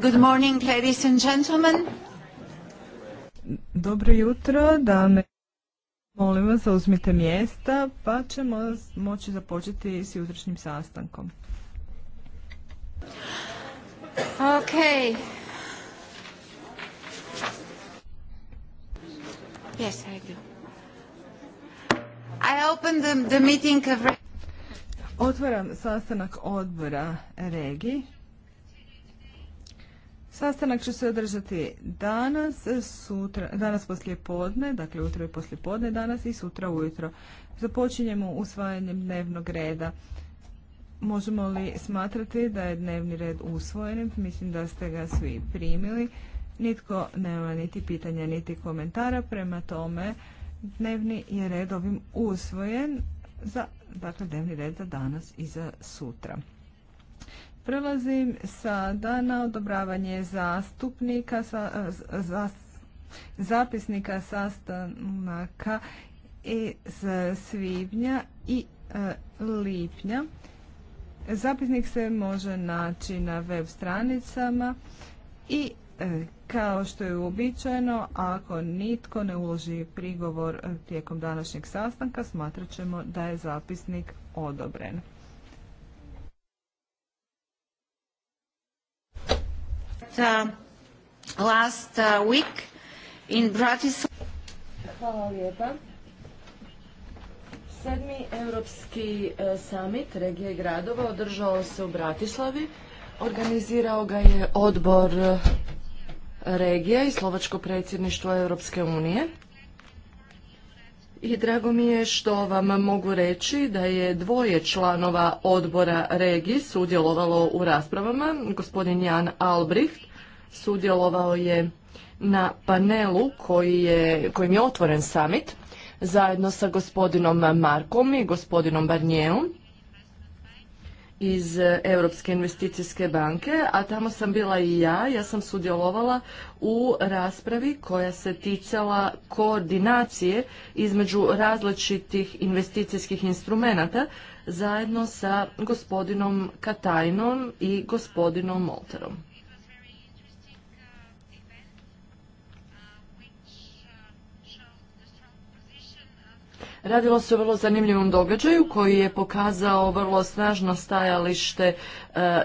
Good morning, ladies and gentlemen. Dobro jutro, dame. Molim vas, uzmite mjesta, pa ćemo moći započeti s jutrošnjim sastankom. Ok. Yes, I do. I open the, the meeting of... Otvaram sastanak odbora regiji. Sastanak će se održati danas, sutra, danas poslije podne, dakle utro i poslije podne danas i sutra ujutro. Započinjemo usvajanjem dnevnog reda. Možemo li smatrati da je dnevni red usvojen? Mislim da ste ga svi primili. Nitko nema niti pitanja, niti komentara. Prema tome, dnevni je red ovim usvojen za, dakle, dnevni red za danas i za sutra. Prelazim sada na odobravanje zastupnika, zapisnika sastanaka iz svibnja i e, lipnja. Zapisnik se može naći na web stranicama i e, kao što je uobičajeno, ako nitko ne uloži prigovor e, tijekom današnjeg sastanka, smatrat ćemo da je zapisnik odobren. that uh, last uh, week in Bratislava. Hvala lijepa. Sedmi europski e, summit regije gradova održao se u Bratislavi. Organizirao ga je odbor e, regija i slovačko predsjedništvo Europske unije i drago mi je što vam mogu reći da je dvoje članova odbora REGI sudjelovalo u raspravama. Gospodin Jan Albricht sudjelovao je na panelu koji je, kojim je otvoren summit zajedno sa gospodinom Markom i gospodinom Barnijevom iz e, Europske investicijske banke, a tamo sam bila i ja. Ja sam sudjelovala u raspravi koja se ticala koordinacije između različitih investicijskih instrumenata zajedno sa gospodinom Katajnom i gospodinom Molterom. Radilo se o vrlo zanimljivom događaju koji je pokazao vrlo snažno stajalište e,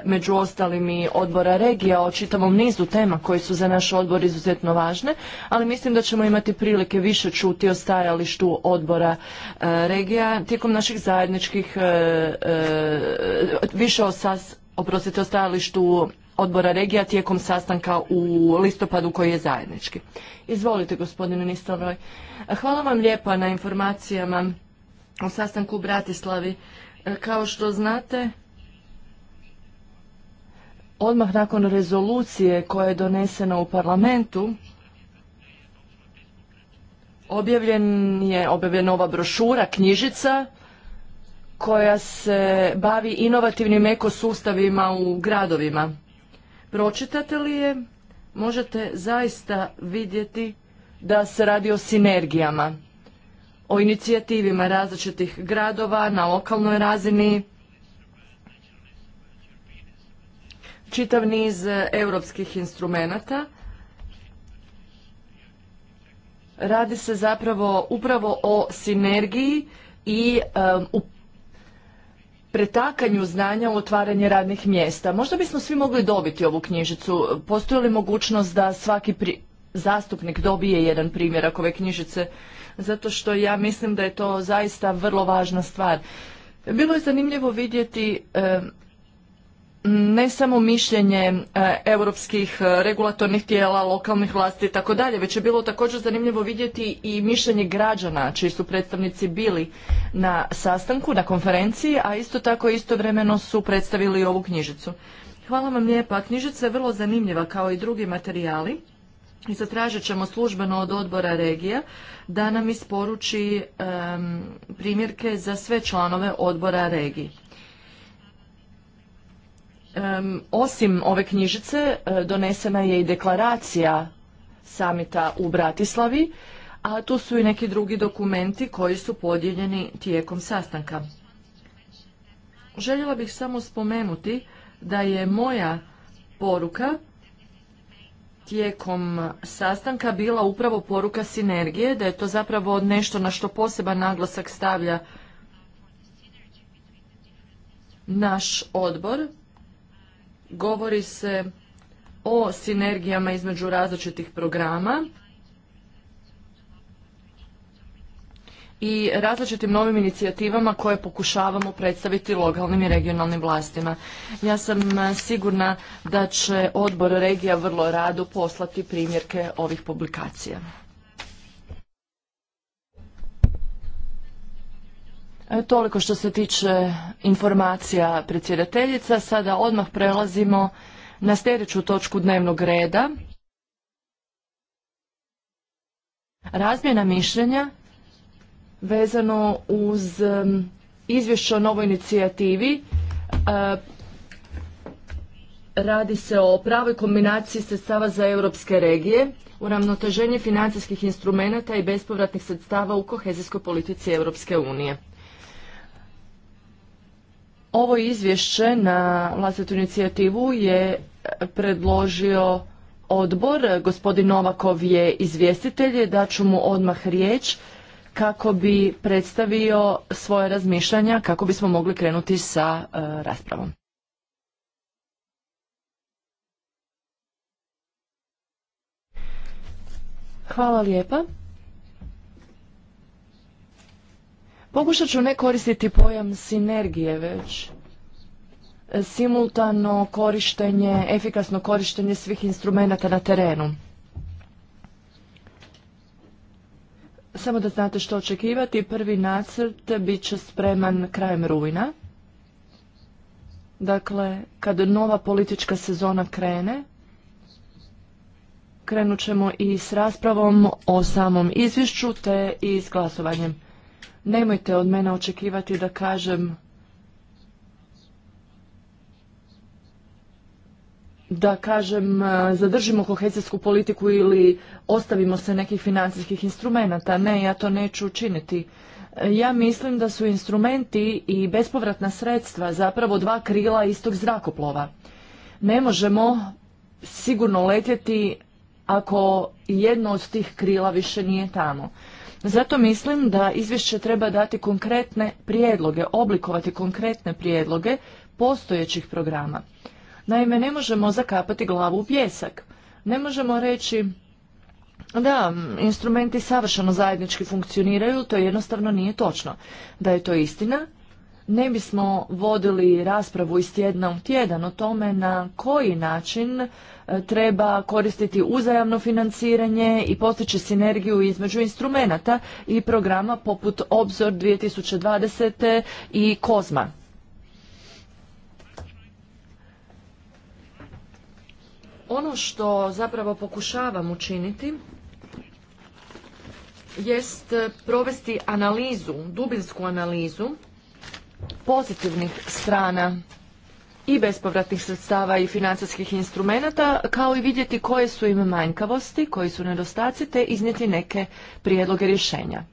među ostalim i odbora regija o čitavom nizu tema koji su za naš odbor izuzetno važne, ali mislim da ćemo imati prilike više čuti o stajalištu odbora e, regija tijekom naših zajedničkih e, više o sas, oprostite, o stajalištu odbora regija tijekom sastanka u listopadu koji je zajednički. Izvolite gospodine Nistelroj. Hvala vam lijepa na informacijama o sastanku u Bratislavi. Kao što znate, odmah nakon rezolucije koja je donesena u parlamentu, objavljen je objavljena ova brošura, knjižica, koja se bavi inovativnim ekosustavima u gradovima. Pročitate li je, možete zaista vidjeti da se radi o sinergijama, o inicijativima različitih gradova na lokalnoj razini, čitav niz europskih instrumenata. Radi se zapravo upravo o sinergiji i um, pretakanju znanja u otvaranje radnih mjesta. Možda bismo svi mogli dobiti ovu knjižicu. Postoji li mogućnost da svaki zastupnik dobije jedan primjerak ove knjižice? Zato što ja mislim da je to zaista vrlo važna stvar. Bilo je zanimljivo vidjeti ne samo mišljenje e, europskih e, regulatornih tijela, lokalnih vlasti i tako dalje, već je bilo također zanimljivo vidjeti i mišljenje građana čiji su predstavnici bili na sastanku, na konferenciji, a isto tako istovremeno su predstavili ovu knjižicu. Hvala vam lijepa. Knjižica je vrlo zanimljiva kao i drugi materijali i zatražit ćemo službeno od odbora regija da nam isporuči primjerke za sve članove odbora regiji osim ove knjižice e, donesena je i deklaracija samita u Bratislavi, a tu su i neki drugi dokumenti koji su podijeljeni tijekom sastanka. Željela bih samo spomenuti da je moja poruka tijekom sastanka bila upravo poruka sinergije, da je to zapravo nešto na što poseban naglasak stavlja naš odbor govori se o sinergijama između različitih programa i različitim novim inicijativama koje pokušavamo predstaviti lokalnim i regionalnim vlastima. Ja sam e, sigurna da će odbor regija vrlo rado poslati primjerke ovih publikacija. E, toliko što se tiče informacija predsjedateljica. Sada odmah prelazimo na sljedeću točku dnevnog reda. Razmjena mišljenja vezano uz izvješće o novoj inicijativi. E, radi se o pravoj kombinaciji sredstava za europske regije, uravnoteženje financijskih instrumenata i bespovratnih sredstava u kohezijskoj politici Europske unije. Ovo izvješće na vlastitu inicijativu je predložio odbor. Gospodin Novakov je izvjestitelj, ću mu odmah riječ kako bi predstavio svoje razmišljanja, kako bismo mogli krenuti sa e, raspravom. Hvala lijepa. Pokušat ću ne koristiti pojam sinergije već e, simultano korištenje, efikasno korištenje svih instrumenata na terenu. Samo da znate što očekivati, prvi nacrt bit će spreman krajem rujna. Dakle, kad nova politička sezona krene, krenut ćemo i s raspravom o samom izvješću te i s glasovanjem. Nemojte od mene očekivati da kažem da kažem e, zadržimo kohezijsku politiku ili ostavimo se nekih financijskih instrumenata. Ne, ja to neću učiniti. E, ja mislim da su instrumenti i bespovratna sredstva zapravo dva krila istog zrakoplova. Ne možemo sigurno letjeti ako jedno od tih krila više nije tamo. Zato mislim da izvješće treba dati konkretne prijedloge, oblikovati konkretne prijedloge postojećih programa. Naime, ne možemo zakapati glavu u pjesak. Ne možemo reći da, instrumenti savršeno zajednički funkcioniraju, to jednostavno nije točno. Da je to istina, ne bismo vodili raspravu iz tjedna u tjedan o tome na koji način E, treba koristiti uzajamno financiranje i postići sinergiju između instrumenata i programa poput Obzor 2020. i Kozma. Ono što zapravo pokušavam učiniti jest provesti analizu, dubinsku analizu pozitivnih strana i bespovratnih sredstava i financijskih instrumenata, kao i vidjeti koje su im manjkavosti, koji su nedostaci, te iznijeti neke prijedloge rješenja.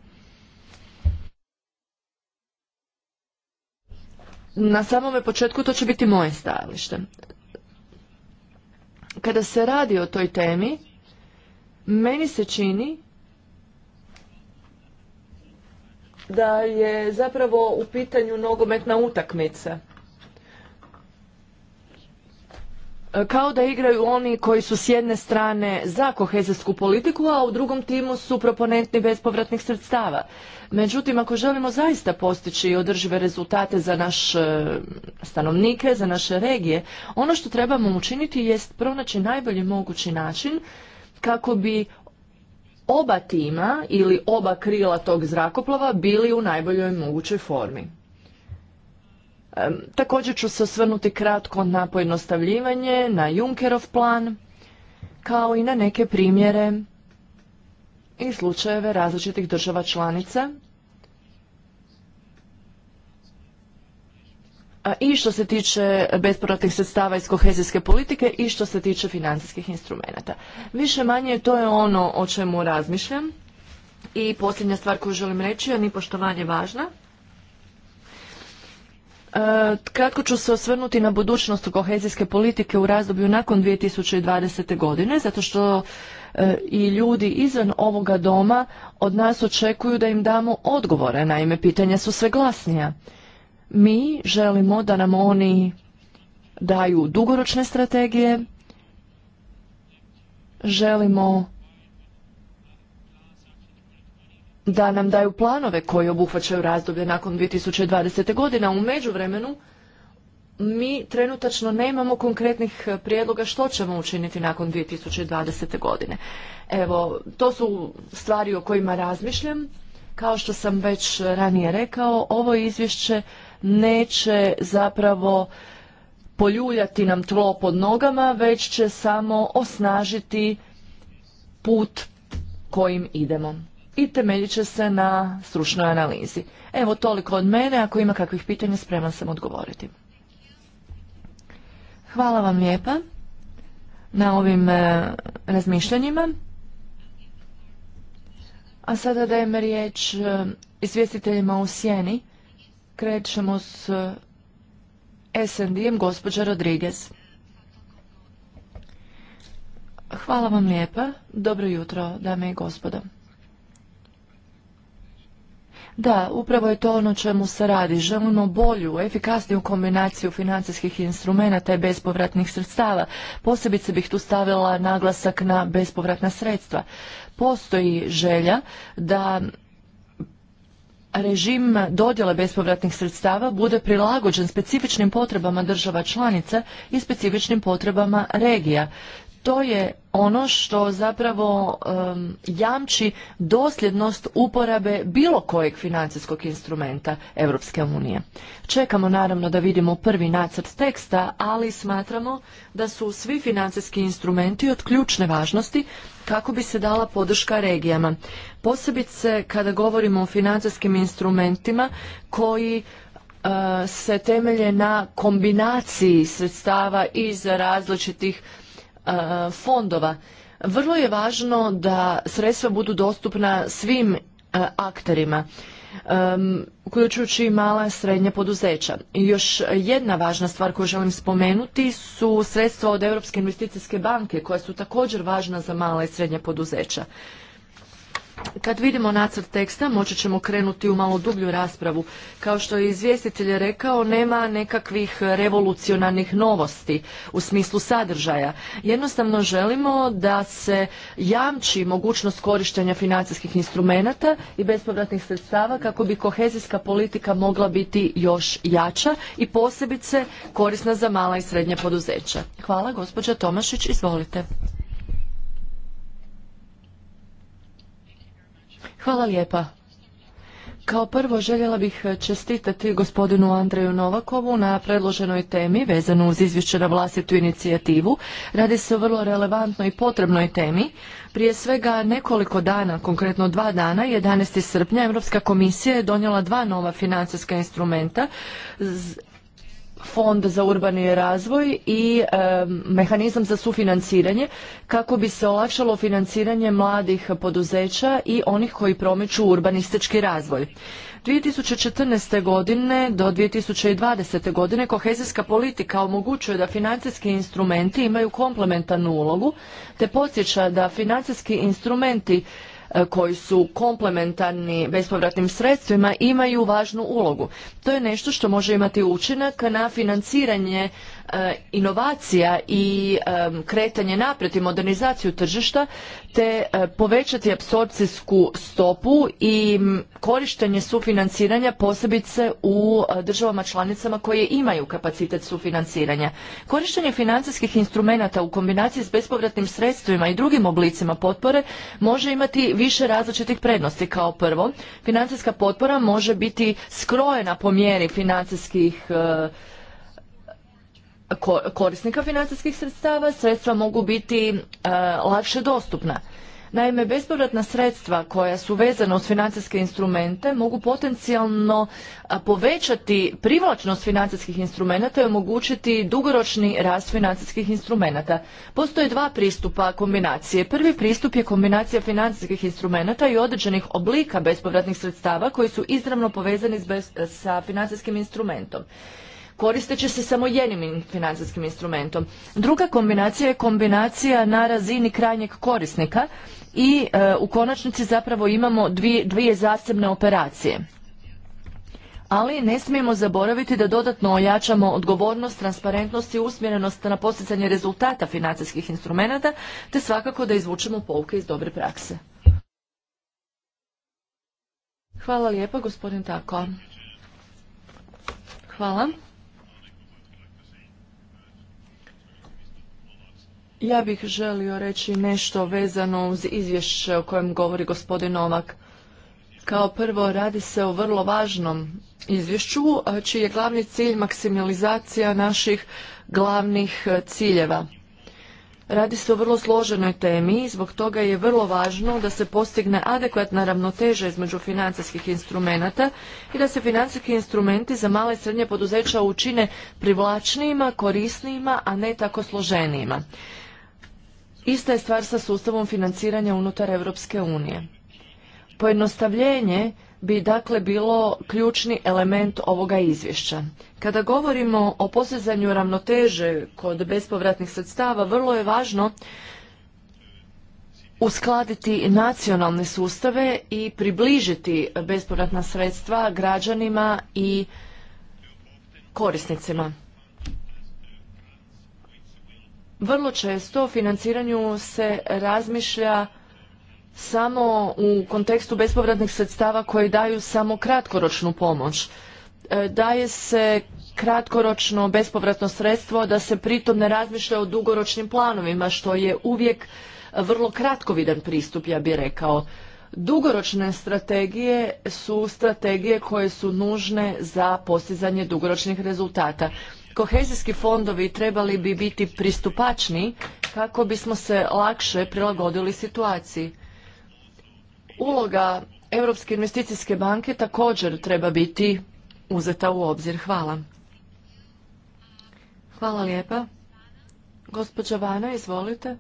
Na samome početku to će biti moje stajalište. Kada se radi o toj temi, meni se čini da je zapravo u pitanju nogometna utakmica kao da igraju oni koji su s jedne strane za kohezijsku politiku, a u drugom timu su proponentni bespovratnih sredstava. Međutim, ako želimo zaista postići održive rezultate za naše e, stanovnike, za naše regije, ono što trebamo učiniti jest pronaći najbolji mogući način kako bi oba tima ili oba krila tog zrakoplova bili u najboljoj mogućoj formi. Također ću se osvrnuti kratko na pojednostavljivanje, na Junkerov plan, kao i na neke primjere i slučajeve različitih država članica. I što se tiče bespovratnih sredstava iz kohezijske politike i što se tiče financijskih instrumenata. Više manje to je ono o čemu razmišljam. I posljednja stvar koju želim reći, a ni poštovanje važna, E, kratko ću se osvrnuti na budućnost kohezijske politike u razdoblju nakon 2020. godine, zato što e, i ljudi izvan ovoga doma od nas očekuju da im damo odgovore. Naime, pitanja su sve glasnija. Mi želimo da nam oni daju dugoročne strategije, želimo da nam daju planove koji obuhvaćaju razdoblje nakon 2020. godine, a u međuvremenu mi trenutačno nemamo konkretnih e, prijedloga što ćemo učiniti nakon 2020. godine. Evo, to su stvari o kojima razmišljam. Kao što sam već ranije rekao, ovo izvješće neće zapravo poljuljati nam tlo pod nogama, već će samo osnažiti put kojim idemo i temeljit će se na stručnoj analizi. Evo toliko od mene, ako ima kakvih pitanja spreman sam odgovoriti. Hvala vam lijepa na ovim e, razmišljanjima. A sada dajem riječ e, izvjestiteljima u sjeni. Krećemo s e, SND-em gospođa Rodriguez. Hvala vam lijepa. Dobro jutro, dame i gospodo. Da, upravo je to ono čemu se radi. Želimo bolju, efikasniju kombinaciju financijskih instrumenata i bespovratnih sredstava. Posebice bih tu stavila naglasak na bespovratna sredstva. Postoji želja da režim dodjele bespovratnih sredstava bude prilagođen specifičnim potrebama država članica i specifičnim potrebama regija to je ono što zapravo jamči dosljednost uporabe bilo kojeg financijskog instrumenta Europske unije. Čekamo naravno da vidimo prvi nacrt teksta, ali smatramo da su svi financijski instrumenti od ključne važnosti kako bi se dala podrška regijama. Posebice kada govorimo o financijskim instrumentima koji eh, se temelje na kombinaciji sredstava iz različitih E, fondova. Vrlo je važno da sredstva budu dostupna svim e, akterima e, uključujući mala i srednja poduzeća. I još jedna važna stvar koju želim spomenuti su sredstva od Europske investicijske banke koja su također važna za mala i srednja poduzeća. Kad vidimo nacrt teksta, moći ćemo krenuti u malo dublju raspravu. Kao što je izvjestitelj rekao, nema nekakvih revolucionarnih novosti u smislu sadržaja. Jednostavno želimo da se jamči mogućnost korištenja financijskih instrumenata i bespovratnih sredstava kako bi kohezijska politika mogla biti još jača i posebice korisna za mala i srednja poduzeća. Hvala, gospođa Tomašić, izvolite. Hvala lijepa. Kao prvo željela bih čestitati gospodinu Andreju Novakovu na predloženoj temi vezano uz izvješće na vlastitu inicijativu. Radi se o vrlo relevantnoj i potrebnoj temi. Prije svega nekoliko dana, konkretno dva dana, 11. srpnja, Europska komisija je donijela dva nova financijska instrumenta fond za urbani razvoj i mehanizam za sufinanciranje kako bi se olakšalo financiranje mladih poduzeća i onih koji promiču urbanistički razvoj. 2014. godine do 2020. godine kohezijska politika omogućuje da financijski instrumenti imaju komplementarnu ulogu te podsjeća da financijski instrumenti E, koji su komplementarni bespovratnim sredstvima imaju važnu ulogu. To je nešto što može imati učinak na financiranje E, inovacija i e, kretanje naprijed i modernizaciju tržišta te e, povećati apsorpcijsku stopu i korištenje sufinanciranja posebice u državama članicama koje imaju kapacitet sufinanciranja. Korištenje financijskih instrumenata u kombinaciji s bespovratnim sredstvima i drugim oblicima potpore može imati više različitih prednosti. Kao prvo, financijska potpora može biti skrojena po mjeri financijskih korisnika financijskih sredstava sredstva mogu biti e, lakše dostupna. Naime, bespovratna sredstva koja su vezana uz financijske instrumente mogu potencijalno povećati privlačnost financijskih instrumenata i omogućiti dugoročni rast financijskih instrumenata. Postoje dva pristupa kombinacije. Prvi pristup je kombinacija financijskih instrumenata i određenih oblika bespovratnih sredstava koji su izravno povezani s sa financijskim instrumentom će se samo jednim financijskim instrumentom. Druga kombinacija je kombinacija na razini krajnjeg korisnika i e, u konačnici zapravo imamo dvije, zasebne operacije ali ne smijemo zaboraviti da dodatno ojačamo odgovornost, transparentnost i usmjerenost na posticanje rezultata financijskih instrumenata, te svakako da izvučemo pouke iz dobre prakse. Hvala lijepa, gospodin Tako. Hvala. Ja bih želio reći nešto vezano uz izvješće o kojem govori gospodin Novak. Kao prvo radi se o vrlo važnom izvješću, čiji je glavni cilj maksimalizacija naših glavnih e, ciljeva. Radi se o vrlo složenoj temi i zbog toga je vrlo važno da se postigne adekvatna ravnoteža između financijskih instrumenata i da se financijski instrumenti za male i srednje poduzeća učine privlačnijima, korisnijima, a ne tako složenijima. Ista je stvar sa sustavom financiranja unutar Europske unije. Pojednostavljenje bi dakle bilo ključni element ovoga izvješća. Kada govorimo o postizanju ravnoteže kod bespovratnih sredstava, vrlo je važno uskladiti nacionalne sustave i približiti bespovratna sredstva građanima i korisnicima. Vrlo često o financiranju se razmišlja samo u kontekstu bespovratnih sredstava koji daju samo kratkoročnu pomoć. E, daje se kratkoročno bespovratno sredstvo da se pritom ne razmišlja o dugoročnim planovima što je uvijek vrlo kratkovidan pristup ja bih rekao. Dugoročne strategije su strategije koje su nužne za postizanje dugoročnih rezultata kohezijski fondovi trebali bi biti pristupačni kako bismo se lakše prilagodili situaciji. Uloga Europske investicijske banke također treba biti uzeta u obzir. Hvala. Hvala lijepa. Gospođa Vana, izvolite.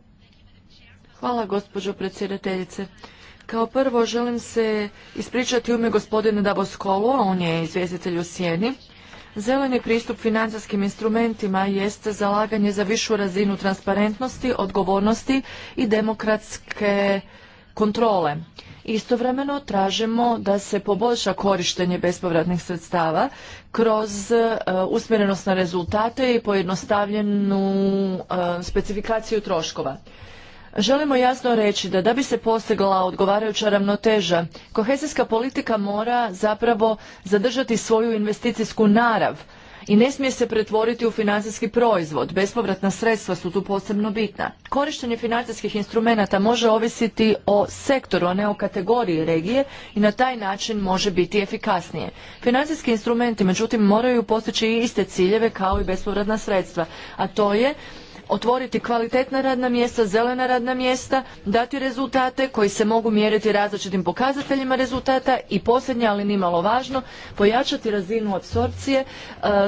Hvala gospođo predsjedateljice. Kao prvo želim se ispričati ume ime gospodine Davoskolu, on je izvjestitelj u Sjeni. Zeleni pristup financijskim instrumentima jest zalaganje za višu razinu transparentnosti, odgovornosti i demokratske kontrole. Istovremeno tražimo da se poboljša korištenje bespovratnih sredstava kroz e, usmjerenost na rezultate i pojednostavljenu e, specifikaciju troškova. Želimo jasno reći da da bi se postigla odgovarajuća ravnoteža, kohezijska politika mora zapravo zadržati svoju investicijsku narav i ne smije se pretvoriti u financijski proizvod. Bespovratna sredstva su tu posebno bitna. Korištenje financijskih instrumenata može ovisiti o sektoru, a ne o kategoriji regije i na taj način može biti efikasnije. Financijski instrumenti, međutim, moraju postići i iste ciljeve kao i bespovratna sredstva, a to je otvoriti kvalitetna radna mjesta, zelena radna mjesta, dati rezultate koji se mogu mjeriti različitim pokazateljima rezultata i posljednje, ali nimalo važno, pojačati razinu apsorpcije e,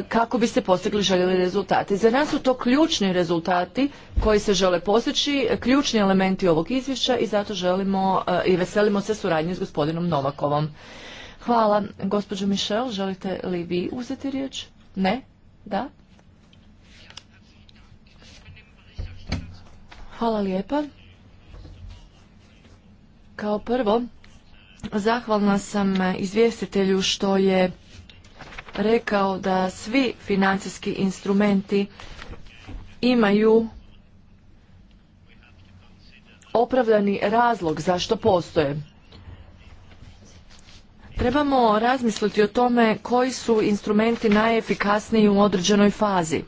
kako bi se postigli željeli rezultati. Za nas su to ključni rezultati koji se žele postići, ključni elementi ovog izvješća i zato želimo e, i veselimo se suradnji s gospodinom Novakovom. Hvala. Gospođo Mišel, želite li vi uzeti riječ? Ne? Da? Hvala lijepa. Kao prvo, zahvalna sam izvjestitelju što je rekao da svi financijski instrumenti imaju opravdani razlog zašto postoje. Trebamo razmisliti o tome koji su instrumenti najefikasniji u određenoj fazi.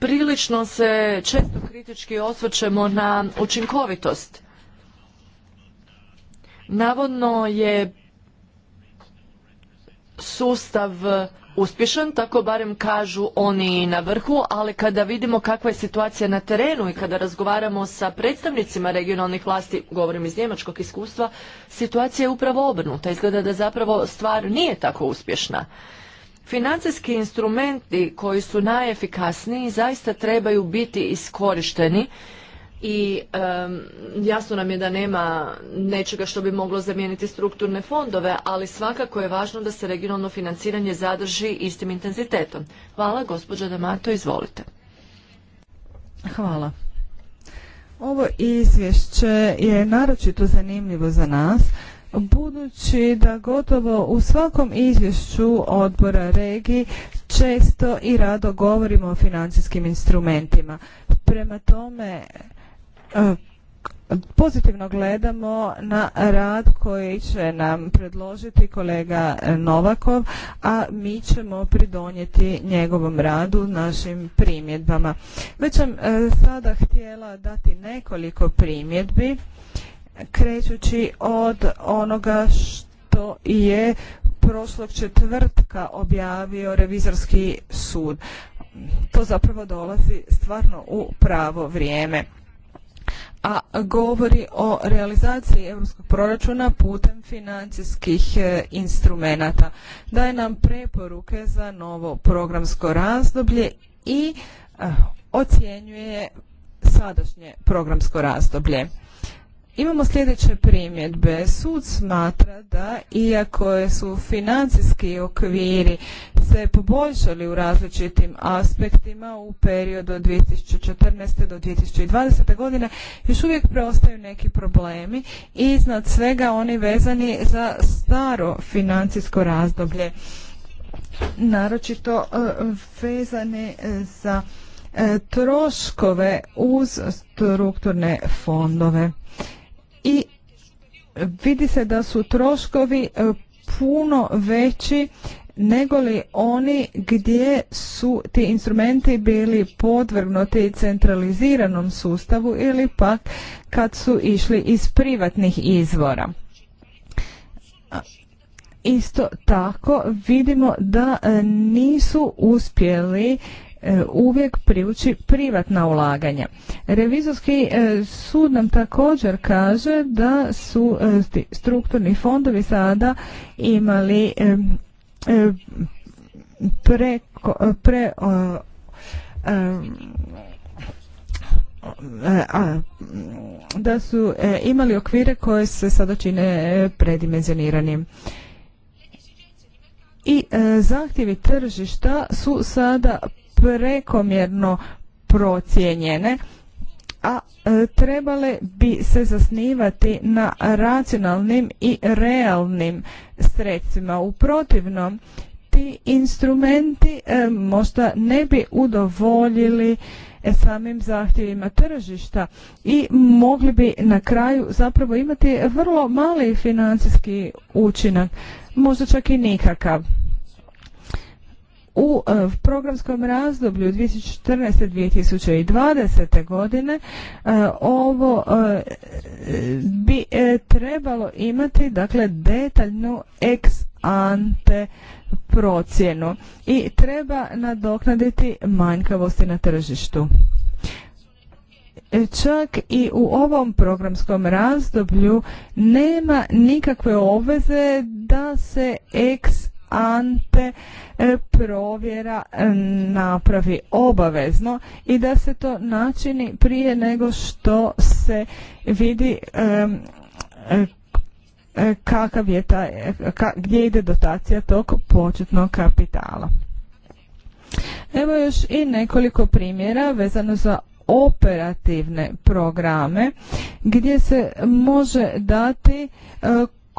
prilično se često kritički osvrćemo na učinkovitost. Navodno je sustav uspješan, tako barem kažu oni na vrhu, ali kada vidimo kakva je situacija na terenu i kada razgovaramo sa predstavnicima regionalnih vlasti, govorim iz njemačkog iskustva, situacija je upravo obrnuta. Izgleda da zapravo stvar nije tako uspješna. Financijski instrumenti koji su najefikasniji zaista trebaju biti iskorišteni i jasno nam je da nema nečega što bi moglo zamijeniti strukturne fondove, ali svakako je važno da se regionalno financiranje zadrži istim intenzitetom. Hvala, gospođa Damato, izvolite. Hvala. Ovo izvješće je naročito zanimljivo za nas budući da gotovo u svakom izvješću odbora regiji često i rado govorimo o financijskim instrumentima. Prema tome, e, pozitivno gledamo na rad koji će nam predložiti kolega Novakov, a mi ćemo pridonijeti njegovom radu našim primjedbama. Već sam e, sada htjela dati nekoliko primjedbi krećući od onoga što je prošlog četvrtka objavio revizorski sud. To zapravo dolazi stvarno u pravo vrijeme a govori o realizaciji europskog proračuna putem financijskih e, instrumenata. Daje nam preporuke za novo programsko razdoblje i e, ocjenjuje sadašnje programsko razdoblje. Imamo sljedeće primjedbe. Sud smatra da iako su financijski okviri se poboljšali u različitim aspektima u periodu od 2014. do 2020. godine, još uvijek preostaju neki problemi i iznad svega oni vezani za staro financijsko razdoblje, naročito e, vezani e, za e, troškove uz strukturne fondove i vidi se da su troškovi e, puno veći nego li oni gdje su ti instrumenti bili podvrgnuti centraliziranom sustavu ili pak kad su išli iz privatnih izvora. Isto tako vidimo da e, nisu uspjeli E, uvijek priuči privatna ulaganja. Revizorski e, sud nam također kaže da su e, strukturni fondovi sada imali preko, pre, da su imali okvire koje se sada čine predimenzioniranim. I zahtjevi tržišta su sada prekomjerno procijenjene a e, trebale bi se zasnivati na racionalnim i realnim sredstvima. U protivnom, ti instrumenti e, možda ne bi udovoljili e, samim zahtjevima tržišta i mogli bi na kraju zapravo imati vrlo mali financijski učinak, možda čak i nikakav u e, programskom razdoblju 2014-2020. godine e, ovo e, bi trebalo imati dakle detaljnu ex ante procjenu i treba nadoknaditi manjkavosti na tržištu. Čak i u ovom programskom razdoblju nema nikakve obveze da se eks ante e, provjera e, napravi obavezno i da se to načini prije nego što se vidi e, kakav je taj, gdje ide dotacija tog početnog kapitala. Evo još i nekoliko primjera vezano za operativne programe gdje se može dati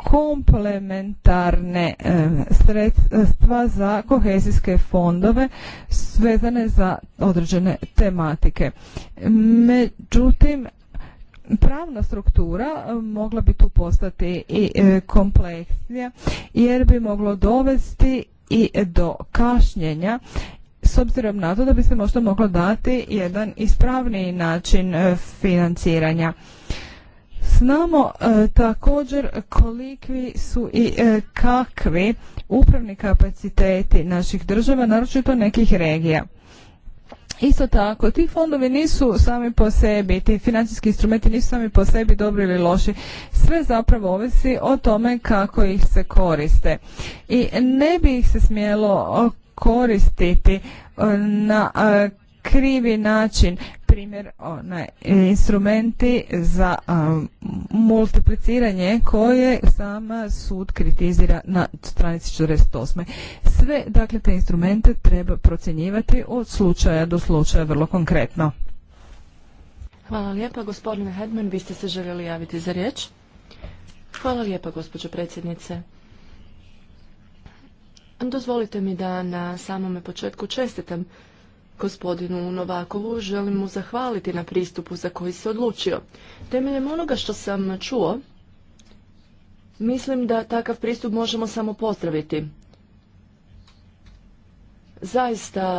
komplementarne e, sredstva za kohezijske fondove svezane za određene tematike. Međutim, pravna struktura e, mogla bi tu postati i e, kompleksnija jer bi moglo dovesti i do kašnjenja s obzirom na to da bi se možda moglo dati jedan ispravniji način financiranja. Znamo e, također koliki su i e, kakvi upravni kapaciteti naših država, naročito nekih regija. Isto tako, ti fondovi nisu sami po sebi, ti financijski instrumenti nisu sami po sebi dobri ili loši. Sve zapravo ovisi o tome kako ih se koriste. I ne bi ih se smjelo koristiti e, na krivi način primjer one instrumenti za multipliciranje koje sama sud kritizira na stranici 48. Sve dakle te instrumente treba procjenjivati od slučaja do slučaja vrlo konkretno. Hvala lijepa gospodine Hedman, vi ste se željeli javiti za riječ. Hvala lijepa gospođo predsjednice. Dozvolite mi da na samome početku čestitam Gospodinu Novakovu želim mu zahvaliti na pristupu za koji se odlučio. Temeljem onoga što sam čuo, mislim da takav pristup možemo samo pozdraviti. Zaista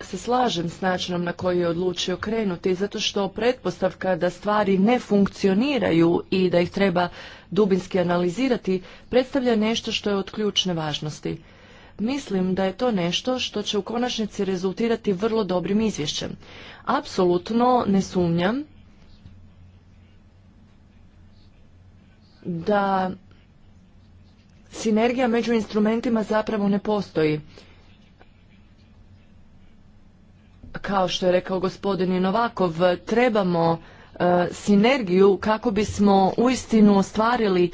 se slažem s načinom na koji je odlučio krenuti, zato što pretpostavka da stvari ne funkcioniraju i da ih treba dubinski analizirati, predstavlja nešto što je od ključne važnosti. Mislim da je to nešto što će u konačnici rezultirati vrlo dobrim izvješćem. Apsolutno ne sumnjam da sinergija među instrumentima zapravo ne postoji. Kao što je rekao gospodin Novakov, trebamo e, sinergiju kako bismo uistinu ostvarili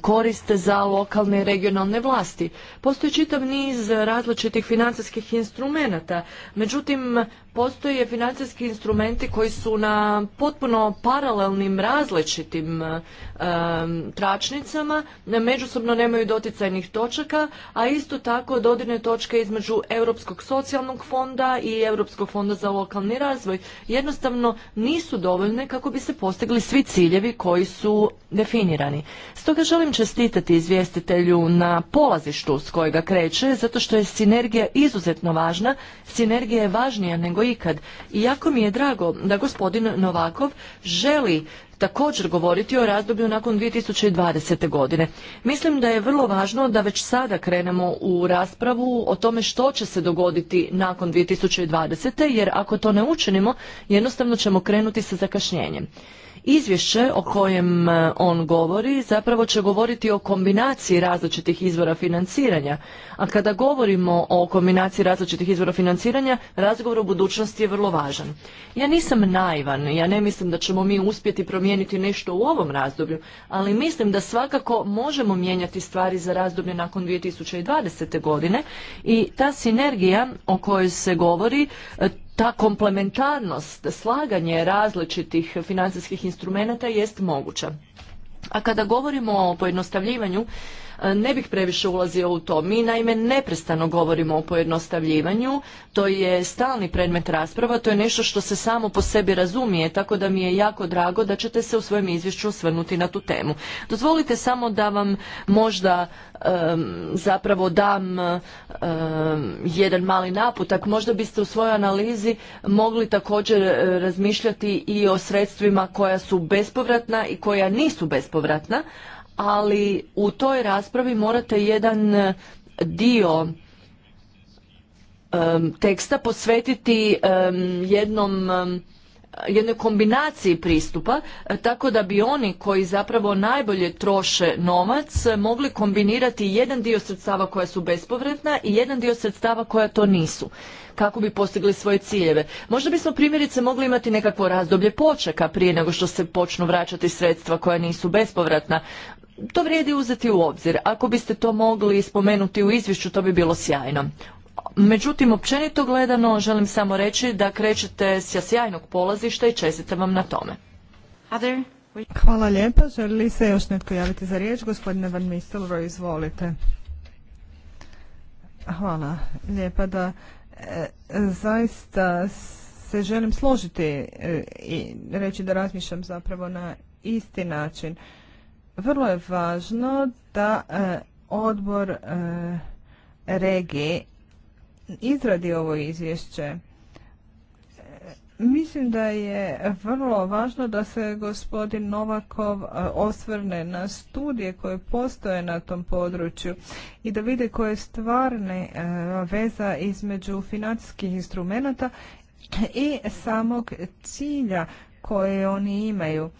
koriste za lokalne i regionalne vlasti. Postoji čitav niz različitih financijskih instrumenata, međutim postoje financijski instrumenti koji su na potpuno paralelnim različitim e, tračnicama, međusobno nemaju doticajnih točaka, a isto tako dodirne točke između Europskog socijalnog fonda i Europskog fonda za lokalni razvoj jednostavno nisu dovoljne kako bi se postigli svi ciljevi koji su definirani. Stoga želim čestitati izvjestitelju na polazištu s kojega kreće, zato što je sinergija izuzetno važna, sinergija je važnija nego ikad. I jako mi je drago da gospodin Novakov želi također govoriti o razdoblju nakon 2020. godine. Mislim da je vrlo važno da već sada krenemo u raspravu o tome što će se dogoditi nakon 2020. jer ako to ne učinimo, jednostavno ćemo krenuti sa zakašnjenjem. Izvješće o kojem e, on govori zapravo će govoriti o kombinaciji različitih izvora financiranja. A kada govorimo o kombinaciji različitih izvora financiranja, razgovor o budućnosti je vrlo važan. Ja nisam naivan, ja ne mislim da ćemo mi uspjeti promijeniti nešto u ovom razdoblju, ali mislim da svakako možemo mijenjati stvari za razdoblje nakon 2020. godine i ta sinergija o kojoj se govori e, ta komplementarnost, slaganje različitih financijskih instrumenata jest moguća. A kada govorimo o pojednostavljivanju, ne bih previše ulazio u to. Mi naime neprestano govorimo o pojednostavljivanju, to je stalni predmet rasprava, to je nešto što se samo po sebi razumije, tako da mi je jako drago da ćete se u svojem izvješću osvrnuti na tu temu. Dozvolite samo da vam možda zapravo dam jedan mali naputak. Možda biste u svojoj analizi mogli također e, razmišljati i o sredstvima koja su bespovratna i koja nisu bespovratna, ali u toj raspravi morate jedan eh, dio teksta posvetiti jednom jednoj kombinaciji pristupa eh, tako da bi oni koji zapravo najbolje troše novac eh, mogli kombinirati jedan dio sredstava koja su bespovratna i jedan dio sredstava koja to nisu kako bi postigli svoje ciljeve. Možda bismo primjerice mogli imati nekakvo razdoblje počeka prije nego što se počnu vraćati sredstva koja nisu bespovratna to vrijedi uzeti u obzir. Ako biste to mogli spomenuti u izvješću, to bi bilo sjajno. Međutim, općenito gledano, želim samo reći da krećete s sjajnog polazišta i čestitam vam na tome. Hvala lijepa. Želi li se još netko javiti za riječ? Gospodine Van Mistelro, izvolite. Hvala lijepa da e, zaista se želim složiti e, i reći da razmišljam zapravo na isti način vrlo je važno da e, odbor e, regije izradi ovo izvješće. E, mislim da je vrlo važno da se gospodin Novakov osvrne na studije koje postoje na tom području i da vide koje stvarne veza između financijskih instrumenata i samog cilja koje oni imaju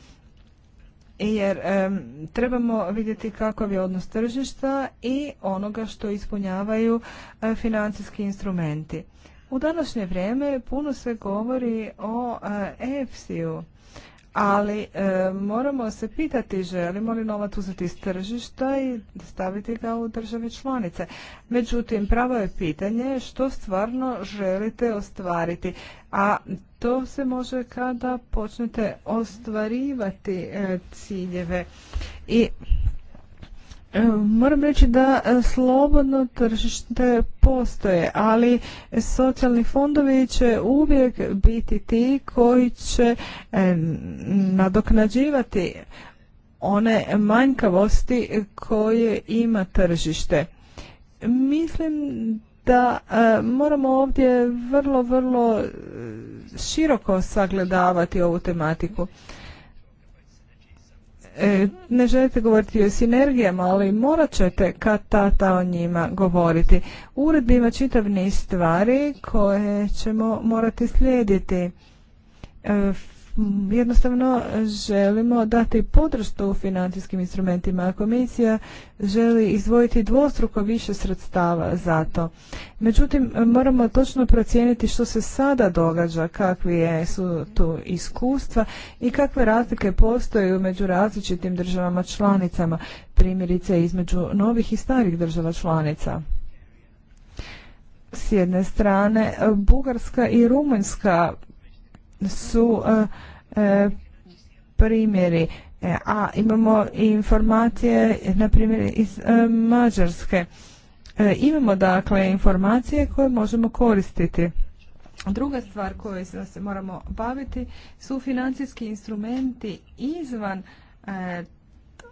jer trebamo vidjeti kakav je odnos tržišta i onoga što ispunjavaju e, financijski instrumenti. U današnje vrijeme puno se govori o EFSI-u, ali e, moramo se pitati želimo li novac uzeti iz tržišta i staviti ga u države članice. Međutim, pravo je pitanje što stvarno želite ostvariti, a to se može kada počnete ostvarivati e, ciljeve. I e, Moram reći da e, slobodno tržište postoje, ali socijalni fondovi će uvijek biti ti koji će nadoknađivati one manjkavosti koje ima tržište. Mislim da e, moramo ovdje vrlo, vrlo e, široko sagledavati ovu tematiku. E, ne želite govoriti o sinergijama, ali morat ćete kad tata o njima govoriti. Ured ima čitav niz stvari koje ćemo morati slijediti jednostavno želimo dati podršku financijskim instrumentima, komisija želi izdvojiti dvostruko više sredstava za to. Međutim, moramo točno procijeniti što se sada događa, kakvi su tu iskustva i kakve razlike postoje među različitim državama članicama, primjerice između novih i starih država članica s jedne strane Bugarska i Rumunjska su e, e, primjeri, e, a imamo informacije na primjer iz Mađarske. Imamo dakle informacije koje možemo koristiti. Druga stvar koju se moramo baviti su financijski instrumenti izvan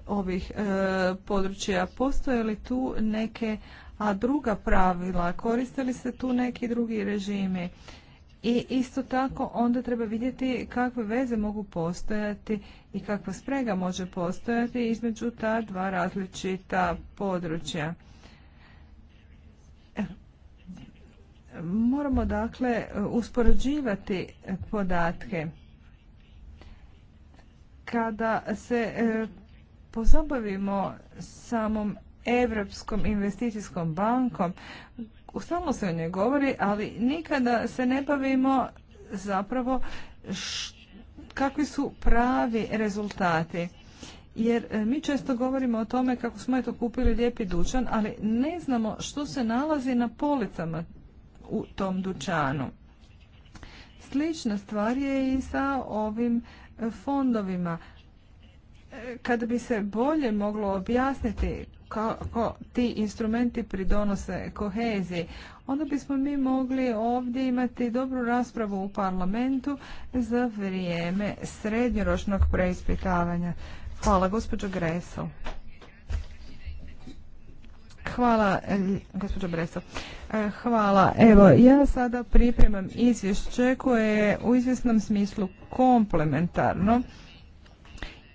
ovih područja. Postoje li tu neke a druga pravila? Koriste li se tu neki drugi režimi? I isto tako onda treba vidjeti kakve veze mogu postojati i kakva sprega može postojati između ta dva različita područja. Moramo dakle uspoređivati podatke. Kada se e, pozabavimo samom Europskom investicijskom bankom, stalno se o njoj govori, ali nikada se ne bavimo zapravo kakvi su pravi rezultati. Jer e, mi često govorimo o tome kako smo eto kupili lijepi dućan, ali ne znamo što se nalazi na policama u tom dućanu. Slična stvar je i sa ovim e, fondovima kada bi se bolje moglo objasniti kako ti instrumenti pridonose koheziji, onda bismo mi mogli ovdje imati dobru raspravu u parlamentu za vrijeme srednjoročnog preispitavanja. Hvala, gospođo Gresel. Hvala, e, gospođo e, Hvala. Evo, ja sada pripremam izvješće koje je u izvjesnom smislu komplementarno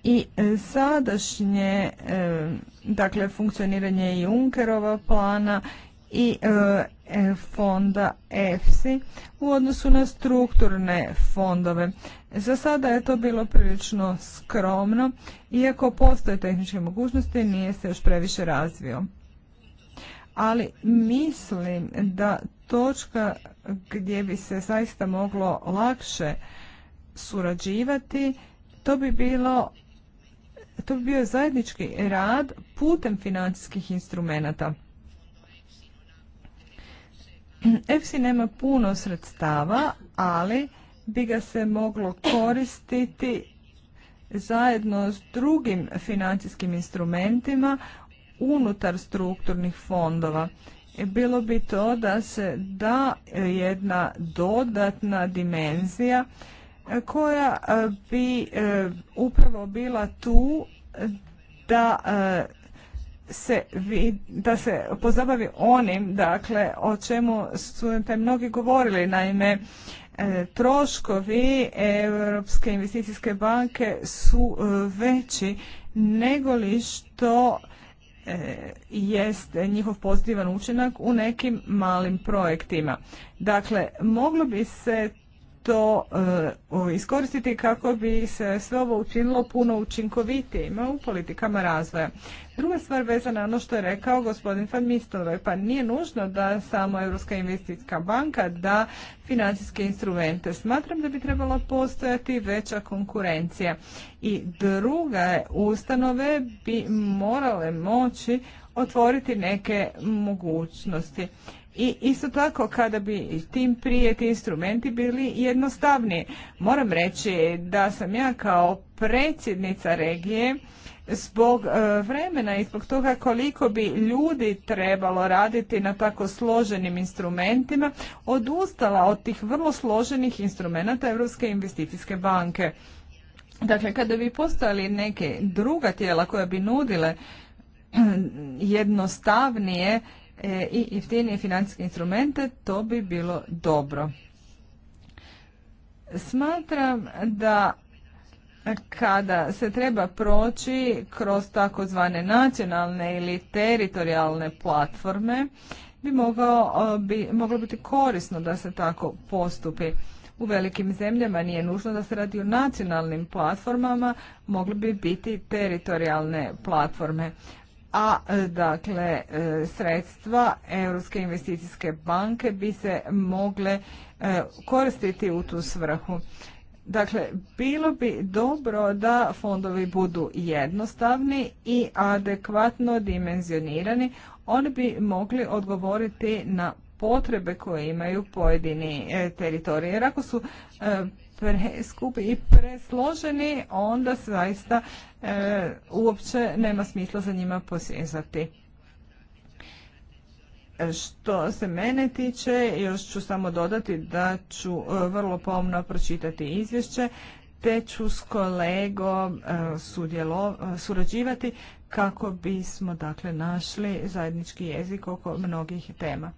i e, sadašnje e, dakle funkcioniranje Junkerova plana i e, fonda EFSI u odnosu na strukturne fondove. Za sada je to bilo prilično skromno, iako postoje tehničke mogućnosti, nije se još previše razvio. Ali mislim da točka gdje bi se zaista moglo lakše surađivati, to bi bilo to bi bio zajednički rad putem financijskih instrumenata. EFSI nema puno sredstava, ali bi ga se moglo koristiti zajedno s drugim financijskim instrumentima unutar strukturnih fondova. E, bilo bi to da se da jedna dodatna dimenzija koja e, bi e, upravo bila tu da e, se, da se pozabavi onim dakle o čemu su te mnogi govorili naime troškovi Europske investicijske banke su veći nego li što jest njihov pozitivan učinak u nekim malim projektima. Dakle, moglo bi se to e, iskoristiti kako bi se sve ovo učinilo puno učinkovitijima u politikama razvoja. Druga stvar vezana na ono što je rekao gospodin Van Mistelroj, pa nije nužno da samo Europska investicijska banka da financijske instrumente. Smatram da bi trebala postojati veća konkurencija i druga ustanove bi morale moći otvoriti neke mogućnosti. I isto tako kada bi tim prije ti instrumenti bili jednostavniji. Moram reći da sam ja kao predsjednica regije zbog e, vremena i zbog toga koliko bi ljudi trebalo raditi na tako složenim instrumentima odustala od tih vrlo složenih instrumenata Europske investicijske banke. Dakle, kada bi postojali neke druga tijela koja bi nudile jednostavnije E, i jeftinije financijske instrumente, to bi bilo dobro. Smatram da kada se treba proći kroz takozvane nacionalne ili teritorijalne platforme, bi, mogao, e, bi moglo biti korisno da se tako postupi. U velikim zemljama nije nužno da se radi o nacionalnim platformama, mogli bi biti teritorijalne platforme a e, dakle e, sredstva Europske investicijske banke bi se mogle e, koristiti u tu svrhu. Dakle, bilo bi dobro da fondovi budu jednostavni i adekvatno dimenzionirani. Oni bi mogli odgovoriti na potrebe koje imaju pojedini teritoriji. Jer ako su preskupi i presloženi, onda zaista e, uopće nema smisla za njima posjezati. Što se mene tiče, još ću samo dodati da ću e, vrlo pomno pročitati izvješće, te ću s kolegom e, surađivati kako bismo dakle našli zajednički jezik oko mnogih tema.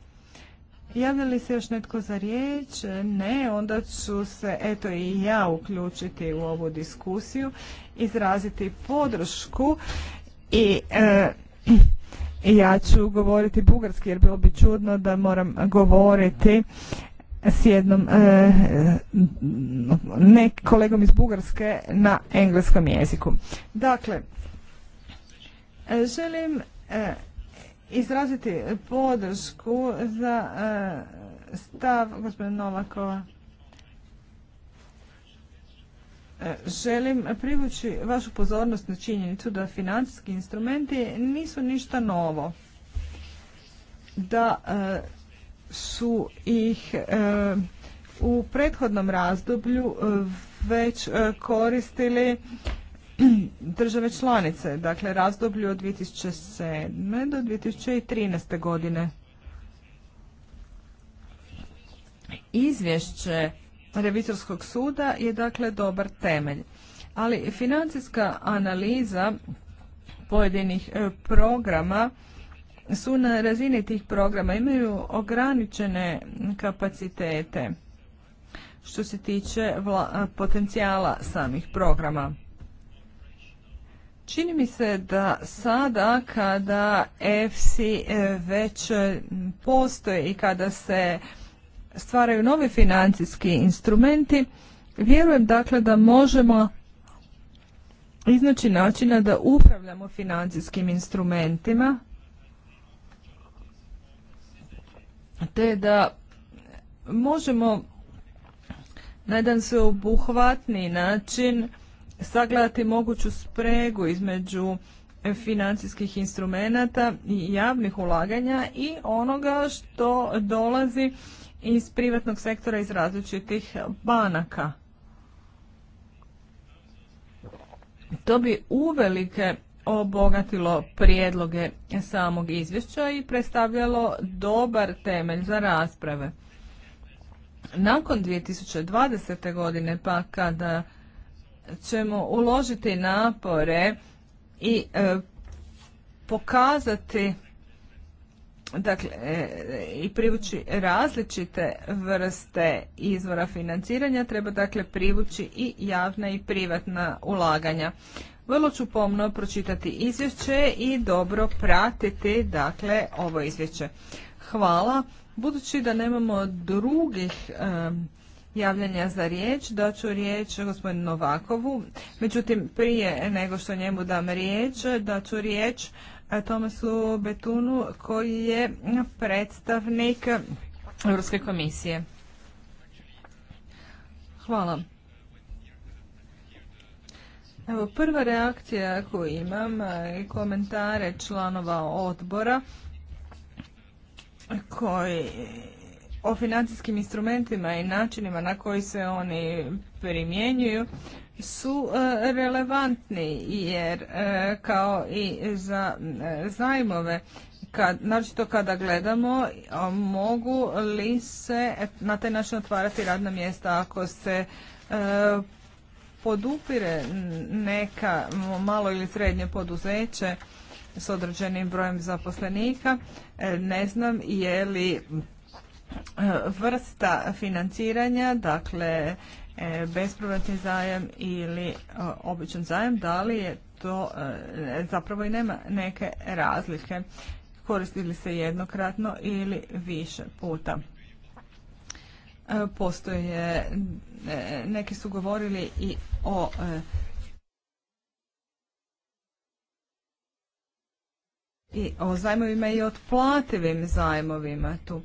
Javlja li se još netko za riječ? Ne, onda ću se eto i ja uključiti u ovu diskusiju, izraziti podršku i e, ja ću govoriti bugarski jer bilo bi čudno da moram govoriti s jednom e, ne kolegom iz Bugarske na engleskom jeziku. Dakle, e, želim izraziti podršku za e, stav gospodina Novakova. E, želim privući vašu pozornost na činjenicu da financijski instrumenti nisu ništa novo. Da e, su ih u prethodnom razdoblju već koristili države članice, dakle razdoblju od 2007. do 2013. godine. Izvješće revizorskog suda je dakle dobar temelj, ali financijska analiza pojedinih e, programa su na razini tih programa, imaju ograničene kapacitete što se tiče potencijala samih programa. Čini mi se da sada kada EFSI već e, postoje i kada se stvaraju novi financijski instrumenti, vjerujem dakle da možemo iznaći načina da upravljamo financijskim instrumentima te da možemo na jedan sveobuhvatni način sagledati moguću spregu između financijskih instrumenata i javnih ulaganja i onoga što dolazi iz privatnog sektora iz različitih banaka. To bi uvelike obogatilo prijedloge samog izvješća i predstavljalo dobar temelj za rasprave. Nakon 2020. godine pa kada ćemo uložiti napore i e, pokazati dakle e, i privući različite vrste izvora financiranja treba dakle privući i javna i privatna ulaganja vrlo ću pomno pročitati izvješće i dobro pratiti dakle ovo izvješće hvala budući da nemamo drugih e, javljanja za riječ. Daću riječ gospodinu Novakovu. Međutim, prije nego što njemu dam riječ, daću riječ eh, Tomasu Betunu koji je predstavnik Europske komisije. Hvala. Evo, prva reakcija koju imam eh, i komentare članova odbora koji o financijskim instrumentima i načinima na koji se oni primjenjuju su e, relevantni jer e, kao i za e, zajmove kad, naročito kada gledamo mogu li se na taj način otvarati radna mjesta ako se podupire neka malo ili srednje poduzeće s određenim brojem zaposlenika ne znam je li vrsta financiranja, dakle e, bespovratni zajam ili e, običan zajam, da li je to e, zapravo i nema neke razlike koristili se jednokratno ili više puta. Postoje, neki su govorili i o i o zajmovima i otplativim zajmovima tu.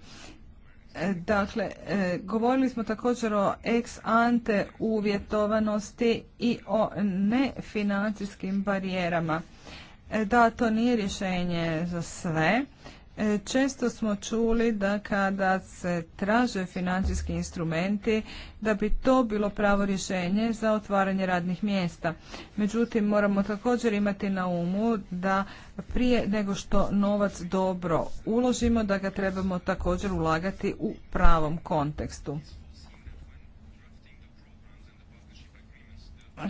E, dakle, e, govorili smo također o ex ante uvjetovanosti i o nefinancijskim barijerama. E, da, to nije rješenje za sve. E, često smo čuli da kada se traže financijski instrumenti, da bi to bilo pravo rješenje za otvaranje radnih mjesta. Međutim, moramo također imati na umu da prije nego što novac dobro uložimo, da ga trebamo također ulagati u pravom kontekstu.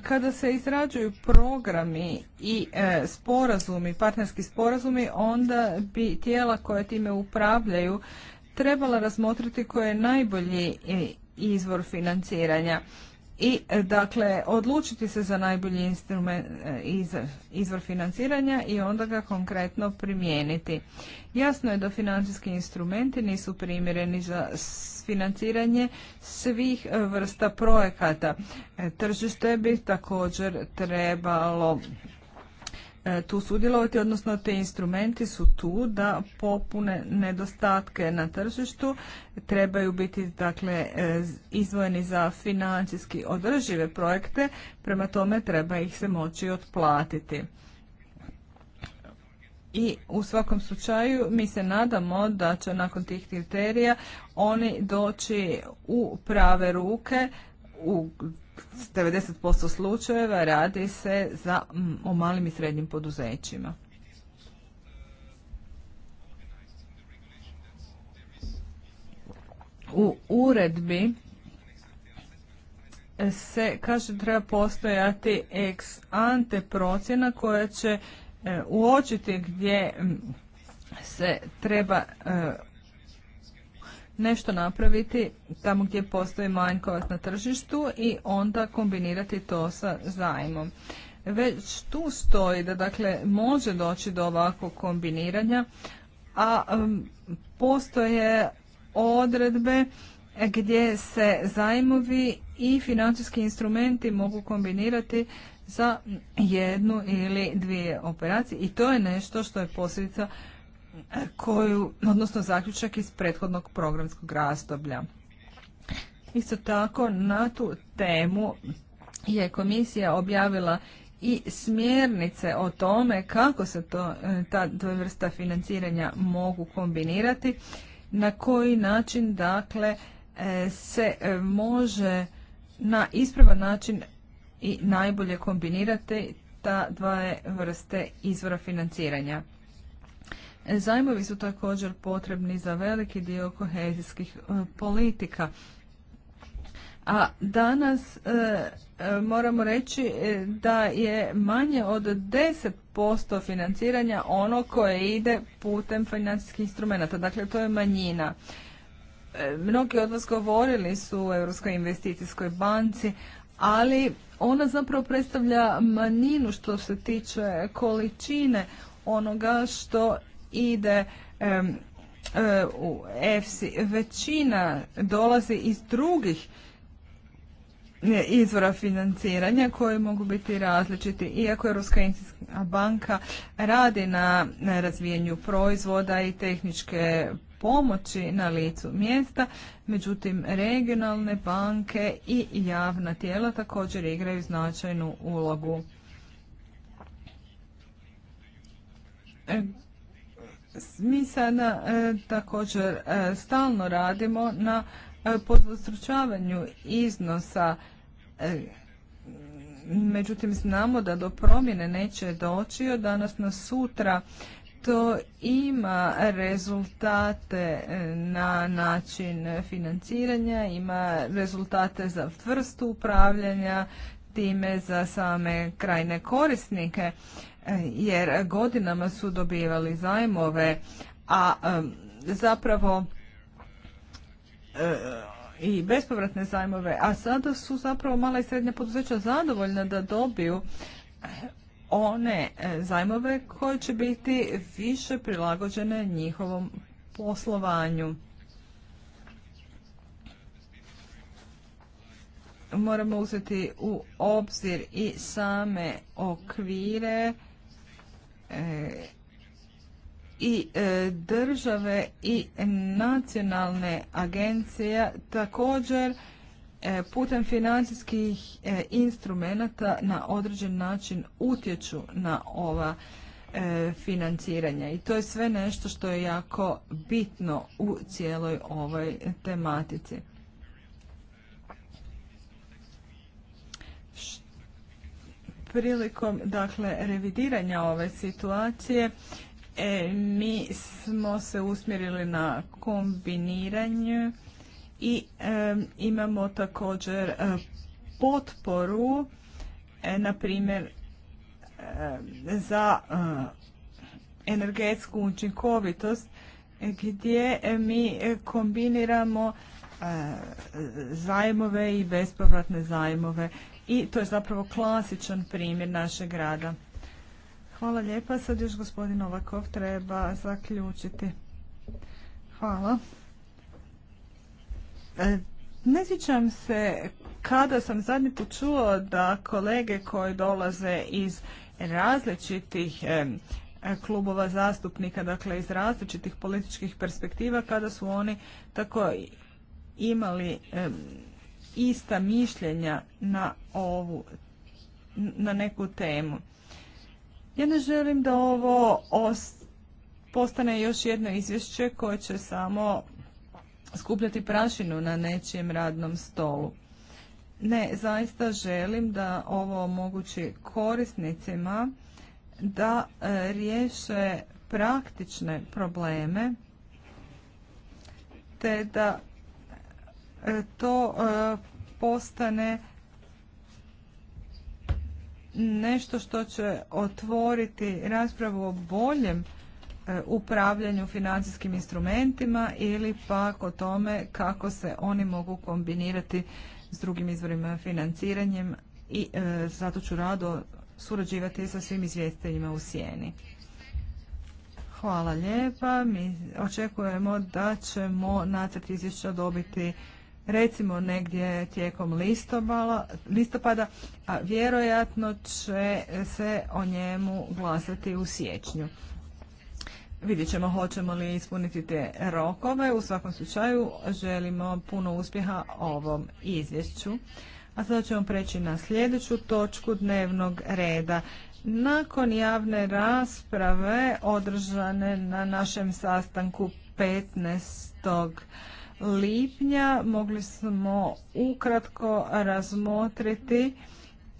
Kada se izrađuju programi i e, sporazumi, partnerski sporazumi, onda bi tijela koja time upravljaju trebala razmotriti koji je najbolji e, izvor financiranja i e, dakle odlučiti se za najbolji instrument, izvor financiranja i onda ga konkretno primijeniti. Jasno je da financijski instrumenti nisu primjereni za financiranje svih vrsta projekata. E, tržište bi također trebalo e, tu sudjelovati, odnosno te instrumenti su tu da popune nedostatke na tržištu, trebaju biti dakle e, izvojeni za financijski održive projekte, prema tome treba ih se moći otplatiti i u svakom slučaju mi se nadamo da će nakon tih kriterija oni doći u prave ruke u 90% slučajeva radi se za, o malim i srednjim poduzećima. U uredbi se kaže treba postojati ex ante procjena koja će E, uočiti gdje se treba e, nešto napraviti tamo gdje postoji manjkovac na tržištu i onda kombinirati to sa zajmom. Već tu stoji da dakle može doći do ovakvog kombiniranja, a postoje odredbe gdje se zajmovi i financijski instrumenti mogu kombinirati za jednu ili dvije operacije i to je nešto što je posljedica e, koju, odnosno zaključak iz prethodnog programskog rastoblja. Isto tako na tu temu je komisija objavila i smjernice o tome kako se to, e, ta dve vrsta financiranja mogu kombinirati, na koji način dakle e, se može na ispravan način i najbolje kombinirati ta dva vrste izvora financiranja. Zajmovi su također potrebni za veliki dio kohezijskih e, politika. A danas e, e, moramo reći da je manje od 10% financiranja ono koje ide putem financijskih instrumenta. Dakle, to je manjina. mnogi od vas govorili su u Europskoj investicijskoj banci, ali ona zapravo predstavlja manjinu što se tiče količine onoga što ide eh, u EFSI. Većina dolazi iz drugih izvora financiranja koji mogu biti različiti. Iako Europska investicijska banka radi na razvijenju proizvoda i tehničke pomoći na licu mjesta, međutim regionalne banke i javna tijela također igraju značajnu ulogu. E, mi sada e, također e, stalno radimo na podvostručavanju iznosa međutim znamo da do promjene neće doći od danas na sutra to ima rezultate e, na način financiranja, ima rezultate za vrstu upravljanja, time za same krajne korisnike, e, jer godinama su dobivali zajmove, a e, zapravo i bespovratne zajmove, a sada su zapravo mala i srednja poduzeća zadovoljna da dobiju one e, zajmove koje će biti više prilagođene njihovom poslovanju. Moramo uzeti u obzir i same okvire e, i e, države i nacionalne agencije također E, putem financijskih e, instrumenata na određen način utječu na ova e, financiranja i to je sve nešto što je jako bitno u cijeloj ovoj tematici. Prilikom dakle revidiranja ove situacije mi smo se usmjerili na kombiniranje i imamo također e, potporu e, na primjer e, za energetsku učinkovitost gdje mi kombiniramo zajmove i bespovratne zajmove i to je zapravo klasičan primjer našeg grada. Hvala lijepa. Sad još gospodin Ovakov treba zaključiti. Hvala. E, ne sjećam se kada sam zadnji put čuo da kolege koji dolaze iz različitih e, klubova zastupnika, dakle iz različitih političkih perspektiva, kada su oni tako imali e, ista mišljenja na ovu, na neku temu. Ja ne želim da ovo postane još jedno izvješće koje će samo skupljati prašinu na nečijem radnom stolu. Ne, zaista želim da ovo omogući korisnicima da e, riješe praktične probleme te da e, to e, postane nešto što će otvoriti raspravu o boljem E, upravljanju financijskim instrumentima ili pak o tome kako se oni mogu kombinirati s drugim izvorima financiranjem i e, zato ću rado surađivati sa svim izvjestiteljima u sjeni. Hvala lijepa. Mi očekujemo da ćemo nacrt izvješća dobiti recimo negdje tijekom listopada, a vjerojatno će se o njemu glasati u siječnju. Vidjet ćemo hoćemo li ispuniti te rokove. U svakom slučaju želimo puno uspjeha ovom izvješću. A sada ćemo preći na sljedeću točku dnevnog reda. Nakon javne rasprave održane na našem sastanku 15. lipnja mogli smo ukratko razmotriti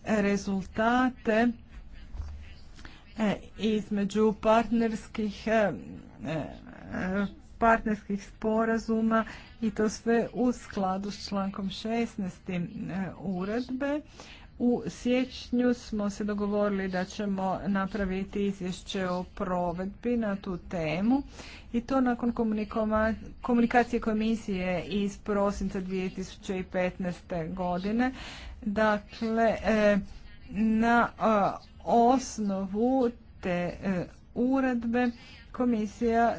rezultate E, između partnerskih e, e, partnerskih sporazuma i to sve u skladu s člankom 16. uredbe. U siječnju smo se dogovorili da ćemo napraviti izvješće o provedbi na tu temu i to nakon komunikacije komisije iz prosinca 2015. godine. Dakle, na osnovu te e, uredbe komisija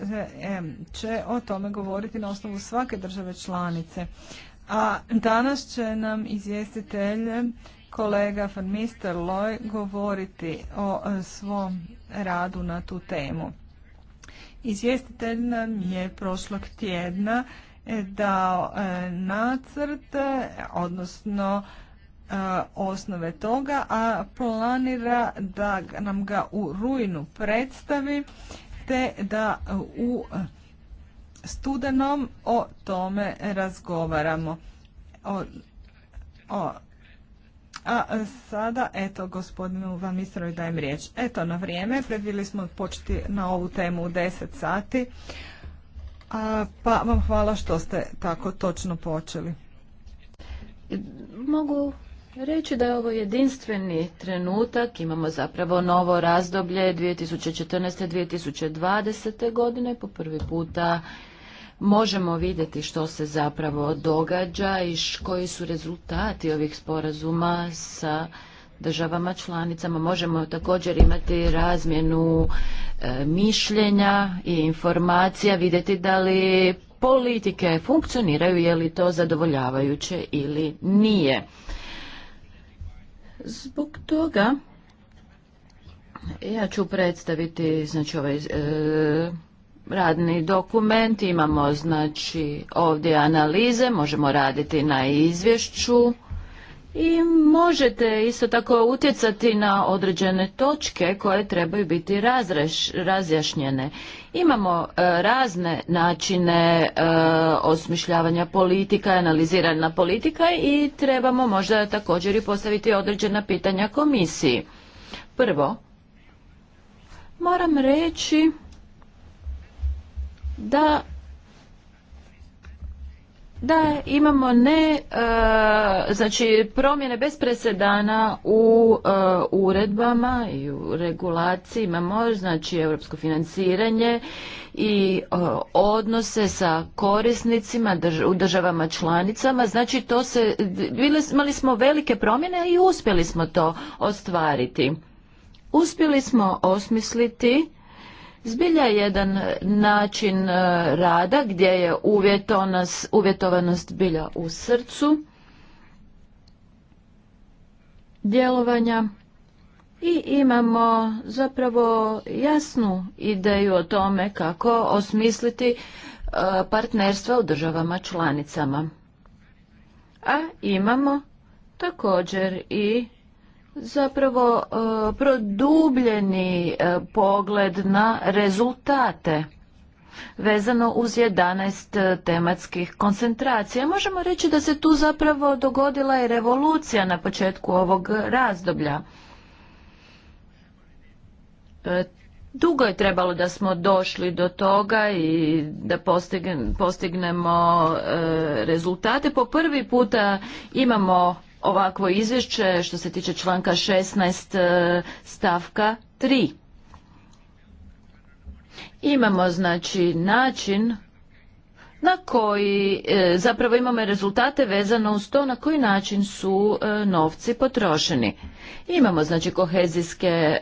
e, će o tome govoriti na osnovu svake države članice. A danas će nam izvjestitelj kolega van Misterloj govoriti o e, svom radu na tu temu. Izvjestitelj nam je prošlog tjedna dao nacrt, odnosno osnove toga, a planira da nam ga u rujnu predstavi te da u studenom o tome razgovaramo. O, o, a sada, eto, gospodinu vam istravi, dajem riječ. Eto, na vrijeme, predvili smo početi na ovu temu u 10 sati, a, pa vam hvala što ste tako točno počeli. Mogu reći da je ovo jedinstveni trenutak, imamo zapravo novo razdoblje 2014. 2020. godine, po prvi puta možemo vidjeti što se zapravo događa i koji su rezultati ovih sporazuma sa državama članicama. Možemo također imati razmjenu e, mišljenja i informacija, vidjeti da li politike funkcioniraju, je li to zadovoljavajuće ili nije. Zbog toga ja ću predstaviti znači ovaj e, radni dokument, imamo znači ovdje analize, možemo raditi na izvješću i možete isto tako utjecati na određene točke koje trebaju biti razreš, razjašnjene. Imamo e, razne načine e, osmišljavanja politika, analizirana politika i trebamo možda također i postaviti određena pitanja komisiji. Prvo, moram reći da da imamo ne e, znači promjene bez presedana u e, uredbama i u regulaciji imamo znači europsko financiranje i e, odnose sa korisnicima u državama članicama znači to se imali smo velike promjene i uspjeli smo to ostvariti uspjeli smo osmisliti zbilja jedan e, način e, rada gdje je uvjetovanost bilja u srcu djelovanja i imamo zapravo jasnu ideju o tome kako osmisliti e, partnerstva u državama članicama. A imamo također i zapravo e, produbljeni e, pogled na rezultate vezano uz 11 e, tematskih koncentracija. Možemo reći da se tu zapravo dogodila i revolucija na početku ovog razdoblja. Dugo je trebalo da smo došli do toga i da postignemo rezultate. Po prvi puta imamo ovakvo izvješće što se tiče članka 16 e, stavka 3. Imamo znači način na koji e, zapravo imamo rezultate vezano uz to na koji način su e, novci potrošeni. Imamo znači kohezijske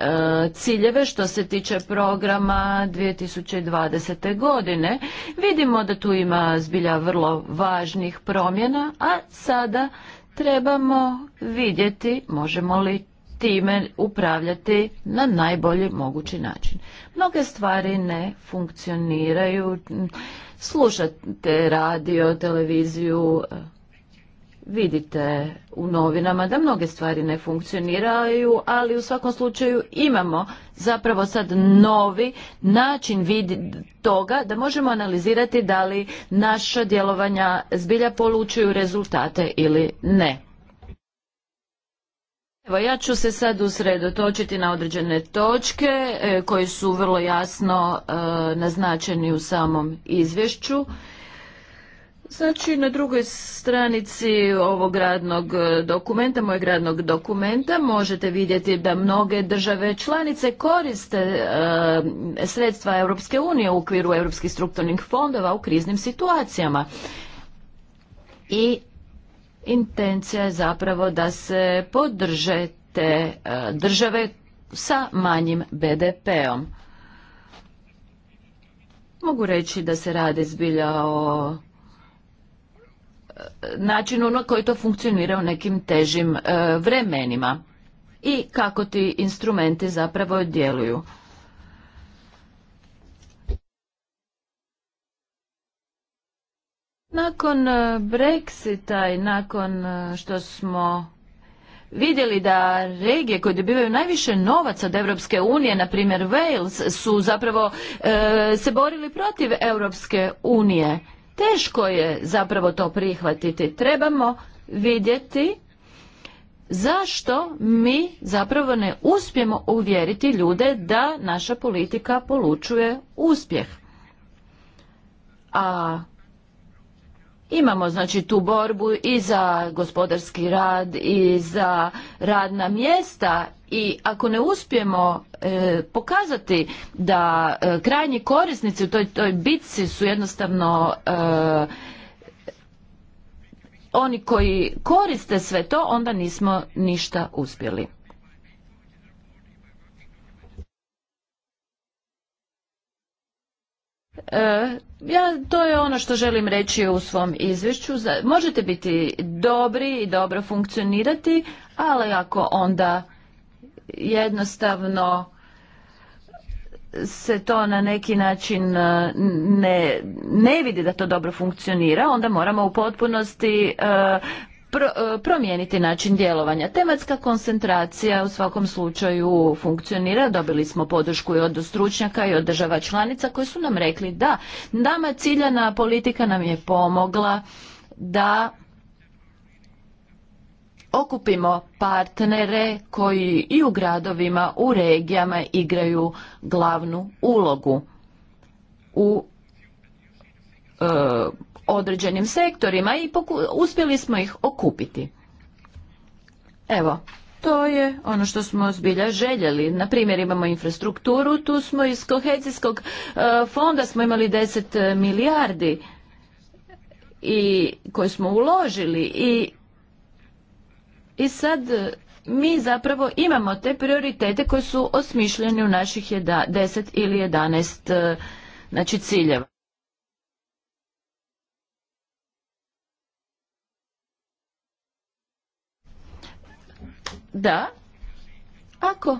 ciljeve što se tiče programa 2020. godine. Vidimo da tu ima zbilja vrlo važnih promjena, a sada trebamo vidjeti možemo li time upravljati na najbolji mogući način. Mnoge stvari ne funkcioniraju, slušate radio, televiziju, vidite u novinama da mnoge stvari ne funkcioniraju, ali u svakom slučaju imamo zapravo sad novi način vidi toga da možemo analizirati da li naša djelovanja zbilja polučuju rezultate ili ne. Evo, ja ću se sad usredotočiti na određene točke e, koje su vrlo jasno e, naznačeni u samom izvješću. Znači, na drugoj stranici ovog radnog e, dokumenta, mojeg radnog dokumenta, možete vidjeti da mnoge države članice koriste e, sredstva Europske unije u okviru europskih strukturnih fondova u kriznim situacijama. I intencija je zapravo da se podrže te e, države sa manjim BDP-om. Mogu reći da se radi zbilja o način na koji to funkcionira u nekim težim e, vremenima i kako ti instrumenti zapravo djeluju. Nakon e, Brexita i nakon e, što smo vidjeli da regije koje dobivaju najviše novaca od Europske unije, na primjer Wales, su zapravo se borili protiv Europske unije teško je zapravo to prihvatiti. Trebamo vidjeti zašto mi zapravo ne uspijemo uvjeriti ljude da naša politika polučuje uspjeh. A Imamo znači tu borbu i za gospodarski rad i za radna mjesta i ako ne uspijemo e, pokazati da e, krajnji korisnici u toj, toj bitci su jednostavno e, oni koji koriste sve to, onda nismo ništa uspjeli. E, ja, to je ono što želim reći u svom izvješću. Možete biti dobri i dobro funkcionirati, ali ako onda jednostavno se to na neki način e, ne, ne vidi da to dobro funkcionira, onda moramo u potpunosti e, E, promijeniti način djelovanja. Tematska koncentracija u svakom slučaju funkcionira, dobili smo podršku i od stručnjaka i od država članica koji su nam rekli da nama ciljana politika nam je pomogla da okupimo partnere koji i u gradovima, u regijama igraju glavnu ulogu u e, određenim sektorima i uspjeli smo ih okupiti. Evo, to je ono što smo zbilja željeli. Na primjer imamo infrastrukturu, tu smo iz kohezijskog e, fonda smo imali 10 e, milijardi i koje smo uložili i, i sad e, mi zapravo imamo te prioritete koji su osmišljeni u naših 10 ili 11 znači ciljeva. da ako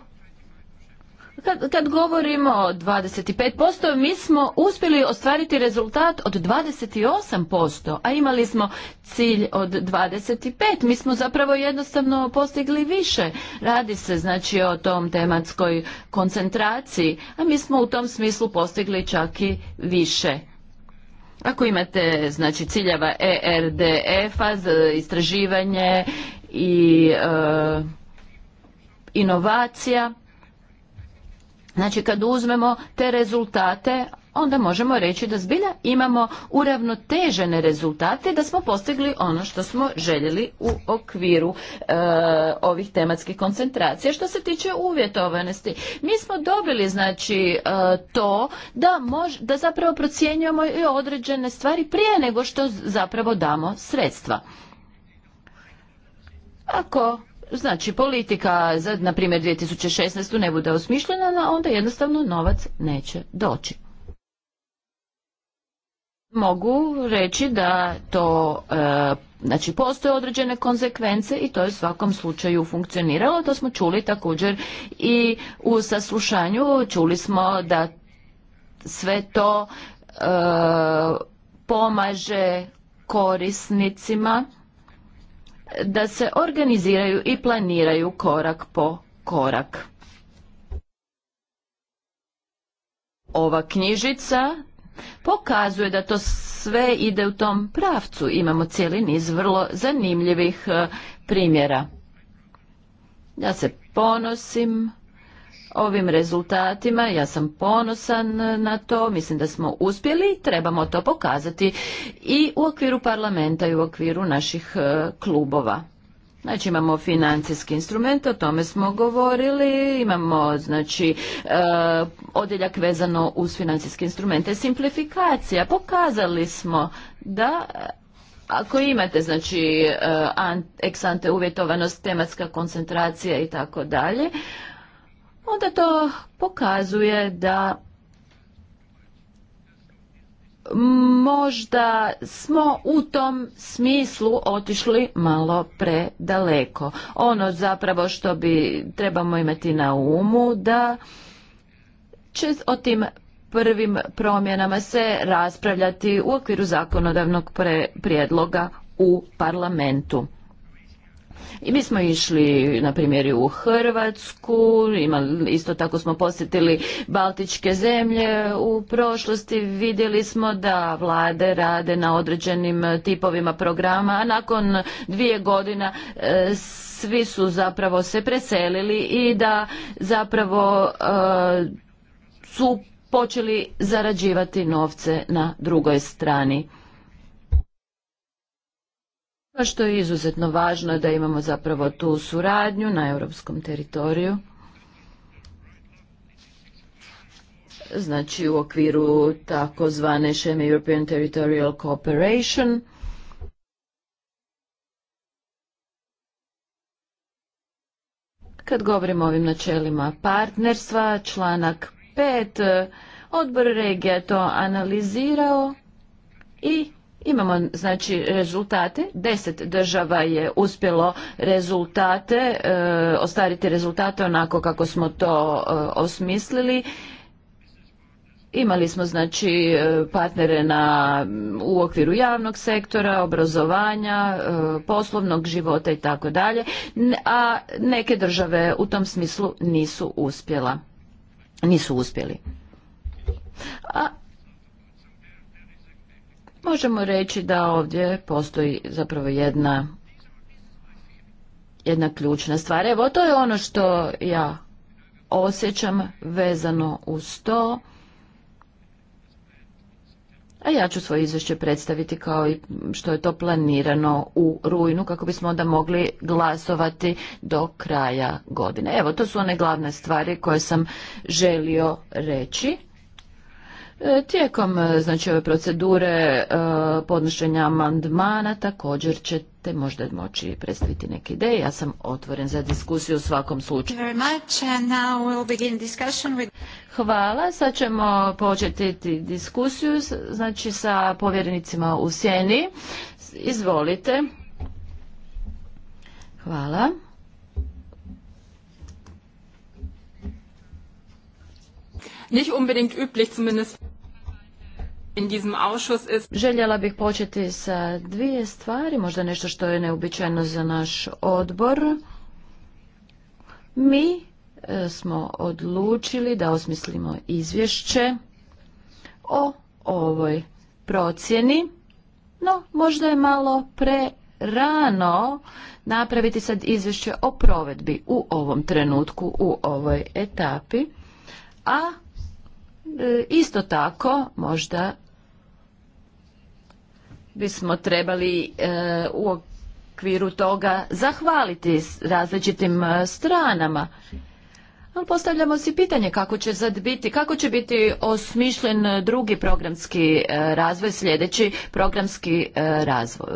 kad, kad govorimo o 25%, mi smo uspjeli ostvariti rezultat od 28%, a imali smo cilj od 25%. Mi smo zapravo jednostavno postigli više. Radi se znači o tom tematskoj koncentraciji, a mi smo u tom smislu postigli čak i više. Ako imate znači ciljeva ERDF-a, e, istraživanje i... E, inovacija. Znači kad uzmemo te rezultate, onda možemo reći da zbilja imamo uravnotežene rezultate da smo postigli ono što smo željeli u okviru e, ovih tematskih koncentracija. Što se tiče uvjetovanosti, mi smo dobili znači e, to da, da zapravo procjenjujemo i određene stvari prije nego što zapravo damo sredstva. Ako znači politika za, na primjer, 2016. ne bude osmišljena, onda jednostavno novac neće doći. Mogu reći da to, e, znači postoje određene konsekvence i to je u svakom slučaju funkcioniralo. To smo čuli također i u saslušanju. Čuli smo da sve to e, pomaže korisnicima da se organiziraju i planiraju korak po korak. Ova knjižica pokazuje da to sve ide u tom pravcu. Imamo cijeli niz vrlo zanimljivih e, primjera. Ja se ponosim ovim rezultatima. Ja sam ponosan na to, mislim da smo uspjeli trebamo to pokazati i u okviru parlamenta i u okviru naših e, klubova. Znači imamo financijski instrument, o tome smo govorili, imamo znači e, odjeljak vezano uz financijske instrumente, simplifikacija. Pokazali smo da e, ako imate znači e, ex ante uvjetovanost, tematska koncentracija i tako dalje, onda to pokazuje da možda smo u tom smislu otišli malo predaleko. Ono zapravo što bi trebamo imati na umu da će o tim prvim promjenama se raspravljati u okviru zakonodavnog prijedloga u parlamentu. I mi smo išli, na primjer, u Hrvatsku, isto tako smo posjetili Baltičke zemlje u prošlosti, vidjeli smo da vlade rade na određenim e, tipovima programa, a nakon dvije godina e, svi su zapravo se preselili i da zapravo e, su počeli zarađivati novce na drugoj strani pa što je izuzetno važno da imamo zapravo tu suradnju na europskom teritoriju. Znači u okviru takozvane šeme European Territorial Cooperation. Kad govorimo o ovim načelima partnerstva, članak 5, odbor regija to analizirao i Imamo znači rezultate, deset država je uspjelo rezultate, e, ostvariti rezultate onako kako smo to e, osmislili. Imali smo znači e, partnere na, u okviru javnog sektora, obrazovanja, e, poslovnog života i tako dalje, a neke države u tom smislu nisu uspjela. Nisu uspjeli. A Možemo reći da ovdje postoji zapravo jedna jedna ključna stvar. Evo, to je ono što ja osjećam vezano uz to. A ja ću svoje izvješće predstaviti kao i što je to planirano u rujnu kako bismo onda mogli glasovati do kraja godine. Evo, to su one glavne stvari koje sam želio reći. E, tijekom e, znači, ove procedure e, podnošenja amandmana također ćete možda moći predstaviti neke ideje. Ja sam otvoren za diskusiju u svakom slučaju. Hvala. Sad ćemo početi diskusiju znači, sa povjerenicima u Sjeni. Izvolite. Hvala. Nicht unbedingt üblich zumindest. Željela bih početi sa dvije stvari, možda nešto što je neobičajno za naš odbor. Mi e, smo odlučili da osmislimo izvješće o ovoj procjeni, no možda je malo pre rano napraviti sad izvješće o provedbi u ovom trenutku, u ovoj etapi, a e, Isto tako, možda bismo trebali e, u okviru toga zahvaliti različitim e, stranama. Ali postavljamo si pitanje kako će sad biti, kako će biti osmišljen drugi programski e, razvoj, sljedeći programski razvoj,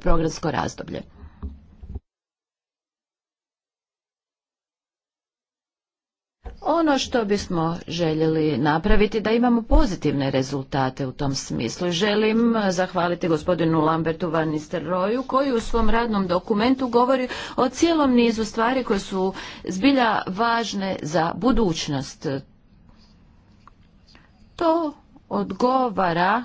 programsko razdoblje. Ono što bismo željeli napraviti da imamo pozitivne rezultate u tom smislu. Želim zahvaliti gospodinu Lambertu Van Nistelrooyu koji u svom radnom dokumentu govori o cijelom nizu stvari koje su zbilja važne za budućnost. To odgovara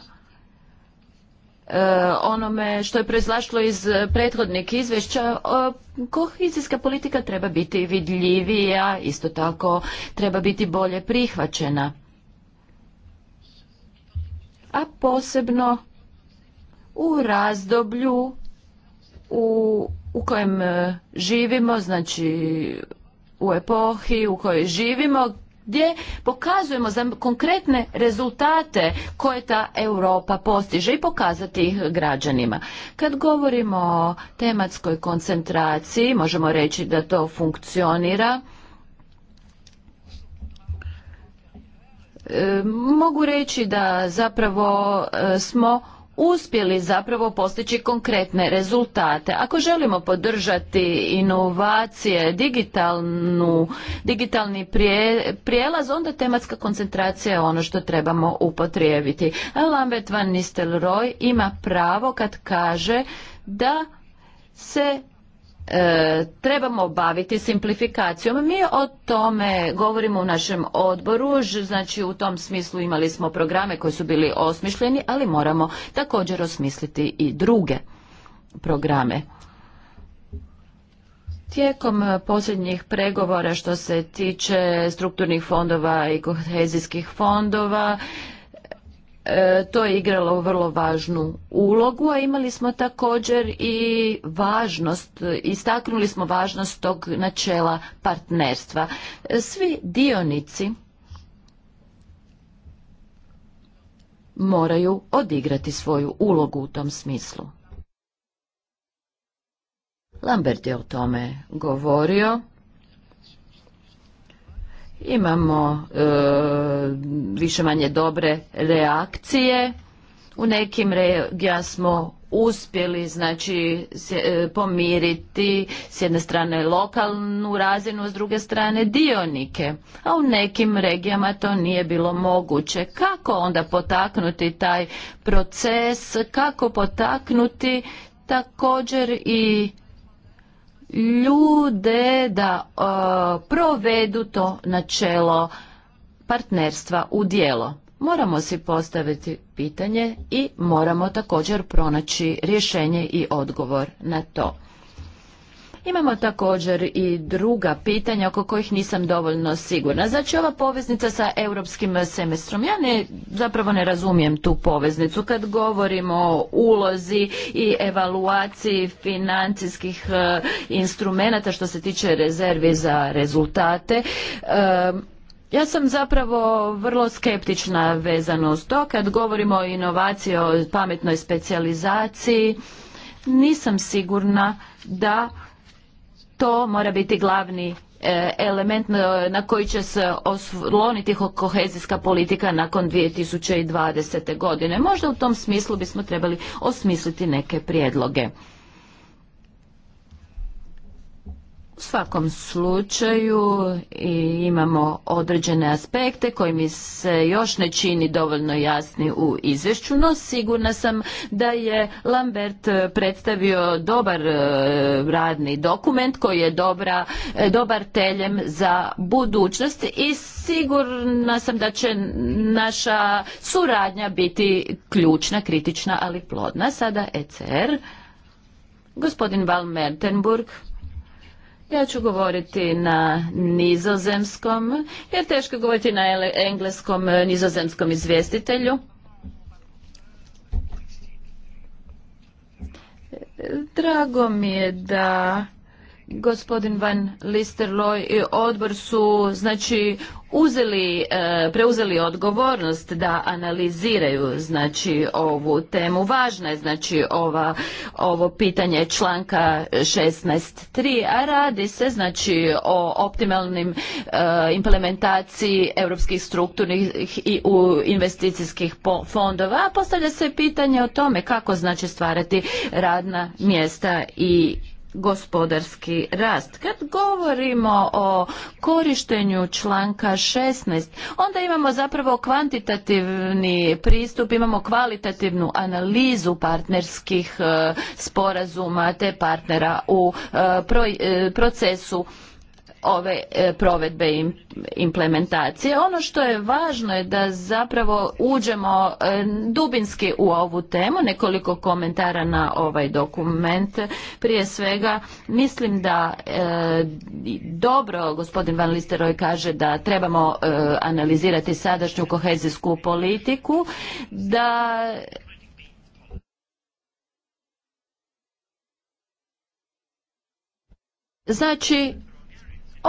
E, onome što je proizlašlo iz prethodnih izvješća, e, kohezijska politika treba biti vidljivija, isto tako treba biti bolje prihvaćena. A posebno u razdoblju u, u kojem e, živimo, znači u epohi u kojoj živimo, gdje pokazujemo za konkretne rezultate koje ta Europa postiže i pokazati ih građanima. Kad govorimo o tematskoj koncentraciji, možemo reći da to funkcionira. E, mogu reći da zapravo e, smo uspjeli zapravo postići konkretne rezultate. Ako želimo podržati inovacije, digitalnu, digitalni prijelaz, onda tematska koncentracija je ono što trebamo upotrijebiti. Lambert van Nistelrooy ima pravo kad kaže da se E, trebamo baviti simplifikacijom. Mi o tome govorimo u našem odboru, znači u tom smislu imali smo programe koji su bili osmišljeni, ali moramo također osmisliti i druge programe. Tijekom posljednjih pregovora što se tiče strukturnih fondova i kohezijskih fondova, E, to je igralo vrlo važnu ulogu, a imali smo također i važnost, istaknuli smo važnost tog načela partnerstva. E, svi dionici moraju odigrati svoju ulogu u tom smislu. Lambert je o tome govorio imamo e, više manje dobre reakcije. U nekim regija smo uspjeli znači e, pomiriti s jedne strane lokalnu razinu s druge strane dionike a u nekim regijama to nije bilo moguće kako onda potaknuti taj proces kako potaknuti također i ljude da e, provedu to načelo partnerstva u dijelo. Moramo si postaviti pitanje i moramo također pronaći rješenje i odgovor na to. Imamo također i druga pitanja oko kojih nisam dovoljno sigurna. Znači ova poveznica sa europskim semestrom. Ja ne, zapravo ne razumijem tu poveznicu. Kad govorimo o ulozi i evaluaciji financijskih e, instrumenata što se tiče rezervi za rezultate, e, ja sam zapravo vrlo skeptična vezano uz to kad govorimo o inovaciji, o pametnoj specijalizaciji. Nisam sigurna da to mora biti glavni e, element e, na koji će se osloniti kohezijska politika nakon 2020. godine. Možda u tom smislu bismo trebali osmisliti neke prijedloge. U svakom slučaju imamo određene aspekte koji mi se još ne čini dovoljno jasni u izvješću, no sigurna sam da je Lambert predstavio dobar e, radni dokument koji je dobra, e, dobar teljem za budućnost i sigurna sam da će naša suradnja biti ključna, kritična, ali plodna. Sada ECR. Gospodin Val Mertenburg. Ja ću govoriti na nizozemskom, jer teško govoriti na engleskom e, nizozemskom izvjestitelju. E, drago mi je da gospodin Van Listerloj i odbor su znači uzeli, e, preuzeli odgovornost da analiziraju znači ovu temu. Važna je znači ova, ovo pitanje članka 16.3, a radi se znači o optimalnim e, implementaciji europskih strukturnih i investicijskih fondova, a postavlja se pitanje o tome kako znači stvarati radna mjesta i gospodarski rast. Kad govorimo o korištenju članka 16, onda imamo zapravo kvantitativni pristup, imamo kvalitativnu analizu partnerskih e, sporazuma te partnera u e, e, procesu ove e, provedbe i implementacije. Ono što je važno je da zapravo uđemo e, dubinski u ovu temu, nekoliko komentara na ovaj dokument. Prije svega mislim da e, dobro gospodin Van Listeroj kaže da trebamo analizirati sadašnju kohezijsku politiku, da Znači,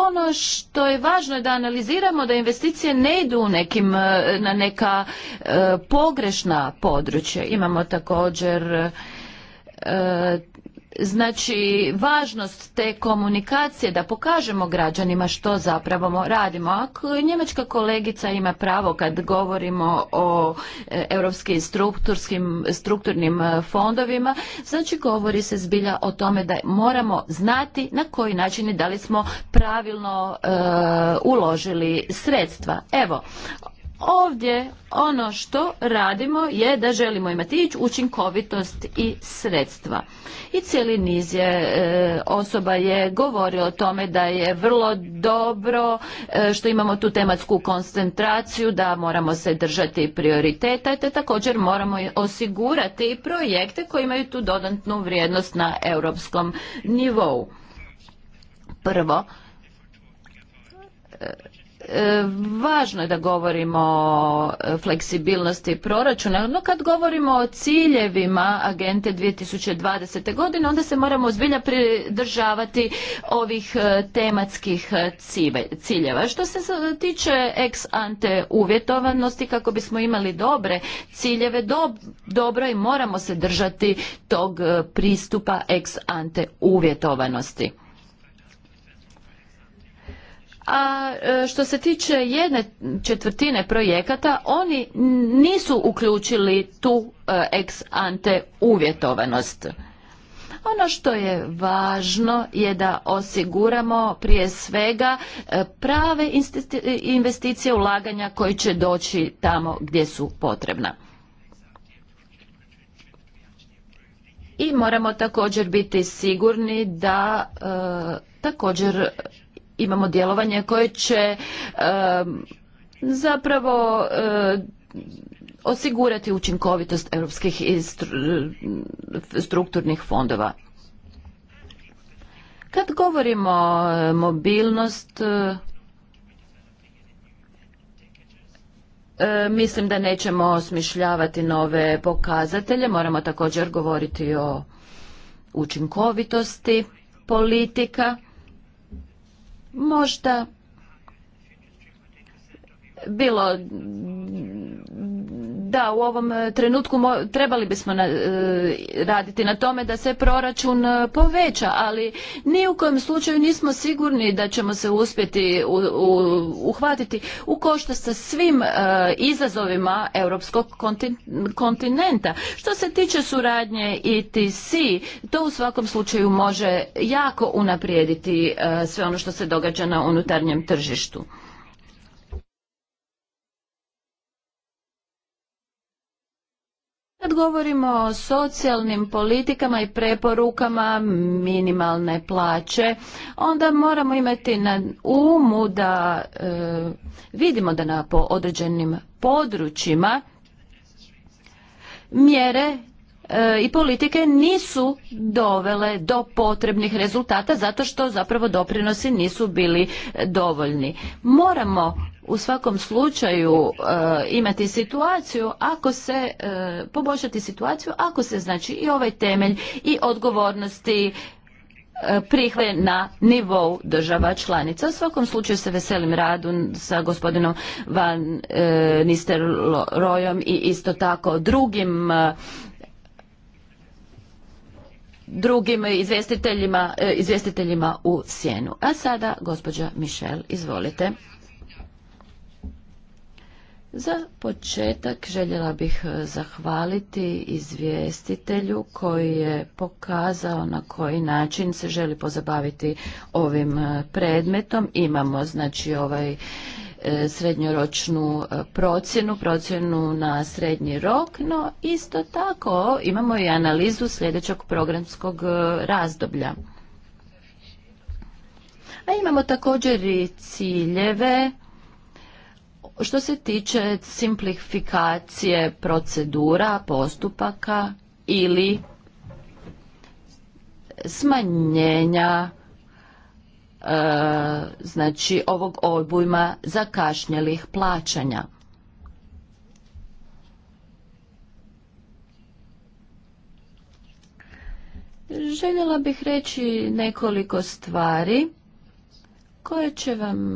ono što je važno je da analiziramo da investicije ne idu nekim, e, na neka e, pogrešna područja. Imamo također e, znači važnost te komunikacije da pokažemo građanima što zapravo radimo. Ako njemačka kolegica ima pravo kad govorimo o e, europskim strukturnim e, fondovima, znači govori se zbilja o tome da moramo znati na koji način i da li smo pravilno e, uložili sredstva. Evo, Ovdje ono što radimo je da želimo imati učinkovitost i sredstva. I cijeli niz je e, osoba je govorio o tome da je vrlo dobro e, što imamo tu tematsku koncentraciju, da moramo se držati prioriteta, te također moramo osigurati i projekte koji imaju tu dodatnu vrijednost na europskom nivou. Prvo, e, E, važno je da govorimo o e, fleksibilnosti proračuna, no kad govorimo o ciljevima agente 2020. godine, onda se moramo zbilja pridržavati ovih e, tematskih ciljeva. Što se tiče ex ante uvjetovanosti, kako bismo imali dobre ciljeve, dobro i moramo se držati tog pristupa ex ante uvjetovanosti a e, što se tiče jedne četvrtine projekata oni nisu uključili tu e, ex ante uvjetovanost. Ono što je važno je da osiguramo prije svega e, prave investicije ulaganja koji će doći tamo gdje su potrebna. I moramo također biti sigurni da također imamo djelovanje koje će zapravo e, osigurati učinkovitost europskih strukturnih fondova. Kad govorimo o e, mobilnost, e, mislim da nećemo osmišljavati nove pokazatelje, moramo također govoriti o učinkovitosti politika možda bilo da, u ovom e, trenutku trebali bismo e, raditi na tome da se proračun e, poveća, ali ni u kojem slučaju nismo sigurni da ćemo se uspjeti uhvatiti u košta sa svim izazovima europskog kontinenta. Što se tiče suradnje ETC, to u svakom slučaju može jako unaprijediti sve ono što se događa na unutarnjem tržištu. Kad govorimo o socijalnim politikama i preporukama minimalne plaće, onda moramo imati na umu da e, vidimo da na po određenim područjima mjere e, i politike nisu dovele do potrebnih rezultata zato što zapravo doprinosi nisu bili dovoljni. Moramo u svakom slučaju eh, imati situaciju ako se eh, poboljšati situaciju ako se znači i ovaj temelj i odgovornosti eh, prihve na nivou država članica. U svakom slučaju se veselim radu sa gospodinom Van Nister i isto tako drugim drugim izvjestiteljima, izvjestiteljima u sjenu. A sada gospođa Mišel, izvolite. Za početak željela bih e, zahvaliti izvjestitelju koji je pokazao na koji način se želi pozabaviti ovim e, predmetom. Imamo znači ovaj e, srednjoročnu procjenu, procjenu na srednji rok, no isto tako imamo i analizu sljedećeg programskog razdoblja. A imamo također i ciljeve što se tiče simplifikacije procedura, postupaka ili smanjenja e, znači ovog obujma zakašnjelih plaćanja. Željela bih reći nekoliko stvari koje će vam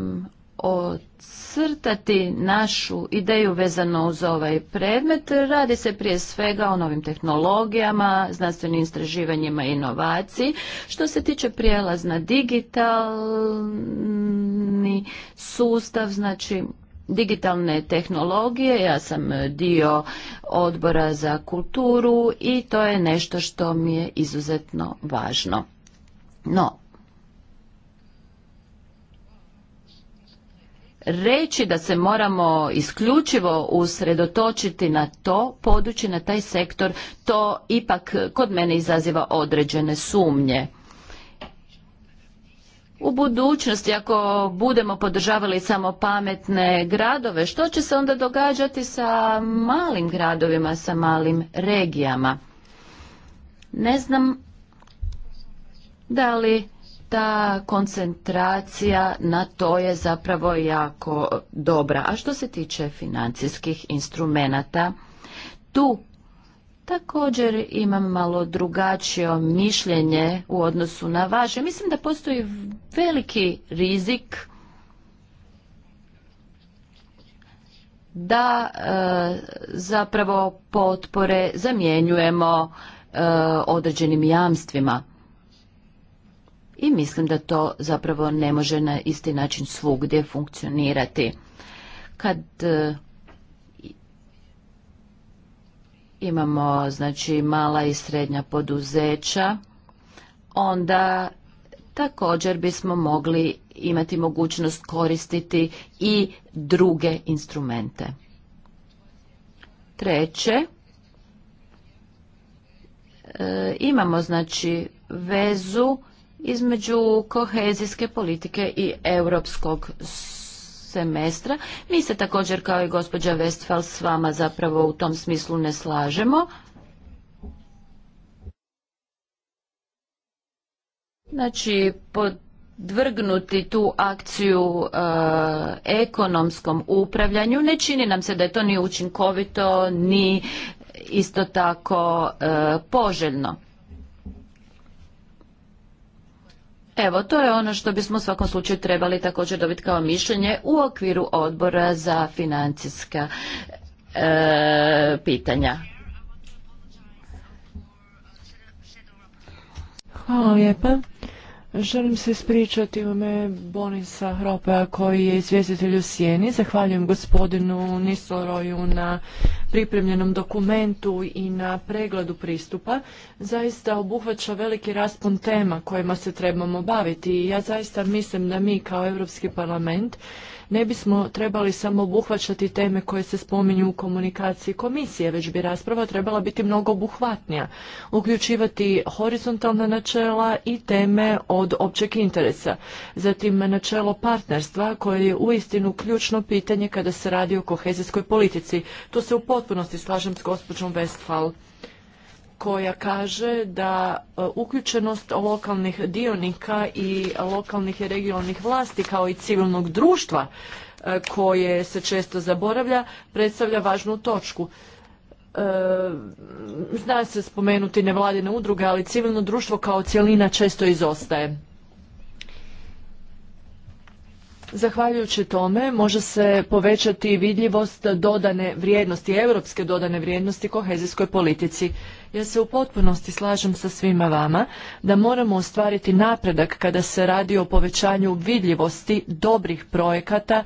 ocrtati našu ideju vezano uz ovaj predmet. Radi se prije svega o novim tehnologijama, znanstvenim istraživanjima i inovaciji. Što se tiče prijelaz na digitalni sustav, znači digitalne tehnologije, ja sam dio odbora za kulturu i to je nešto što mi je izuzetno važno. No, reći da se moramo isključivo usredotočiti na to područje, na taj sektor, to ipak kod mene izaziva određene sumnje. U budućnosti ako budemo podržavali samo pametne gradove, što će se onda događati sa malim gradovima, sa malim regijama? Ne znam da li ta koncentracija na to je zapravo jako dobra. A što se tiče financijskih instrumenata, tu također imam malo drugačije mišljenje u odnosu na vaše. Mislim da postoji veliki rizik da e, zapravo potpore zamjenjujemo e, određenim jamstvima i mislim da to zapravo ne može na isti način svugdje funkcionirati. Kad e, imamo znači mala i srednja poduzeća, onda također bismo mogli imati mogućnost koristiti i druge instrumente. Treće, e, imamo znači vezu između kohezijske politike i europskog semestra. Mi se također kao i gospođa Westphal s vama zapravo u tom smislu ne slažemo. Znači, podvrgnuti tu akciju e, ekonomskom upravljanju ne čini nam se da je to ni učinkovito, ni isto tako e, poželjno. Evo, to je ono što bismo u svakom slučaju trebali također dobiti kao mišljenje u okviru odbora za financijska e, pitanja. Hvala lijepa. Želim se ispričati u me Bonisa Hropea koji je izvjestitelj u Sjeni. Zahvaljujem gospodinu Nisoroju na pripremljenom dokumentu i na pregledu pristupa. Zaista obuhvaća veliki raspon tema kojima se trebamo baviti ja zaista mislim da mi kao Europski parlament ne bismo trebali samo obuhvaćati teme koje se spominju u komunikaciji komisije, već bi rasprava trebala biti mnogo obuhvatnija, uključivati horizontalna načela i teme od općeg interesa. Zatim načelo partnerstva koje je uistinu ključno pitanje kada se radi o kohezijskoj politici. Tu se u potpunosti slažem s gospođom Westphal koja kaže da e, uključenost lokalnih dionika i lokalnih i regionalnih vlasti kao i civilnog društva e, koje se često zaboravlja predstavlja važnu točku. E, zna se spomenuti nevladine udruge, ali civilno društvo kao cjelina često izostaje. Zahvaljujući tome može se povećati vidljivost dodane vrijednosti, europske dodane vrijednosti kohezijskoj politici. Ja se u potpunosti slažem sa svima vama da moramo ostvariti napredak kada se radi o povećanju vidljivosti dobrih projekata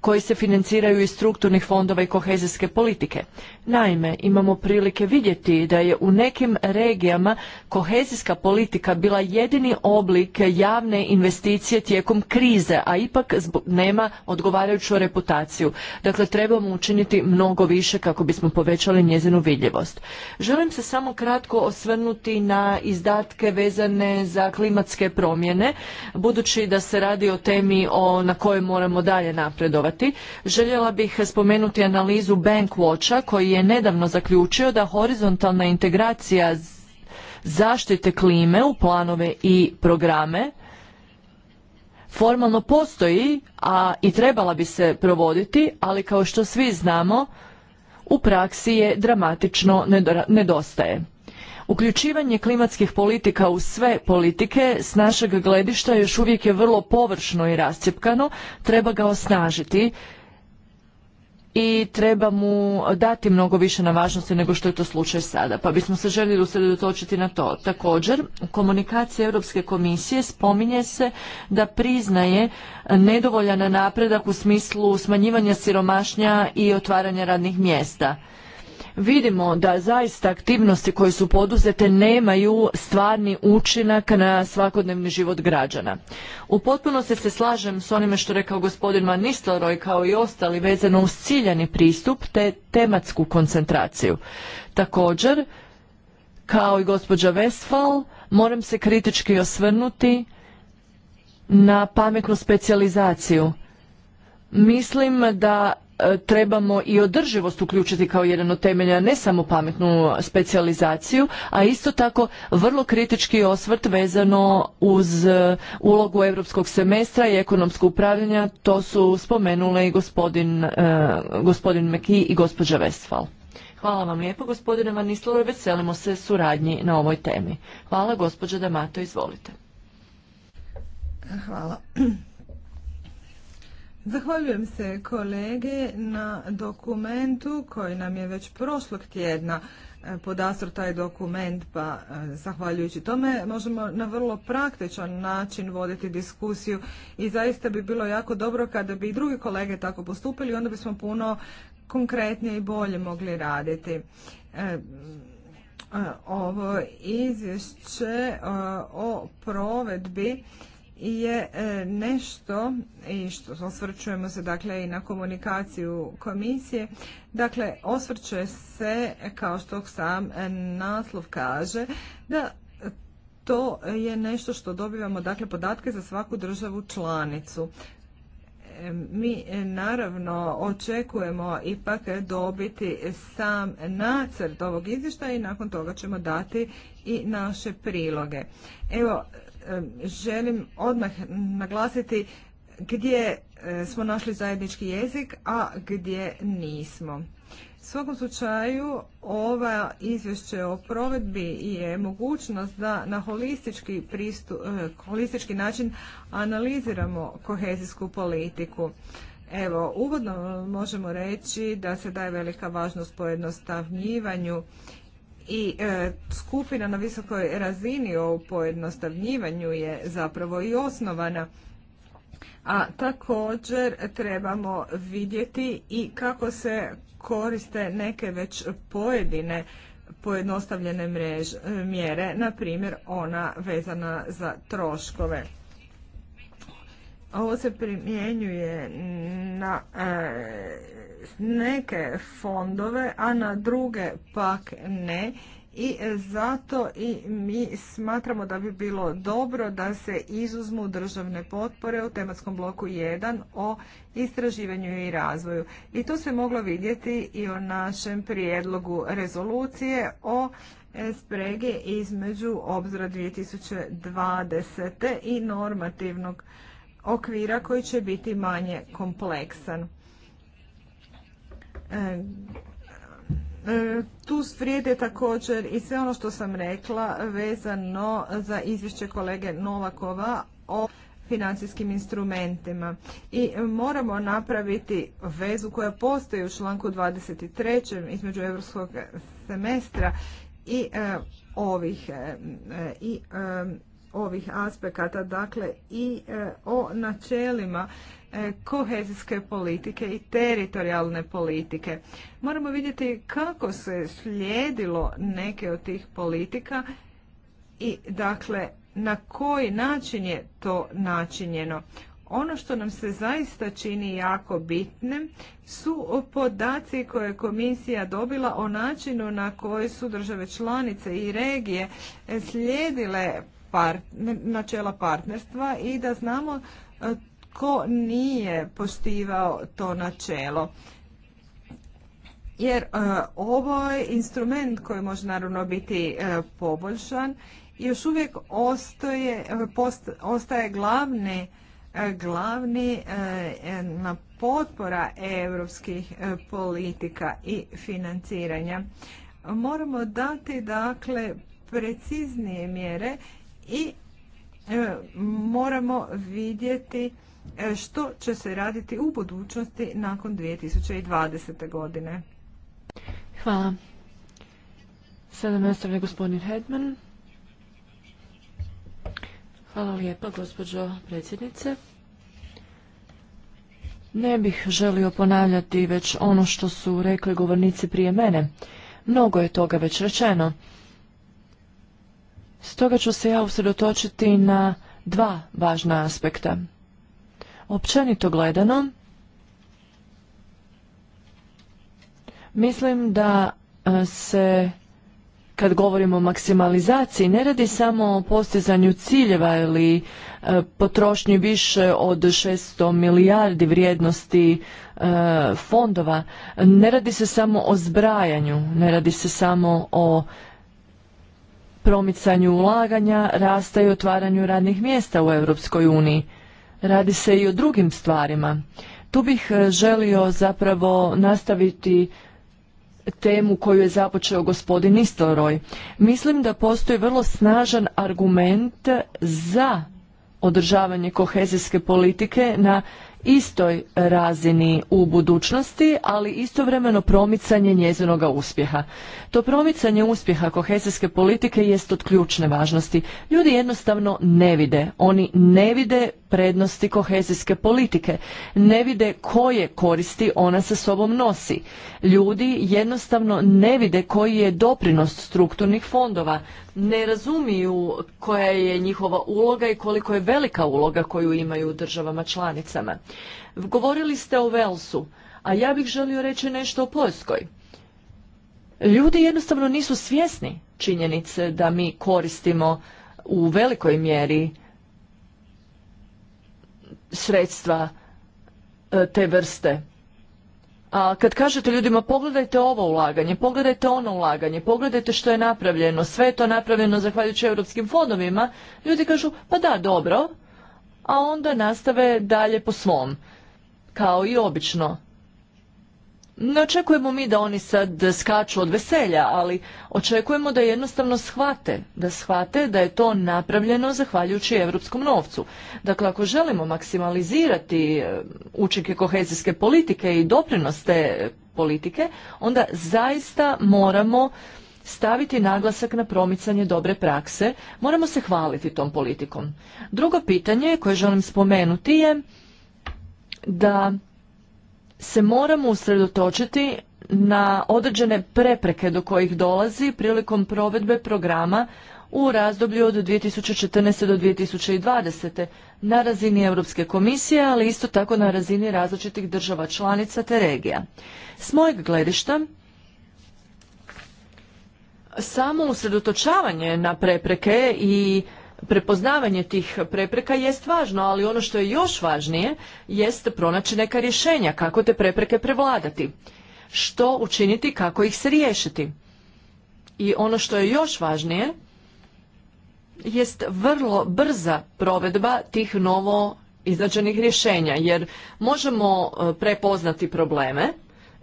koji se financiraju iz strukturnih fondova i kohezijske politike. Naime, imamo prilike vidjeti da je u nekim regijama kohezijska politika bila jedini oblik javne investicije tijekom krize, a ipak nema odgovarajuću reputaciju. Dakle, trebamo učiniti mnogo više kako bismo povećali njezinu vidljivost. Želim se samo kratko osvrnuti na izdatke vezane za klimatske promjene, budući da se radi o temi na kojoj moramo dalje napredovati. Željela bih spomenuti analizu Bankwatcha koji je nedavno zaključio da horizontalna integracija zaštite klime u planove i programe formalno postoji a i trebala bi se provoditi, ali kao što svi znamo u praksi je dramatično nedostaje. Uključivanje klimatskih politika u sve politike s našeg gledišta još uvijek je vrlo površno i rascjepkano, treba ga osnažiti i treba mu dati mnogo više na važnosti nego što je to slučaj sada. Pa bismo se željeli usredotočiti na to. Također, u komunikaciji Europske komisije spominje se da priznaje nedovoljan napredak u smislu smanjivanja siromašnja i otvaranja radnih mjesta vidimo da zaista aktivnosti koje su poduzete nemaju stvarni učinak na svakodnevni život građana. U potpunosti se slažem s onime što rekao gospodin Van Nistelrooy kao i ostali vezano uz ciljani pristup te tematsku koncentraciju. Također, kao i gospođa Westfall, moram se kritički osvrnuti na pametnu specijalizaciju. Mislim da E, trebamo i održivost uključiti kao jedan od temelja, ne samo pametnu specijalizaciju, a isto tako vrlo kritički osvrt vezano uz e, ulogu europskog semestra i ekonomsko upravljanja, to su spomenule i gospodin, e, gospodin Meki i gospođa Westfall. Hvala vam lijepo, gospodine Vanislavo, veselimo se suradnji na ovoj temi. Hvala, gospođa Damato, izvolite. Hvala. Zahvaljujem se kolege na dokumentu koji nam je već prošlog tjedna e, podastro taj dokument, pa e, zahvaljujući tome možemo na vrlo praktičan način voditi diskusiju i zaista bi bilo jako dobro kada bi i drugi kolege tako postupili, onda bismo puno konkretnije i bolje mogli raditi. E, ovo izvješće o provedbi je e, nešto i što osvrćujemo se dakle i na komunikaciju komisije. Dakle, osvrće se kao što sam naslov kaže da to je nešto što dobivamo dakle podatke za svaku državu članicu. E, mi naravno očekujemo ipak dobiti sam nacrt ovog izvještaja i nakon toga ćemo dati i naše priloge. Evo, želim odmah naglasiti gdje e, smo našli zajednički jezik, a gdje nismo. U svakom slučaju, ova izvješće o provedbi je mogućnost da na holistički, pristup, e, holistički način analiziramo kohezijsku politiku. Evo, uvodno možemo reći da se daje velika važnost pojednostavnjivanju i e, skupina na visokoj razini o pojednostavljivanju je zapravo i osnovana. A također trebamo vidjeti i kako se koriste neke već pojedine pojednostavljene e, mjere, na primjer ona vezana za troškove. Ovo se primjenjuje na e, neke fondove, a na druge pak ne. I zato i mi smatramo da bi bilo dobro da se izuzmu državne potpore u tematskom bloku 1 o istraživanju i razvoju. I to se moglo vidjeti i o našem prijedlogu rezolucije o sprege između obzora 2020. i normativnog okvira koji će biti manje kompleksan. E, e, tu vrijede također i sve ono što sam rekla vezano za izvješće kolege Novakova o financijskim instrumentima. I moramo napraviti vezu koja postoji u članku 23. između europskog semestra i e, ovih i ovih aspekata, dakle i e, o načelima e, kohezijske politike i teritorijalne politike. Moramo vidjeti kako se slijedilo neke od tih politika i dakle na koji način je to načinjeno. Ono što nam se zaista čini jako bitnim su podaci koje je komisija dobila o načinu na koji su države članice i regije slijedile partner načela partnerstva i da znamo e, tko nije poštivao to načelo. Jer e, ovo je instrument koji može naravno biti e, poboljšan još uvijek ostaje, ostaje glavni glavni na potpora europskih politika i financiranja. Moramo dati dakle preciznije mjere i e, moramo vidjeti e, što će se raditi u budućnosti nakon 2020. godine. Hvala. Sada nastavlja gospodin Hedman. Hvala lijepa, gospođo predsjednice. Ne bih želio ponavljati već ono što su rekli govornici prije mene. Mnogo je toga već rečeno. Stoga ću se ja usredotočiti na dva važna aspekta. Općenito gledano, mislim da e, se kad govorimo o maksimalizaciji ne radi samo o postizanju ciljeva ili e, potrošnji više od 600 milijardi vrijednosti e, fondova. Ne radi se samo o zbrajanju, ne radi se samo o promicanju ulaganja, rasta i otvaranju radnih mjesta u Europskoj uniji. Radi se i o drugim stvarima. Tu bih e, želio zapravo nastaviti temu koju je započeo gospodin Istoroj. Mislim da postoji vrlo snažan argument za održavanje kohezijske politike na istoj razini u budućnosti, ali istovremeno promicanje njezinoga uspjeha. To promicanje uspjeha kohezijske politike jest od ključne važnosti. Ljudi jednostavno ne vide. Oni ne vide prednosti kohezijske politike. Ne vide koje koristi ona sa sobom nosi. Ljudi jednostavno ne vide koji je doprinos strukturnih fondova. Ne razumiju koja je njihova uloga i koliko je velika uloga koju imaju u državama članicama. Govorili ste o Velsu, a ja bih želio reći nešto o Poljskoj. Ljudi jednostavno nisu svjesni činjenice da mi koristimo u velikoj mjeri sredstva e, te vrste. A kad kažete ljudima pogledajte ovo ulaganje, pogledajte ono ulaganje, pogledajte što je napravljeno, sve je to napravljeno zahvaljujući europskim fondovima, ljudi kažu pa da, dobro, a onda nastave dalje po svom, kao i obično. Ne očekujemo mi da oni sad skaču od veselja, ali očekujemo da jednostavno shvate, da shvate da je to napravljeno zahvaljujući europskom novcu. Dakle, ako želimo maksimalizirati e, učinke kohezijske politike i doprinos te politike, onda zaista moramo staviti naglasak na promicanje dobre prakse, moramo se hvaliti tom politikom. Drugo pitanje koje želim spomenuti je da se moramo usredotočiti na određene prepreke do kojih dolazi prilikom provedbe programa u razdoblju od 2014. do 2020. na razini Europske komisije, ali isto tako na razini različitih država članica te regija. S mojeg gledišta, samo usredotočavanje na prepreke i prepoznavanje tih prepreka jest važno, ali ono što je još važnije jest pronaći neka rješenja kako te prepreke prevladati. Što učiniti, kako ih se riješiti. I ono što je još važnije jest vrlo brza provedba tih novo izrađenih rješenja, jer možemo e, prepoznati probleme,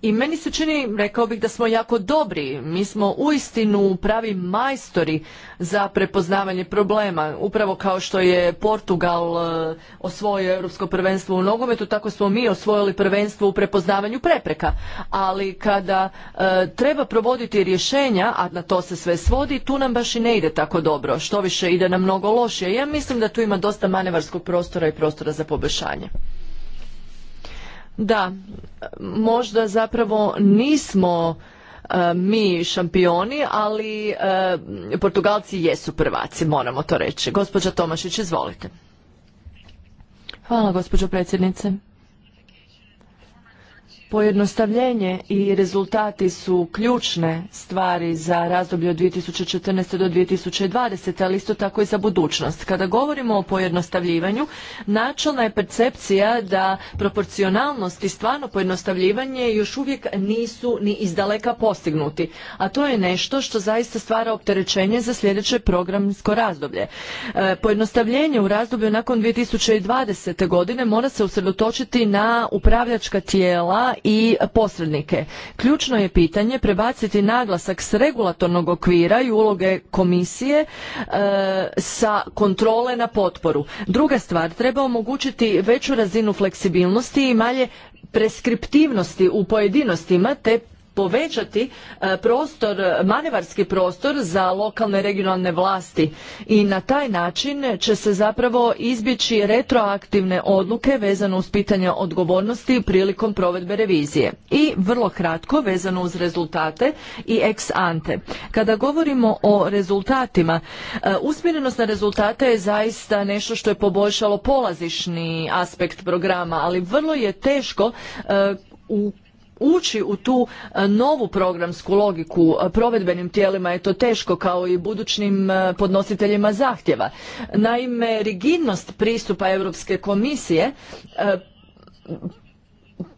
i meni se čini, rekao bih da smo jako dobri, mi smo uistinu pravi majstori za prepoznavanje problema. Upravo kao što je Portugal eh, osvojio europsko prvenstvo u nogometu, tako smo mi osvojili prvenstvo u prepoznavanju prepreka. Ali kada eh, treba provoditi rješenja, a na to se sve svodi, tu nam baš i ne ide tako dobro. Što više ide nam mnogo lošije. Ja mislim da tu ima dosta manevarskog prostora i prostora za poboljšanje. Da, možda zapravo nismo e, mi šampioni, ali e, Portugalci jesu prvaci, moramo to reći. Gospođa Tomašić, izvolite. Hvala, gospođo predsjednice. Pojednostavljenje i rezultati su ključne stvari za razdoblje od 2014. do 2020. ali isto tako i za budućnost. Kada govorimo o pojednostavljivanju, načelna je percepcija da proporcionalnost i stvarno pojednostavljivanje još uvijek nisu ni izdaleka postignuti. A to je nešto što zaista stvara opterećenje za sljedeće programsko razdoblje. E, pojednostavljenje u razdoblju nakon 2020. godine mora se usredotočiti na upravljačka tijela i posrednike. Ključno je pitanje prebaciti naglasak s regulatornog okvira i uloge komisije e, sa kontrole na potporu. Druga stvar, treba omogućiti veću razinu fleksibilnosti i manje preskriptivnosti u pojedinostima te povećati e, prostor, manevarski prostor za lokalne regionalne vlasti i na taj način će se zapravo izbjeći retroaktivne odluke vezano uz pitanje odgovornosti prilikom provedbe revizije. I vrlo kratko vezano uz rezultate i ex ante. Kada govorimo o rezultatima, e, usmjerenost na rezultate je zaista nešto što je poboljšalo polazišni aspekt programa, ali vrlo je teško e, u ući u tu e, novu programsku logiku e, provedbenim tijelima je to teško kao i budućim e, podnositeljima zahtjeva. Naime, rigidnost pristupa Europske komisije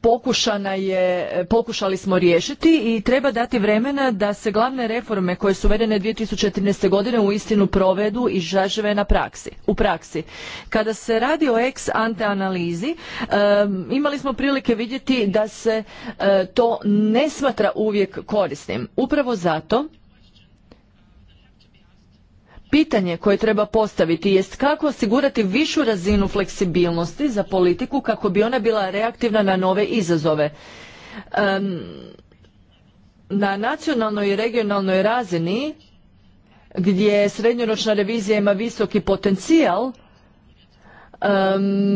pokušana je, pokušali smo riješiti i treba dati vremena da se glavne reforme koje su uvedene 2013. godine u istinu provedu i žažive na praksi, u praksi. Kada se radi o ex ante analizi, imali smo prilike vidjeti da se e, to ne smatra uvijek korisnim. Upravo zato Pitanje koje treba postaviti jest kako osigurati višu razinu fleksibilnosti za politiku kako bi ona bila reaktivna na nove izazove. na nacionalnoj i regionalnoj razini gdje srednjoročna revizija ima visoki potencijal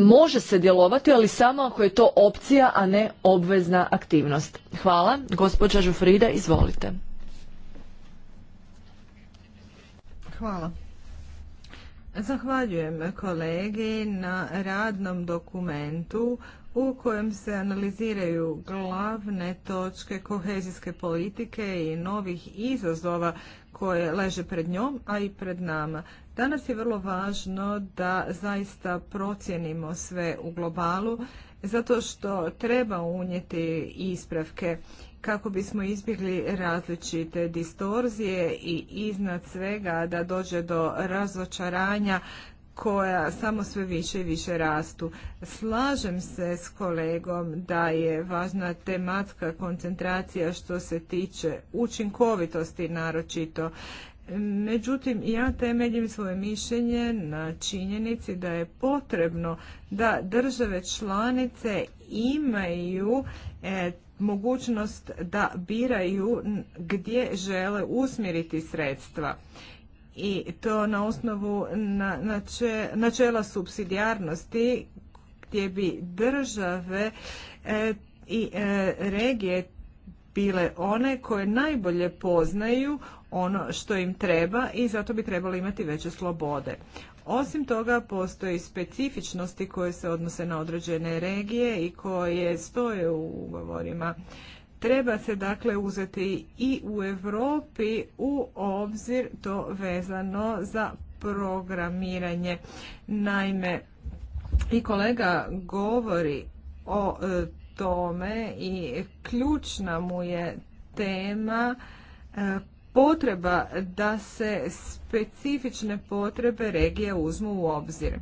može se djelovati, ali samo ako je to opcija, a ne obvezna aktivnost. Hvala. Gospođa Žufrida, izvolite. Hvala. Zahvaljujem kolegi na radnom dokumentu u kojem se analiziraju glavne točke kohezijske politike i novih izazova koje leže pred njom, a i pred nama. Danas je vrlo važno da zaista procijenimo sve u globalu, zato što treba unijeti ispravke kako bismo izbjegli različite distorzije i iznad svega da dođe do razočaranja koja samo sve više i više rastu. Slažem se s kolegom da je važna tematska koncentracija što se tiče učinkovitosti naročito. Međutim, ja temeljim svoje mišljenje na činjenici da je potrebno da države članice imaju e, mogućnost da biraju gdje žele usmjeriti sredstva i to na osnovu načela subsidijarnosti gdje bi države e, i e, regije bile one koje najbolje poznaju ono što im treba i zato bi trebali imati veće slobode. Osim toga, postoje specifičnosti koje se odnose na određene regije i koje stoje u ugovorima. Treba se dakle uzeti i u Europi u obzir to vezano za programiranje. Naime, i kolega govori o e, tome i ključna mu je tema e, potreba da se specifične potrebe regije uzmu u obzir. E,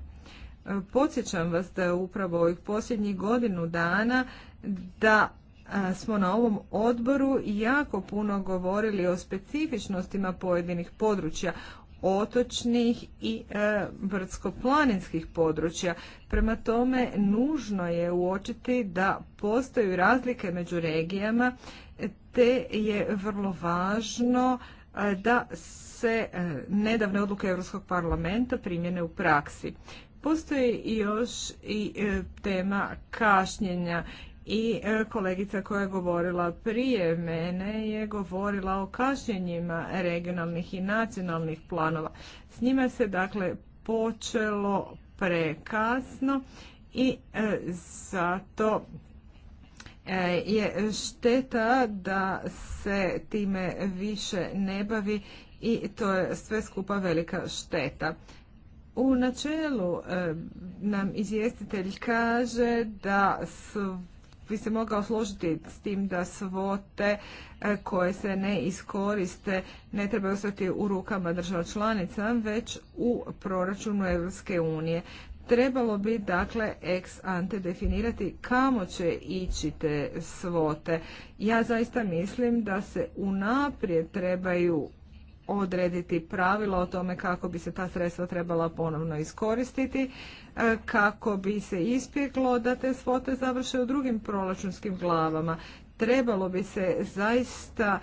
podsjećam vas da je upravo ovih posljednjih godinu dana da e, smo na ovom odboru jako puno govorili o specifičnostima pojedinih područja, otočnih i e, brdsko-planinskih područja. Prema tome, nužno je uočiti da postoju razlike među regijama te je vrlo važno e, da se e, nedavne odluke Europskog parlamenta primjene u praksi. Postoji još i e, tema kašnjenja i kolegica koja je govorila prije mene je govorila o kašnjenjima regionalnih i nacionalnih planova. S njima se dakle počelo prekasno i zato E, je šteta da se time više ne bavi i to je sve skupa velika šteta. U načelu e, nam izvjestitelj kaže da bi se mogao složiti s tim da svote e, koje se ne iskoriste ne treba ostati u rukama država članica, već u proračunu Europske unije. Trebalo bi dakle ex ante definirati kamo će ići te svote. Ja zaista mislim da se unaprijed trebaju odrediti pravila o tome kako bi se ta sredstva trebala ponovno iskoristiti, e, kako bi se ispjeklo da te svote završe u drugim proračunskim glavama. Trebalo bi se zaista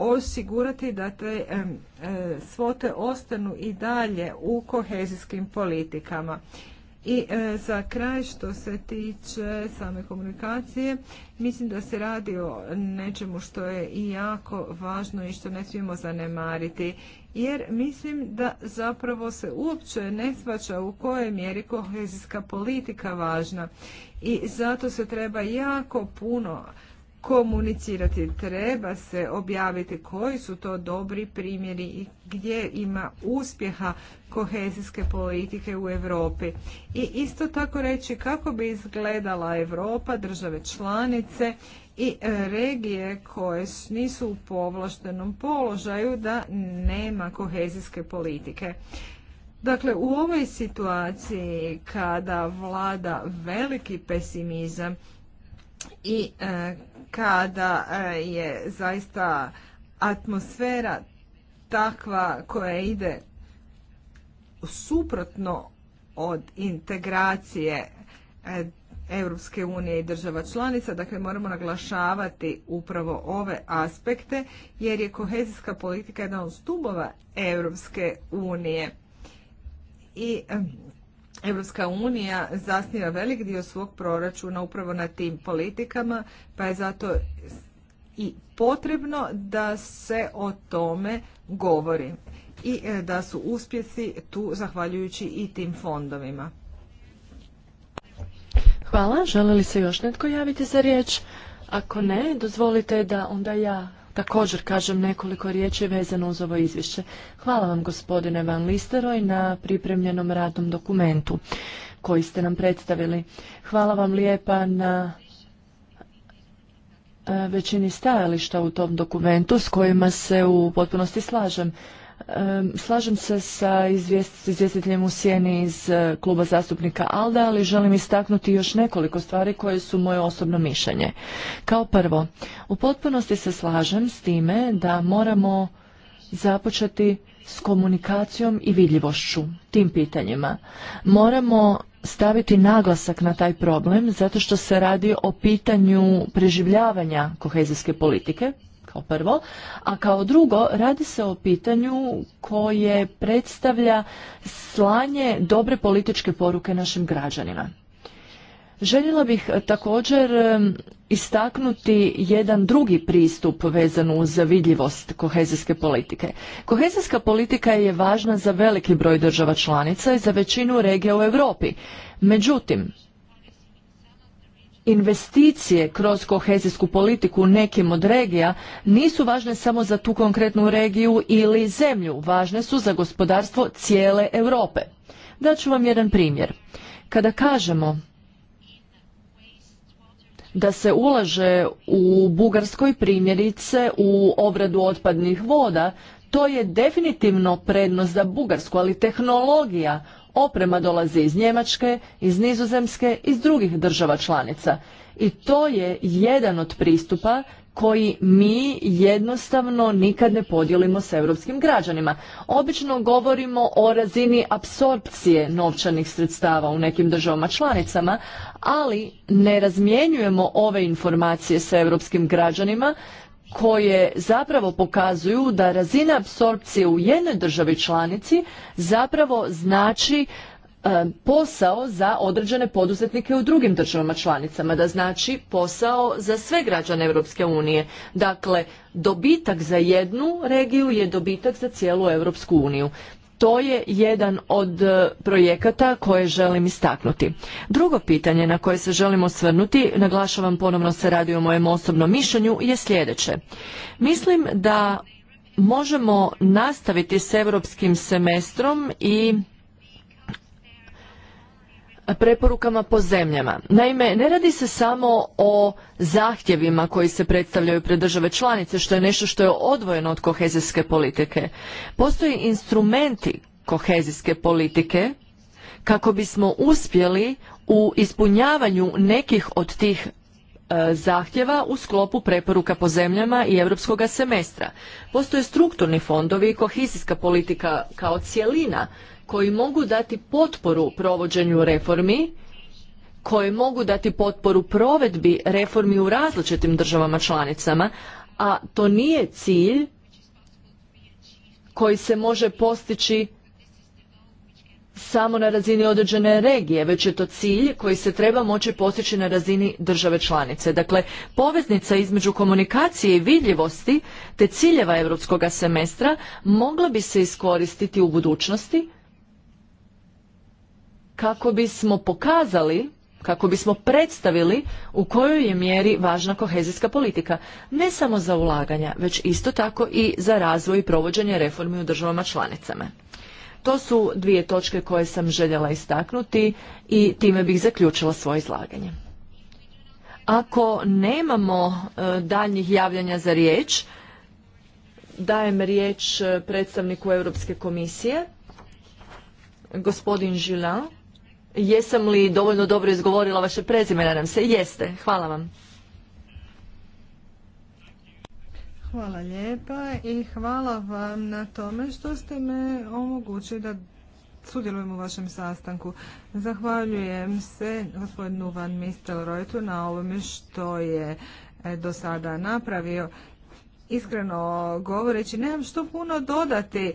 osigurati da te e, svote ostanu i dalje u kohezijskim politikama. I e, za kraj što se tiče same komunikacije, mislim da se radi o nečemu što je i jako važno i što ne smijemo zanemariti, jer mislim da zapravo se uopće ne shvaća u kojoj mjeri kohezijska politika važna i zato se treba jako puno komunicirati. Treba se objaviti koji su to dobri primjeri i gdje ima uspjeha kohezijske politike u Europi. I isto tako reći kako bi izgledala Europa, države članice i regije koje nisu u povlaštenom položaju da nema kohezijske politike. Dakle, u ovoj situaciji kada vlada veliki pesimizam i e, kada e, je zaista atmosfera takva koja ide suprotno od integracije e, Europske unije i država članica, dakle moramo naglašavati upravo ove aspekte jer je kohezijska politika jedna od stubova Europske unije. I Europska unija zasniva velik dio svog proračuna upravo na tim politikama, pa je zato i potrebno da se o tome govori i e, da su uspjesi tu zahvaljujući i tim fondovima. Hvala. li se još netko javiti za riječ? Ako ne, dozvolite da onda ja također kažem nekoliko riječi vezano uz ovo izvješće. Hvala vam gospodine Van Listeroj na pripremljenom radnom dokumentu koji ste nam predstavili. Hvala vam lijepa na e, većini stajališta u tom dokumentu s kojima se u potpunosti slažem. Slažem se sa izvjestiteljem u sjeni iz e, kluba zastupnika ALDA, ali želim istaknuti još nekoliko stvari koje su moje osobno mišljenje. Kao prvo, u potpunosti se slažem s time da moramo započeti s komunikacijom i vidljivošću tim pitanjima. Moramo staviti naglasak na taj problem zato što se radi o pitanju preživljavanja kohezijske politike kao prvo, a kao drugo radi se o pitanju koje predstavlja slanje dobre političke poruke našim građanima. Željela bih također istaknuti jedan drugi pristup vezan uz vidljivost kohezijske politike. Kohezijska politika je važna za veliki broj država članica i za većinu regija u Europi. Međutim, investicije kroz kohezijsku politiku u nekim od regija nisu važne samo za tu konkretnu regiju ili zemlju, važne su za gospodarstvo cijele Europe. Daću vam jedan primjer. Kada kažemo da se ulaže u Bugarskoj primjerice u obradu otpadnih voda, to je definitivno prednost za Bugarsku, ali tehnologija Oprema dolazi iz Njemačke, iz Nizozemske, iz drugih država članica. I to je jedan od pristupa koji mi jednostavno nikad ne podijelimo s europskim građanima. Obično govorimo o razini apsorpcije novčanih sredstava u nekim državama članicama, ali ne razmjenjujemo ove informacije sa europskim građanima koje zapravo pokazuju da razina apsorpcije u jednoj državi članici zapravo znači e, posao za određene poduzetnike u drugim državama članicama, da znači posao za sve građane Europske unije. Dakle, dobitak za jednu regiju je dobitak za cijelu Europsku uniju to je jedan od e, projekata koje želim istaknuti. Drugo pitanje na koje se želim osvrnuti, naglašavam ponovno se radi o mojem osobnom mišljenju, je sljedeće. Mislim da možemo nastaviti s europskim semestrom i preporukama po zemljama. Naime, ne radi se samo o zahtjevima koji se predstavljaju pred države članice, što je nešto što je odvojeno od kohezijske politike. Postoji instrumenti kohezijske politike kako bismo uspjeli u ispunjavanju nekih od tih e, zahtjeva u sklopu preporuka po zemljama i europskoga semestra. Postoje strukturni fondovi i kohezijska politika kao cjelina koji mogu dati potporu provođenju reformi, koje mogu dati potporu provedbi reformi u različitim državama članicama, a to nije cilj koji se može postići samo na razini određene regije, već je to cilj koji se treba moći postići na razini države članice. Dakle, poveznica između komunikacije i vidljivosti te ciljeva europskog semestra mogla bi se iskoristiti u budućnosti kako bismo pokazali kako bismo predstavili u kojoj je mjeri važna kohezijska politika, ne samo za ulaganja, već isto tako i za razvoj i provođenje reformi u državama članicama. To su dvije točke koje sam željela istaknuti i time bih zaključila svoje izlaganje. Ako nemamo e, daljnjih javljanja za riječ, dajem riječ e, predstavniku Europske komisije, gospodin Žilan Jesam li dovoljno dobro izgovorila vaše prezime, nadam se? Jeste. Hvala vam. Hvala lijepa i hvala vam na tome što ste me omogućili da sudjelujem u vašem sastanku. Zahvaljujem se gospodinu Van Mistelrojtu na ovome što je e, do sada napravio. Iskreno govoreći, nemam što puno dodati. E,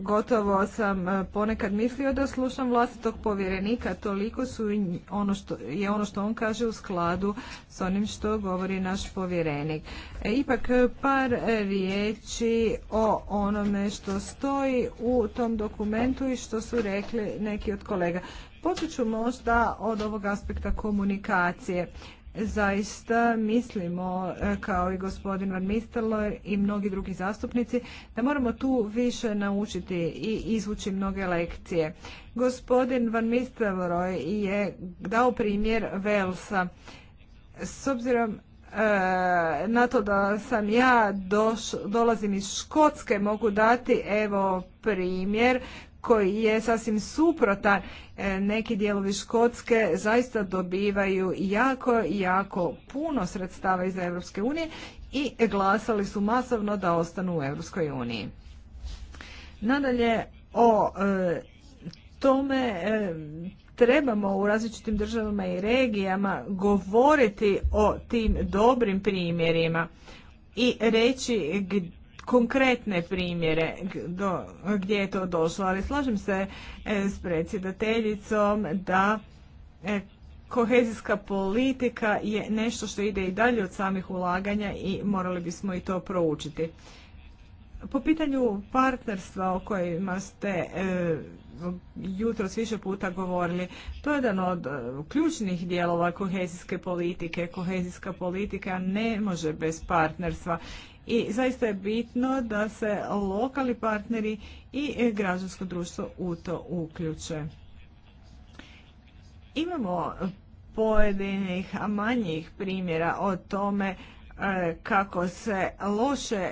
gotovo sam e, ponekad mislio da slušam vlastitog povjerenika, toliko su ono što, je ono što on kaže u skladu s onim što govori naš povjerenik. E, ipak par riječi o onome što stoji u tom dokumentu i što su rekli neki od kolega. Počet ću možda od ovog aspekta komunikacije zaista mislimo, e, kao i gospodin Van Mistelor i mnogi drugi zastupnici, da moramo tu više naučiti i izvući mnoge lekcije. Gospodin Van Mistelroj je dao primjer Velsa. S obzirom e, na to da sam ja dolazim iz Škotske, mogu dati evo primjer koji je sasvim suprotan. E, neki dijelovi Škotske zaista dobivaju jako, jako puno sredstava iz Europske unije i glasali su masovno da ostanu u Europskoj uniji. Nadalje, o e, tome e, trebamo u različitim državama i regijama govoriti o tim dobrim primjerima i reći gdje konkretne primjere gdje je to došlo, ali slažem se e, s predsjedateljicom da e, kohezijska politika je nešto što ide i dalje od samih ulaganja i morali bismo i to proučiti. Po pitanju partnerstva o kojima ste e, jutros više puta govorili, to je jedan od e, ključnih dijelova kohezijske politike. Kohezijska politika ne može bez partnerstva i zaista je bitno da se lokalni partneri i građansko društvo u to uključe. Imamo pojedinih manjih primjera o tome e, kako se loše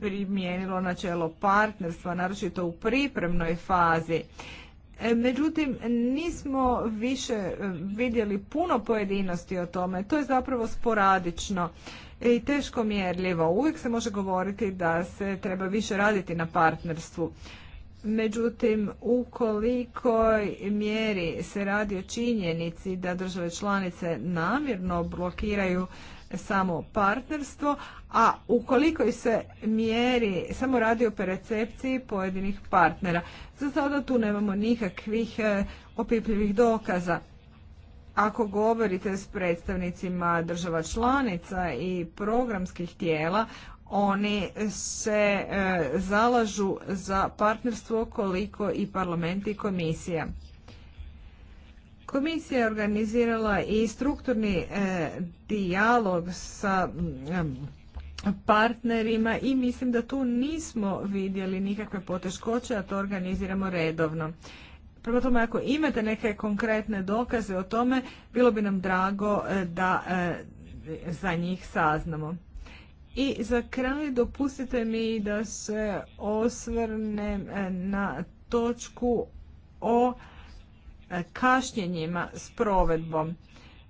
primijenilo načelo partnerstva, naročito u pripremnoj fazi. E, međutim, nismo više e, vidjeli puno pojedinosti o tome. To je zapravo sporadično. E, i teško mjerljivo. Uvijek se može govoriti da se treba više raditi na partnerstvu. Međutim, u kolikoj mjeri se radi o činjenici da države članice namjerno blokiraju samo partnerstvo, a ukoliko se mjeri samo radi o percepciji pojedinih partnera. Za sada tu nemamo nikakvih e, opipljivih dokaza ako govorite s predstavnicima država članica i programskih tijela, oni se e, zalažu za partnerstvo koliko i parlament i komisija. Komisija je organizirala i strukturni e, dijalog sa partnerima i mislim da tu nismo vidjeli nikakve poteškoće, a to organiziramo redovno. Prema tome, ako imate neke konkretne dokaze o tome, bilo bi nam drago e, da e, za njih saznamo. I za kraj dopustite mi da se osvrnem e, na točku o kašnjenjima s provedbom.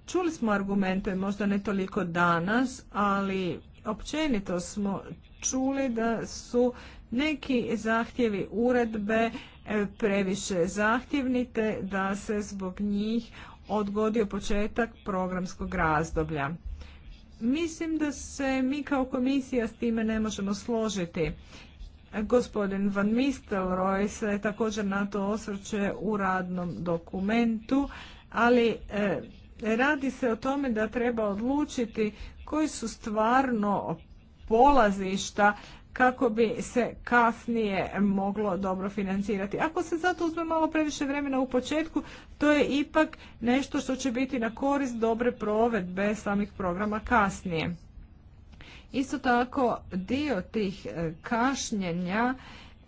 Čuli smo argumente, možda ne toliko danas, ali općenito smo čuli da su neki zahtjevi uredbe previše zahtjevni te da se zbog njih odgodio početak programskog razdoblja. Mislim da se mi kao komisija s time ne možemo složiti. Gospodin Van Mistelroj se također na to osvrće u radnom dokumentu, ali e, radi se o tome da treba odlučiti koji su stvarno polazišta kako bi se kasnije moglo dobro financirati. Ako se zato uzme malo previše vremena u početku, to je ipak nešto što će biti na korist dobre provedbe samih programa kasnije. Isto tako, dio tih e, kašnjenja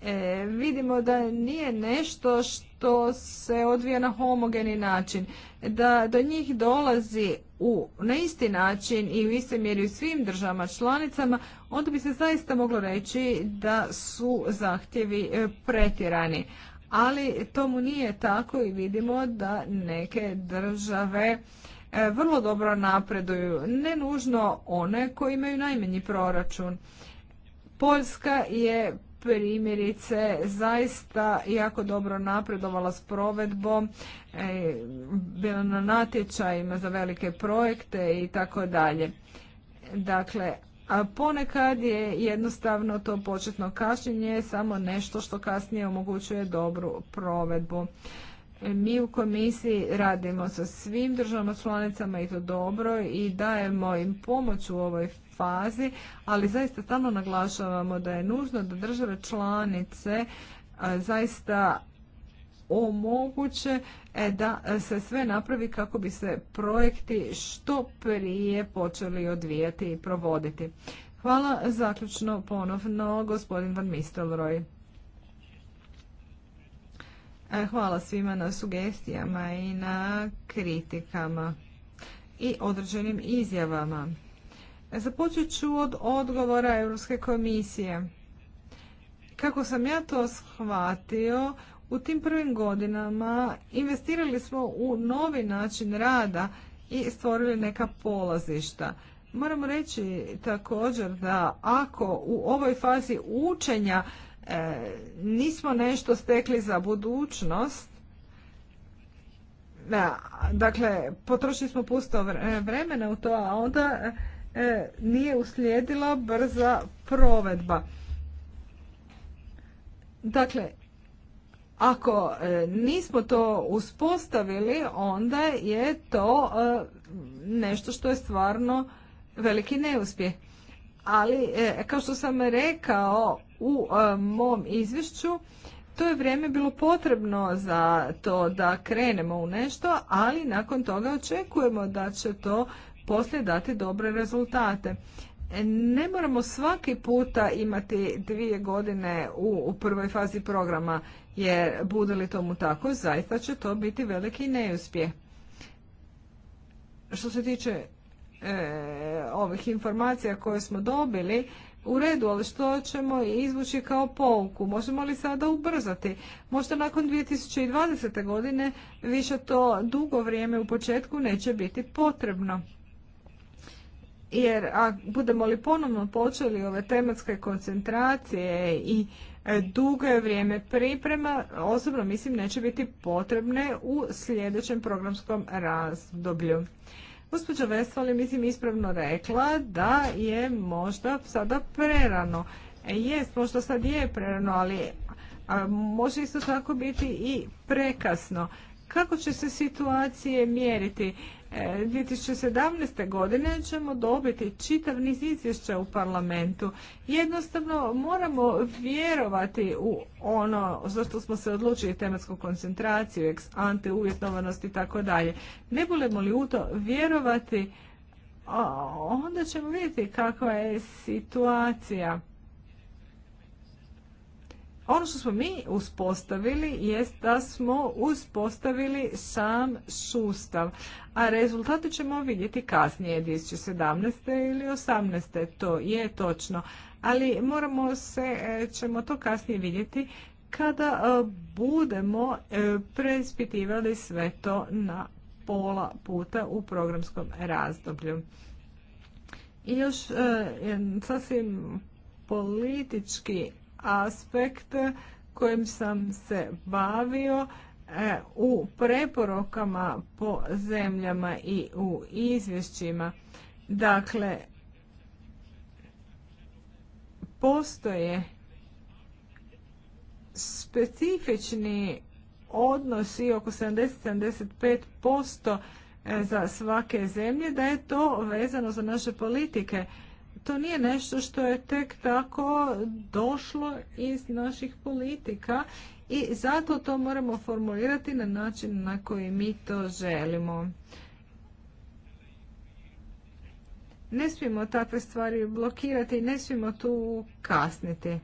E, vidimo da nije nešto što se odvija na homogeni način, da do njih dolazi u, na isti način i u istoj mjeri u svim državama članicama, onda bi se zaista moglo reći da su zahtjevi e, pretjerani. Ali tomu nije tako i vidimo da neke države e, vrlo dobro napreduju, ne nužno one koji imaju najmanji proračun. Poljska je primjerice zaista jako dobro napredovala s provedbom, e, bila na natječajima za velike projekte i tako dalje. Dakle, a ponekad je jednostavno to početno kašnjenje samo nešto što kasnije omogućuje dobru provedbu. Mi u komisiji radimo sa svim državama članicama i to dobro i dajemo im pomoć u ovoj fazi, ali zaista stalno naglašavamo da je nužno da države članice e, zaista omoguće e, da se sve napravi kako bi se projekti što prije počeli odvijati i provoditi. Hvala zaključno ponovno gospodin Van Mistelroj. E, hvala svima na sugestijama i na kritikama i određenim izjavama. Započet ću od odgovora Europske komisije. Kako sam ja to shvatio, u tim prvim godinama investirali smo u novi način rada i stvorili neka polazišta. Moramo reći također da ako u ovoj fazi učenja e, nismo nešto stekli za budućnost, da, dakle, potrošili smo pusto vremena u to, a onda E, nije uslijedila brza provedba. Dakle, ako e, nismo to uspostavili, onda je to e, nešto što je stvarno veliki neuspjeh. Ali, kao što sam rekao u mom izvješću, to je vrijeme bilo potrebno za to da krenemo u nešto, ali nakon toga očekujemo da će to poslije dati dobre rezultate. Ne moramo svaki puta imati dvije godine u, u prvoj fazi programa, jer bude li tomu tako, zaista će to biti veliki neuspjeh. Što se tiče e, ovih informacija koje smo dobili, u redu, ali što ćemo izvući kao pouku? Možemo li sada ubrzati? Možda nakon 2020. godine više to dugo vrijeme u početku neće biti potrebno jer a, budemo li ponovno počeli ove tematske koncentracije i e, dugo je vrijeme priprema, osobno mislim neće biti potrebne u sljedećem programskom razdoblju. Gospođa Vesvali mislim ispravno rekla da je možda sada prerano. E, jest, možda sad je prerano, ali a, može isto tako biti i prekasno. Kako će se situacije mjeriti? 2017. E, godine ćemo dobiti čitav niz izvješća u parlamentu. Jednostavno moramo vjerovati u ono za što smo se odlučili tematsku koncentraciju, ex ante uvjetnovanost i tako dalje. Ne budemo li u to vjerovati, onda ćemo vidjeti kakva je situacija. Ono što smo mi uspostavili jest da smo uspostavili sam sustav, a rezultate ćemo vidjeti kasnije 2017. ili 2018. To je točno, ali moramo se, e, ćemo to kasnije vidjeti kada e, budemo e, preispitivali sve to na pola puta u programskom razdoblju. I još sasvim politički aspekt kojim sam se bavio e, u preporokama po zemljama i u izvješćima. Dakle, postoje specifični odnosi oko 70-75% e, za svake zemlje, da je to vezano za naše politike to nije nešto što je tek tako došlo iz naših politika i zato to moramo formulirati na način na koji mi to želimo. Ne smijemo takve stvari blokirati i ne smijemo tu kasniti.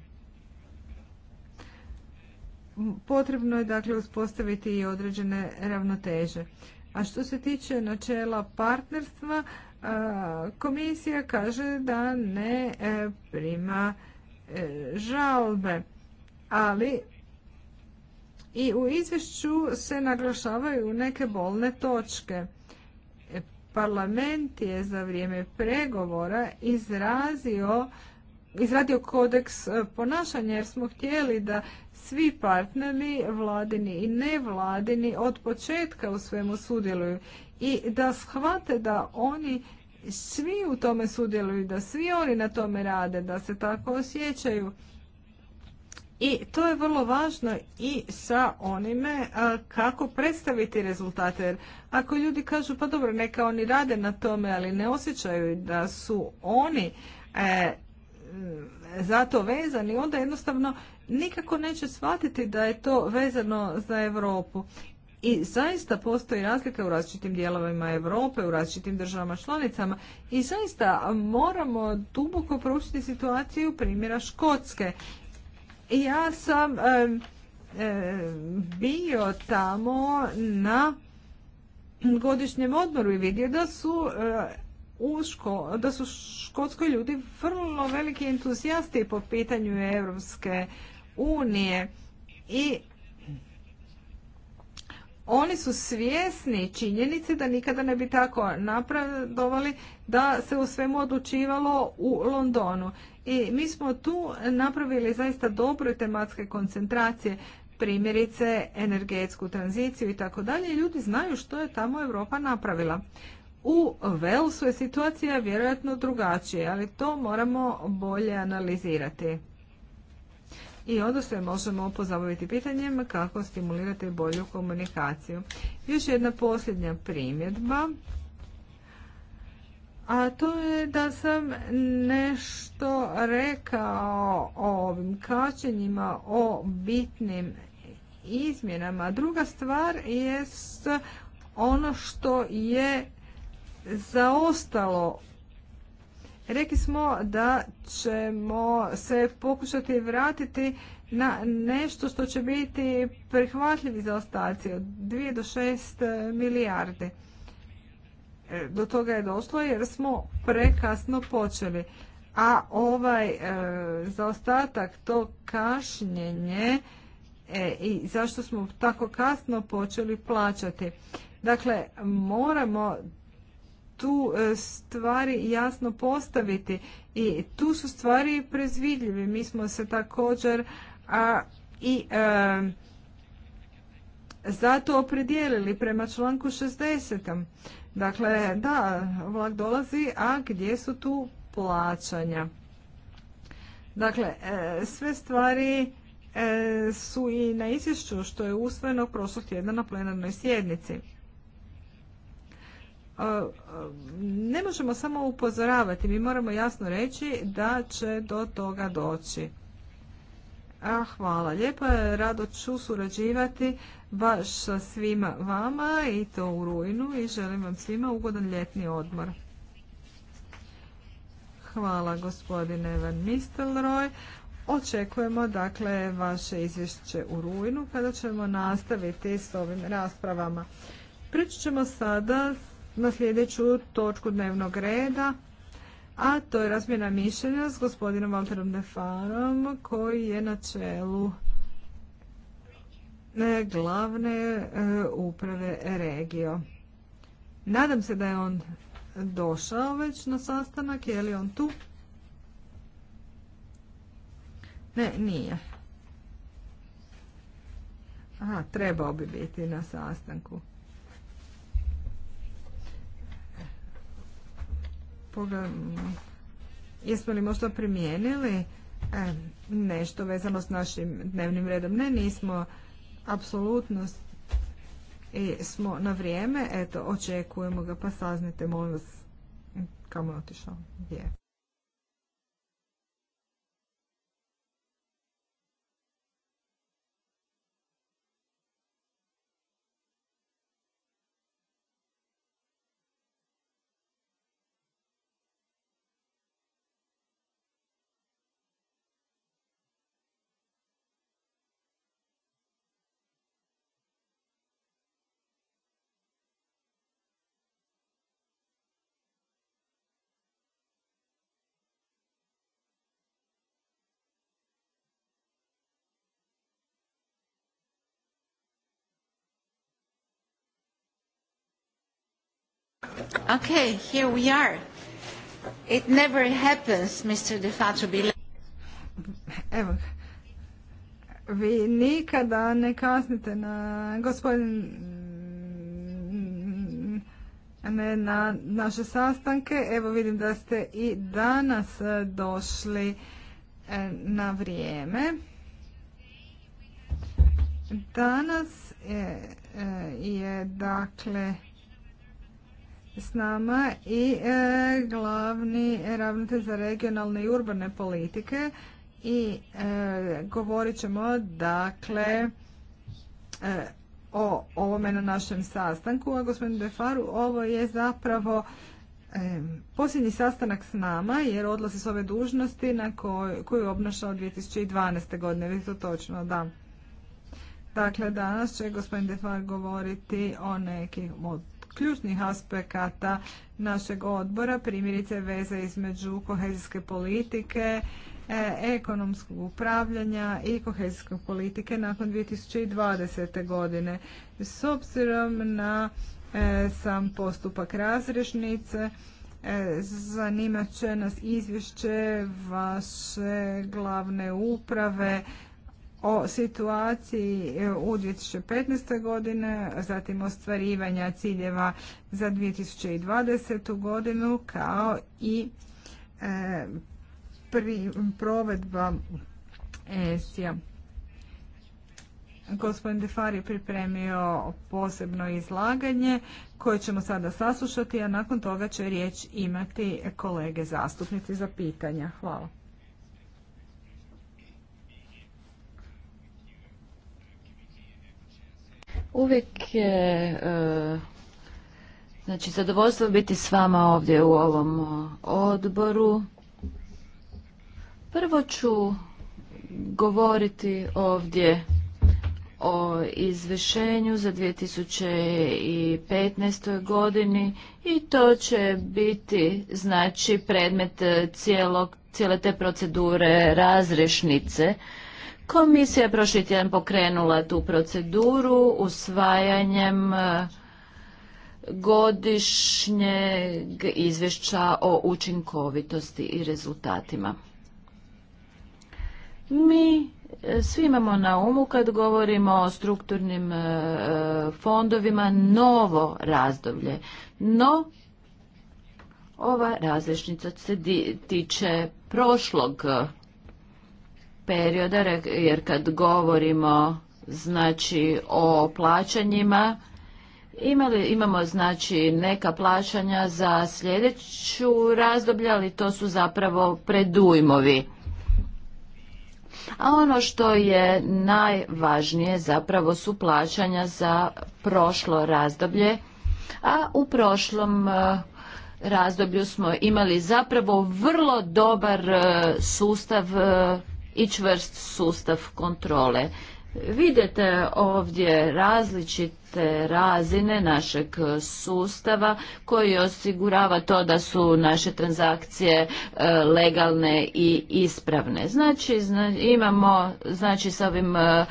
Potrebno je dakle uspostaviti i određene ravnoteže. A što se tiče načela partnerstva, komisija kaže da ne e, prima e, žalbe, ali i u izvješću se naglašavaju neke bolne točke. E, parlament je za vrijeme pregovora izrazio izradio kodeks ponašanja jer smo htjeli da svi partneri, vladini i nevladini, od početka u svemu sudjeluju i da shvate da oni svi u tome sudjeluju, da svi oni na tome rade, da se tako osjećaju. I to je vrlo važno i sa onime kako predstaviti rezultate. Jer ako ljudi kažu pa dobro neka oni rade na tome, ali ne osjećaju da su oni e, za to vezani, onda jednostavno nikako neće shvatiti da je to vezano za Europu. I zaista postoji razlika u različitim dijelovima Europe, u različitim državama članicama i zaista moramo duboko proučiti situaciju primjera Škotske. I ja sam bio tamo na godišnjem odmoru i vidio da su u da su škotskoj ljudi vrlo veliki entuzijasti po pitanju Europske unije i oni su svjesni činjenice da nikada ne bi tako napredovali da se u svemu odlučivalo u Londonu. I mi smo tu napravili zaista dobre tematske koncentracije, primjerice energetsku tranziciju i tako dalje. Ljudi znaju što je tamo Europa napravila. U Velsu je situacija vjerojatno drugačija, ali to moramo bolje analizirati. I onda se možemo pozabaviti pitanjem kako stimulirati bolju komunikaciju. Još jedna posljednja primjedba. A to je da sam nešto rekao o ovim kačenjima, o bitnim izmjenama. Druga stvar je ono što je zaostalo. Rekli smo da ćemo se pokušati vratiti na nešto što će biti prihvatljivi za ostaci od 2 do 6 milijarde. E, do toga je došlo jer smo prekasno počeli. A ovaj za e, zaostatak, to kašnjenje e, i zašto smo tako kasno počeli plaćati. Dakle, moramo tu e, stvari jasno postaviti i tu su stvari prezvidljive. Mi smo se također a, i e, zato opredijelili prema članku 60. Dakle, da, vlak dolazi, a gdje su tu plaćanja? Dakle, e, sve stvari su i na izvješću što je usvojeno prošlog tjedna na plenarnoj sjednici ne možemo samo upozoravati, mi moramo jasno reći da će do toga doći. A, hvala je. rado ću surađivati baš sa svima vama i to u rujnu i želim vam svima ugodan ljetni odmor. Hvala gospodine Van Mistelroj. Očekujemo dakle vaše izvješće u rujnu kada ćemo nastaviti s ovim raspravama. Pričat ćemo sada na sljedeću točku dnevnog reda, a to je razmjena mišljenja s gospodinom Walterom Nefarom koji je na čelu e, glavne e, uprave regio. Nadam se da je on došao već na sastanak, je li on tu? Ne, nije. Aha, trebao bi biti na sastanku. jesmo li možda primijenili e, nešto vezano s našim dnevnim redom? Ne, nismo. Apsolutno e, smo na vrijeme. Eto, očekujemo ga, pa saznite, molim vas, kamo je otišao. Okay, here we are. It never happens, Mr. De Evo, vi nikada ne kasnite na gospodin na naše sastanke. Evo vidim da ste i danas e, došli e, na vrijeme. Danas e, je dakle s nama i e, glavni ravnatelj za regionalne i urbane politike i e, govorit ćemo dakle e, o ovome na našem sastanku, a gospodin Defaru, ovo je zapravo posljednji sastanak s nama jer odlazi s ove dužnosti na koj, koju je obnašao 2012. godine, vi to točno, da. Dakle, danas će gospodin Defar govoriti o nekim od ključnih aspekata našeg odbora, primjerice veze između kohezijske politike, e, ekonomskog upravljanja i kohezijske politike nakon 2020. godine. S obzirom na e, sam postupak razrešnice, e, zanimat će nas izvješće vaše glavne uprave o situaciji e, u 2015. godine, zatim ostvarivanja ciljeva za 2020. godinu kao i e, prvi, provedba ESI-a. Gospodin Defar je pripremio posebno izlaganje koje ćemo sada saslušati, a nakon toga će riječ imati kolege zastupnici za pitanja. Hvala. Uvijek je e, znači, zadovoljstvo biti s vama ovdje u ovom e, odboru. Prvo ću govoriti ovdje o izvršenju za 2015. godini i to će biti znači predmet e, cijelog, cijele te procedure razrešnice Komisija je prošli tjedan pokrenula tu proceduru usvajanjem e, godišnjeg izvješća o učinkovitosti i rezultatima. Mi e, svi imamo na umu kad govorimo o strukturnim e, fondovima novo razdoblje, no ova različnica se tiče prošlog perioda, jer kad govorimo znači o plaćanjima, imamo znači neka plaćanja za sljedeću razdoblje, ali to su zapravo predujmovi. A ono što je najvažnije zapravo su plaćanja za prošlo razdoblje, a u prošlom eh, razdoblju smo imali zapravo vrlo dobar eh, sustav eh, i čvrst sustav kontrole. Vidite ovdje različit te razine našeg sustava koji osigurava to da su naše transakcije e, legalne i ispravne. Znači imamo znači s ovim e,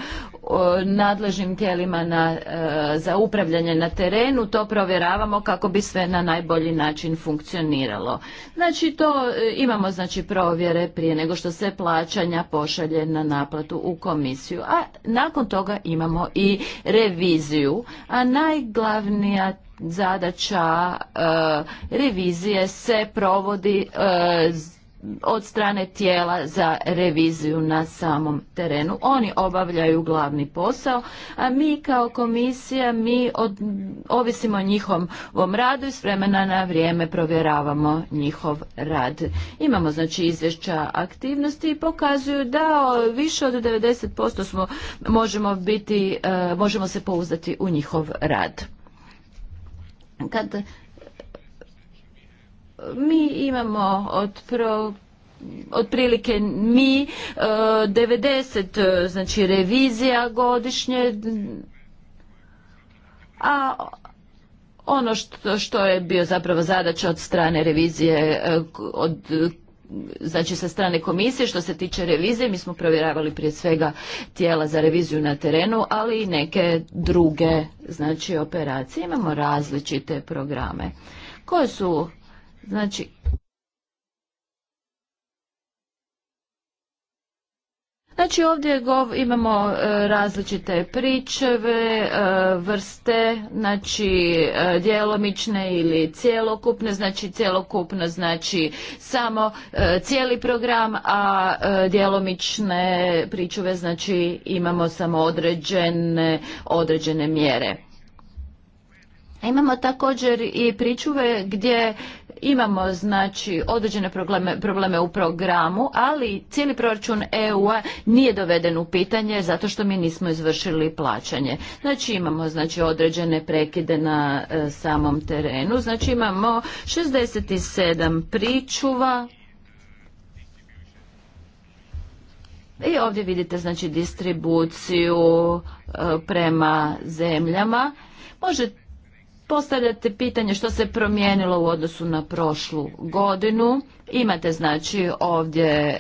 nadležnim tijelima na, e, za upravljanje na terenu, to provjeravamo kako bi sve na najbolji način funkcioniralo. Znači to imamo znači provjere prije nego što se plaćanja pošalje na naplatu u komisiju, a nakon toga imamo i reviziju a najglavnija zadaća e, revizije se provodi e, od strane tijela za reviziju na samom terenu. Oni obavljaju glavni posao, a mi kao komisija, mi od, ovisimo o njihovom radu i s vremena na vrijeme provjeravamo njihov rad. Imamo znači izvješća aktivnosti i pokazuju da više od 90% smo, možemo, biti, e, možemo se pouzdati u njihov rad. Kad mi imamo od otprilike mi 90 e, e, znači revizija godišnje a ono što, što je bio zapravo zadaća od strane revizije e, od znači sa strane komisije što se tiče revizije mi smo provjeravali prije svega tijela za reviziju na terenu ali i neke druge znači operacije imamo različite programe koje su Znači, Znači ovdje gov, imamo e, različite pričeve, e, vrste, znači e, djelomične ili cjelokupne, znači cjelokupno znači samo cijeli program, a djelomične pričeve znači imamo samo određene, određene mjere. Imamo također i pričuve gdje imamo znači određene probleme, probleme u programu, ali cijeli proračun EU-a nije doveden u pitanje zato što mi nismo izvršili plaćanje. Znači imamo znači određene prekide na e, samom terenu, znači imamo 67 pričuva i ovdje vidite znači distribuciju e, prema zemljama. Možete postavljate pitanje što se promijenilo u odnosu na prošlu godinu Imate znači ovdje e,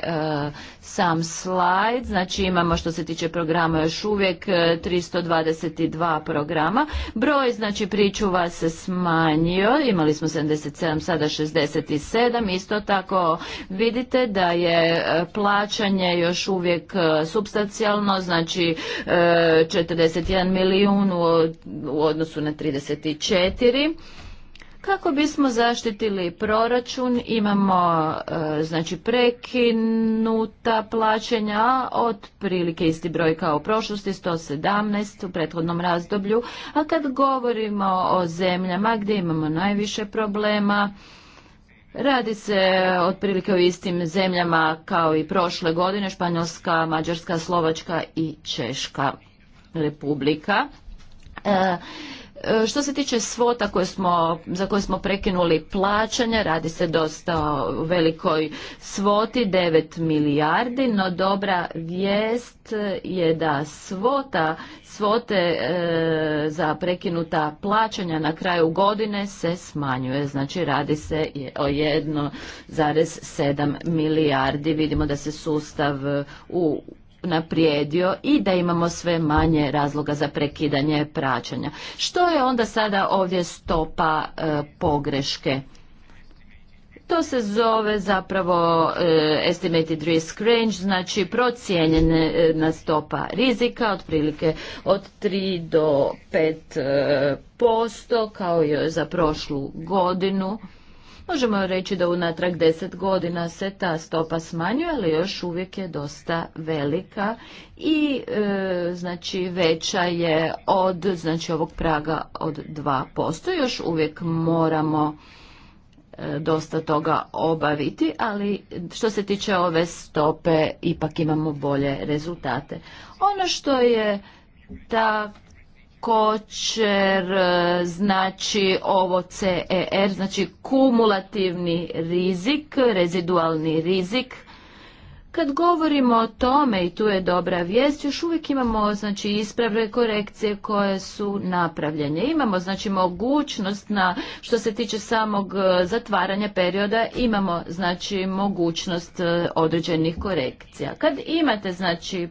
sam slajd, znači imamo što se tiče programa još uvijek 322 e, programa. Broj znači pričuva se smanjio, imali smo 77, sada 67, isto tako vidite da je e, plaćanje još uvijek substancijalno, znači 41 milijun u, u odnosu na 34 kako bismo zaštitili proračun, imamo e, znači prekinuta plaćanja otprilike isti broj kao u prošlosti 117 u prethodnom razdoblju, a kad govorimo o zemljama gdje imamo najviše problema Radi se otprilike o istim zemljama kao i prošle godine, Španjolska, Mađarska, Slovačka i Češka republika. E, E, što se tiče svota koje smo, za koje smo prekinuli plaćanja, radi se dosta o velikoj svoti, 9 milijardi, no dobra vijest je da svota, svote e, za prekinuta plaćanja na kraju godine se smanjuje, znači radi se o 1,7 milijardi. Vidimo da se sustav u naprijedio i da imamo sve manje razloga za prekidanje praćanja. Što je onda sada ovdje stopa e, pogreške? To se zove zapravo e, estimated risk range, znači procijenjena e, stopa rizika, otprilike od 3 do 5 e, posto, kao i za prošlu godinu. Možemo reći da unatrag deset godina se ta stopa smanjuje, ali još uvijek je dosta velika i e, znači veća je od znači ovog praga od 2%. Još uvijek moramo e, dosta toga obaviti, ali što se tiče ove stope ipak imamo bolje rezultate. Ono što je ta kočer, e, znači ovo CER, znači kumulativni rizik, rezidualni rizik. Kad govorimo o tome, i tu je dobra vijest, još uvijek imamo znači, ispravne korekcije koje su napravljene. Imamo znači, mogućnost na, što se tiče samog e, zatvaranja perioda, imamo znači, mogućnost e, određenih korekcija. Kad imate znači,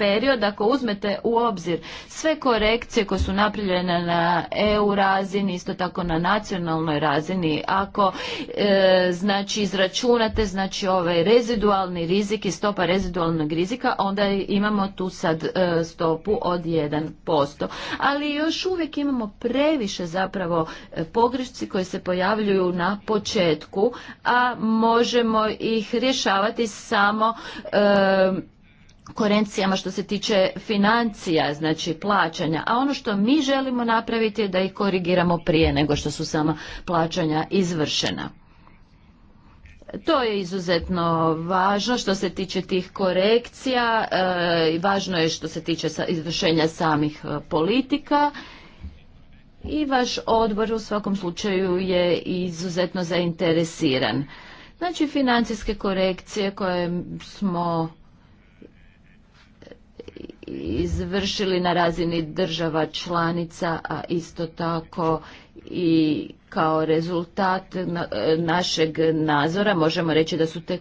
period, ako uzmete u obzir sve korekcije koje su napravljene na EU razini, isto tako na nacionalnoj razini, ako e, znači izračunate znači ovaj rezidualni rizik i stopa rezidualnog rizika, onda imamo tu sad e, stopu od 1%. Ali još uvijek imamo previše zapravo e, pogrešci koje se pojavljuju na početku, a možemo ih rješavati samo korencijama što se tiče financija, znači plaćanja, a ono što mi želimo napraviti je da ih korigiramo prije nego što su sama plaćanja izvršena. To je izuzetno važno što se tiče tih korekcija, e, i važno je što se tiče izvršenja samih e, politika i vaš odbor u svakom slučaju je izuzetno zainteresiran. Znači financijske korekcije koje smo izvršili na razini država članica, a isto tako i kao rezultat našeg nazora možemo reći da su te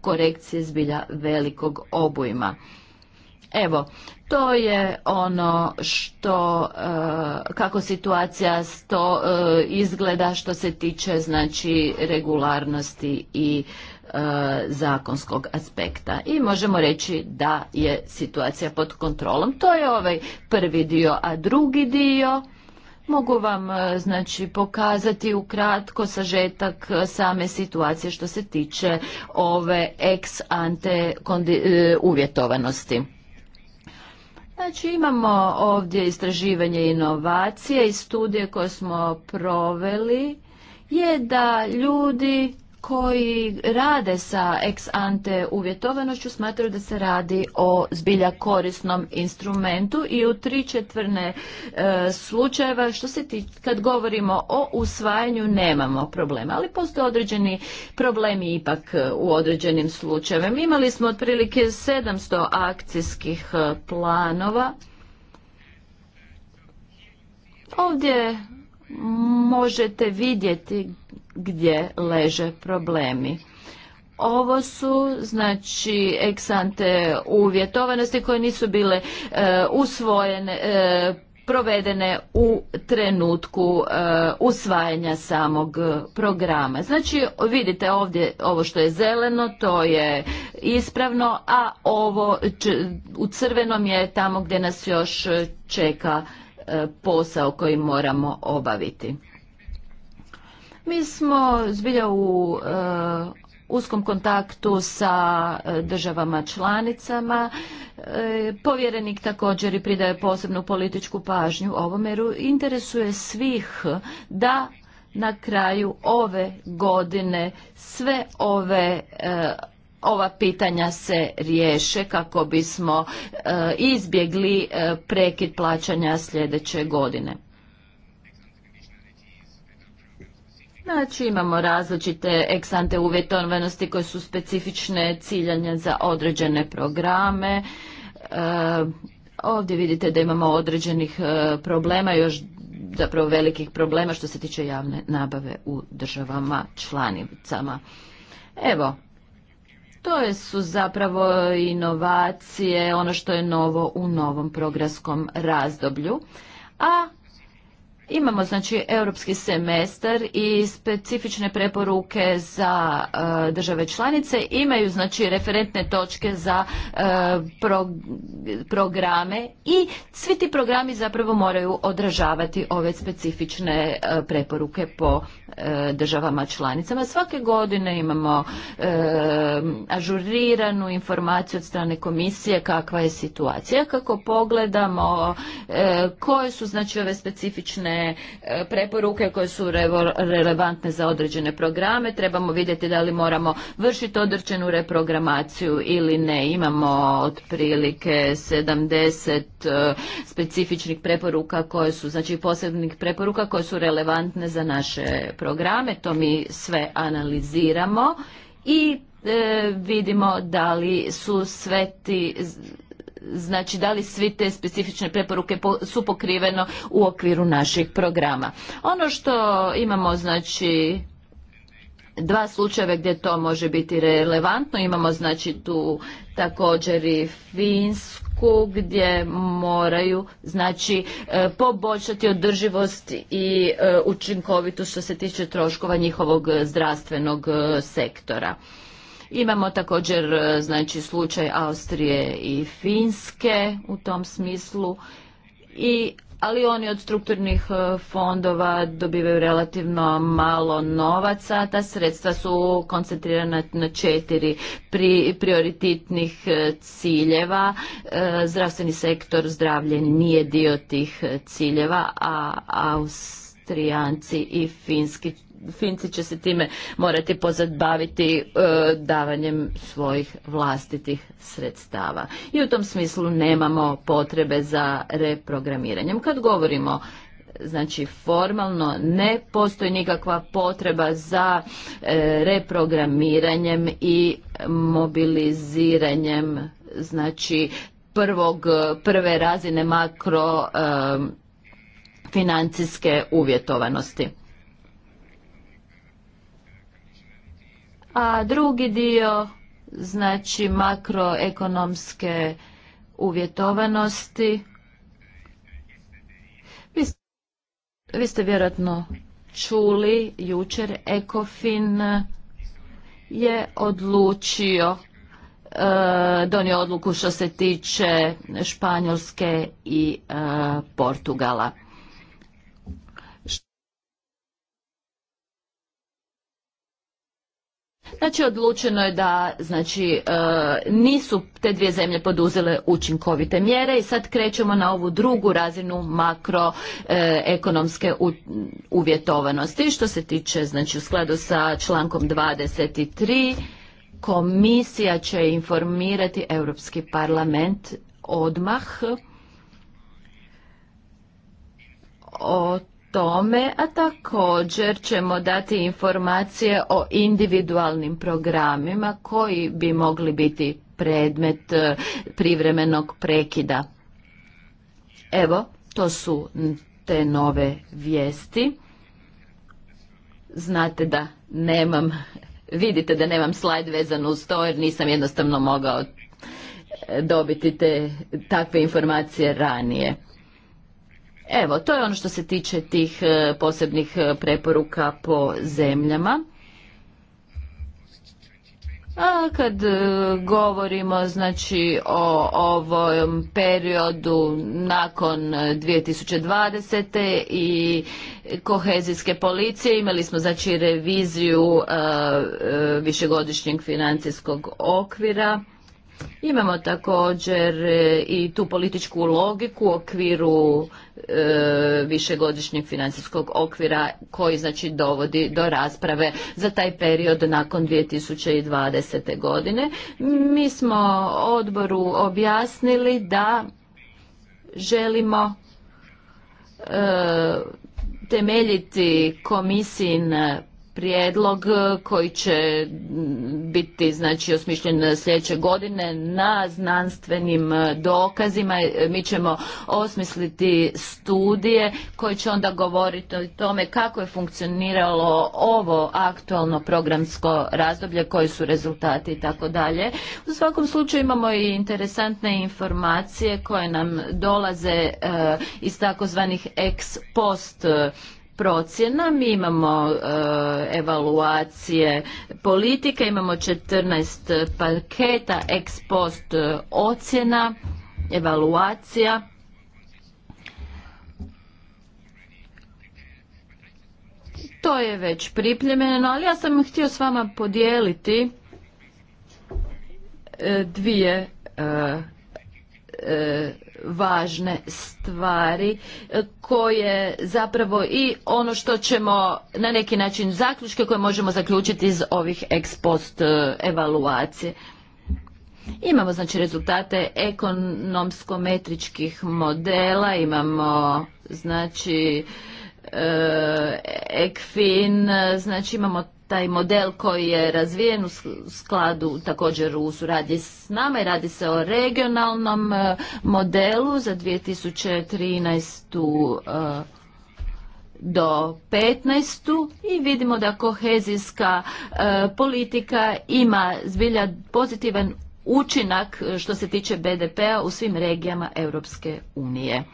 korekcije zbilja velikog obujma. Evo, to je ono što, e, kako situacija sto, e, izgleda što se tiče znači regularnosti i E, zakonskog aspekta i možemo reći da je situacija pod kontrolom. To je ovaj prvi dio, a drugi dio mogu vam e, znači pokazati ukratko sažetak e, same situacije što se tiče ove ex ante uvjetovanosti. Znači imamo ovdje istraživanje inovacije i studije koje smo proveli je da ljudi koji rade sa ex ante uvjetovanošću smatraju da se radi o zbilja korisnom instrumentu i u tri četvrne e, slučajeva što se ti, kad govorimo o usvajanju nemamo problema, ali postoje određeni problemi ipak e, u određenim slučajevima. Imali smo otprilike 700 akcijskih e, planova. Ovdje možete vidjeti gdje leže problemi. Ovo su znači eksante uvjetovanosti koje nisu bile e, usvojene e, provedene u trenutku e, usvajanja samog programa. Znači vidite ovdje ovo što je zeleno, to je ispravno, a ovo u crvenom je tamo gdje nas još čeka posao koji moramo obaviti. Mi smo zbilja u eh, uskom kontaktu sa eh, državama članicama. Eh, povjerenik također i pridaje posebnu političku pažnju ovom, jer interesuje svih da na kraju ove godine sve ove ova pitanja se riješe kako bismo izbjegli prekid plaćanja sljedeće godine. Znači imamo različite eksante uvjetovanosti koje su specifične ciljanja za određene programe. E, ovdje vidite da imamo određenih e, problema, još zapravo velikih problema što se tiče javne nabave u državama članicama. Evo, to su zapravo inovacije, ono što je novo u novom programskom razdoblju. A Imamo znači europski semestar i specifične preporuke za e, države članice, imaju znači referentne točke za e, programe i svi ti programi zapravo moraju odražavati ove specifične e, preporuke po državama članicama. Svake godine imamo ažuriranu informaciju od strane komisije kakva je situacija, kako pogledamo koje su znači ove specifične E, preporuke koje su relevantne za određene programe. Trebamo vidjeti da li moramo vršiti određenu reprogramaciju ili ne. Imamo otprilike 70 e, specifičnih preporuka koje su, znači posebnih preporuka koje su relevantne za naše programe. To mi sve analiziramo i e, vidimo da li su sve ti znači da li svi te specifične preporuke su pokriveno u okviru naših programa. Ono što imamo znači dva slučajeva gdje to može biti relevantno. Imamo znači tu također i Finsku gdje moraju znači e, poboljšati održivost i e, učinkovitost što se tiče troškova njihovog zdravstvenog e, sektora. Imamo također e, znači slučaj Austrije i Finske u tom smislu i ali oni od strukturnih e, fondova dobivaju relativno malo novaca, ta sredstva su koncentrirana na četiri pri, e, ciljeva. zdravstveni sektor zdravlje nije dio tih ciljeva, a Austrijanci i Finski Finci će se time morati pozabaviti e, davanjem svojih vlastitih sredstava. I u tom smislu nemamo potrebe za reprogramiranjem. Kad govorimo znači formalno ne postoji nikakva potreba za e, reprogramiranjem i mobiliziranjem znači prvog prve razine makro e, financijske uvjetovanosti a drugi dio znači makroekonomske uvjetovanosti. Vi ste, vi ste vjerojatno čuli jučer Ekofin je odlučio e, donio odluku što se tiče Španjolske i e, Portugala. Znači odlučeno je da znači, e, nisu te dvije zemlje poduzele učinkovite mjere i sad krećemo na ovu drugu razinu makroekonomske e, uvjetovanosti. Što se tiče, znači u skladu sa člankom 23, komisija će informirati Europski parlament odmah o tome, a također ćemo dati informacije o individualnim programima koji bi mogli biti predmet e, privremenog prekida. Evo, to su te nove vijesti. Znate da nemam, vidite da nemam slajd vezan uz to jer nisam jednostavno mogao e, dobiti te takve informacije ranije. Evo, to je ono što se tiče tih e, posebnih e, preporuka po zemljama. A kad e, govorimo znači o ovom periodu nakon 2020. i kohezijske policije imali smo znači reviziju višegodišnjeg financijskog okvira Imamo također e, i tu političku logiku u okviru e, višegodišnjeg financijskog okvira koji znači dovodi do rasprave za taj period nakon 2020. godine. Mi smo odboru objasnili da želimo e, temeljiti komisijin prijedlog e, koji će biti znači osmišljen sljedeće godine na znanstvenim e, dokazima. E, mi ćemo osmisliti studije koje će onda govoriti o tome kako je funkcioniralo ovo aktualno programsko razdoblje, koji su rezultati i tako dalje. U svakom slučaju imamo i interesantne informacije koje nam dolaze iz takozvanih ex post procjena, mi imamo e, evaluacije politike, imamo 14 paketa ex post ocjena, evaluacija. To je već pripremljeno, ali ja sam htio s vama podijeliti e, dvije e, E, važne stvari e, koje zapravo i ono što ćemo na neki način zaključke koje možemo zaključiti iz ovih ex post e, evaluacije. Imamo znači rezultate metričkih modela, imamo znači ekfin, znači imamo taj model koji je razvijen u skladu također u suradnji s nama i radi se o regionalnom e, modelu za 2013 e, do 15. i vidimo da kohezijska e, politika ima zbilja pozitivan učinak što se tiče BDP-a u svim regijama Europske unije.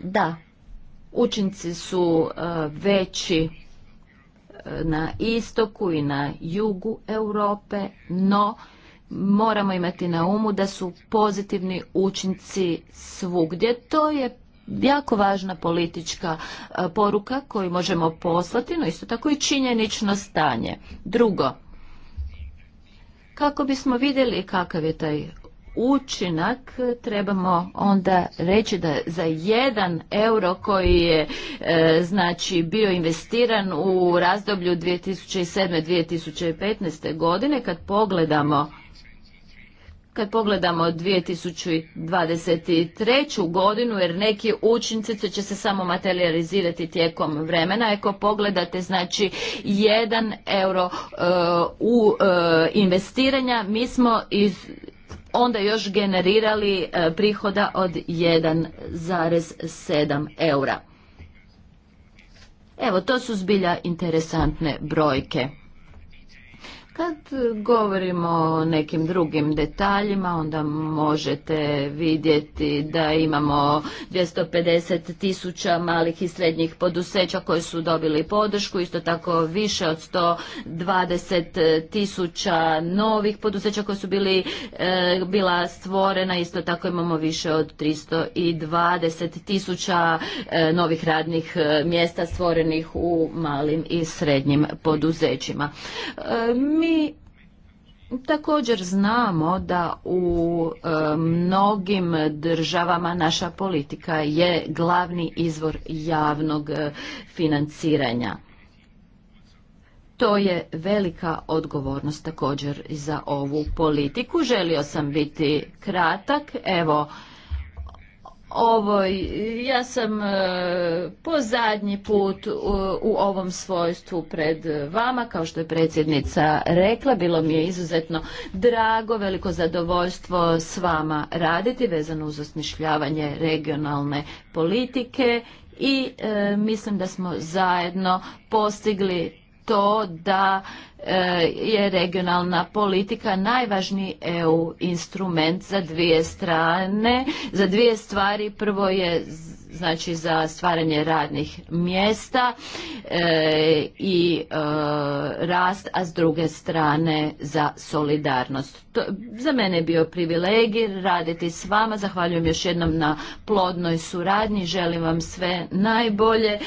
Da, Učinci su e, veći e, na istoku i na jugu Europe, no moramo imati na umu da su pozitivni učinci svugdje. To je jako važna politička e, poruka koju možemo poslati, no isto tako i činjenično stanje. Drugo, kako bismo vidjeli kakav je taj učinak trebamo onda reći da za jedan euro koji je e, znači bio investiran u razdoblju 2007. 2015. godine kad pogledamo kad pogledamo 2023. godinu, jer neki učinci će se samo materializirati tijekom vremena, ako pogledate znači jedan euro e, u e, investiranja, mi smo iz, onda još generirali e, prihoda od 1,7 eura. Evo, to su zbilja interesantne brojke. Kad govorimo o nekim drugim detaljima, onda možete vidjeti da imamo 250 tisuća malih i srednjih poduzeća koji su dobili podršku, isto tako više od 120 tisuća novih poduzeća koji su bili, e, bila stvorena, isto tako imamo više od 320 tisuća e, novih radnih e, mjesta stvorenih u malim i srednjim poduzećima. Mi također znamo da u e, mnogim državama naša politika je glavni izvor javnog e, financiranja. To je velika odgovornost također za ovu politiku. Želio sam biti kratak. Evo ovoj, ja sam e, po zadnji put u ovom svojstvu pred vama, kao što je predsjednica rekla, bilo mi je izuzetno drago, veliko zadovoljstvo s vama raditi vezano uz osmišljavanje regionalne politike i e, mislim da smo zajedno postigli to da E, je regionalna politika najvažniji EU instrument za dvije strane, za dvije stvari. Prvo je znači za stvaranje radnih mjesta e, i e, rast, a s druge strane za solidarnost. To, za mene je bio privilegij raditi s vama. Zahvaljujem još jednom na plodnoj suradnji. Želim vam sve najbolje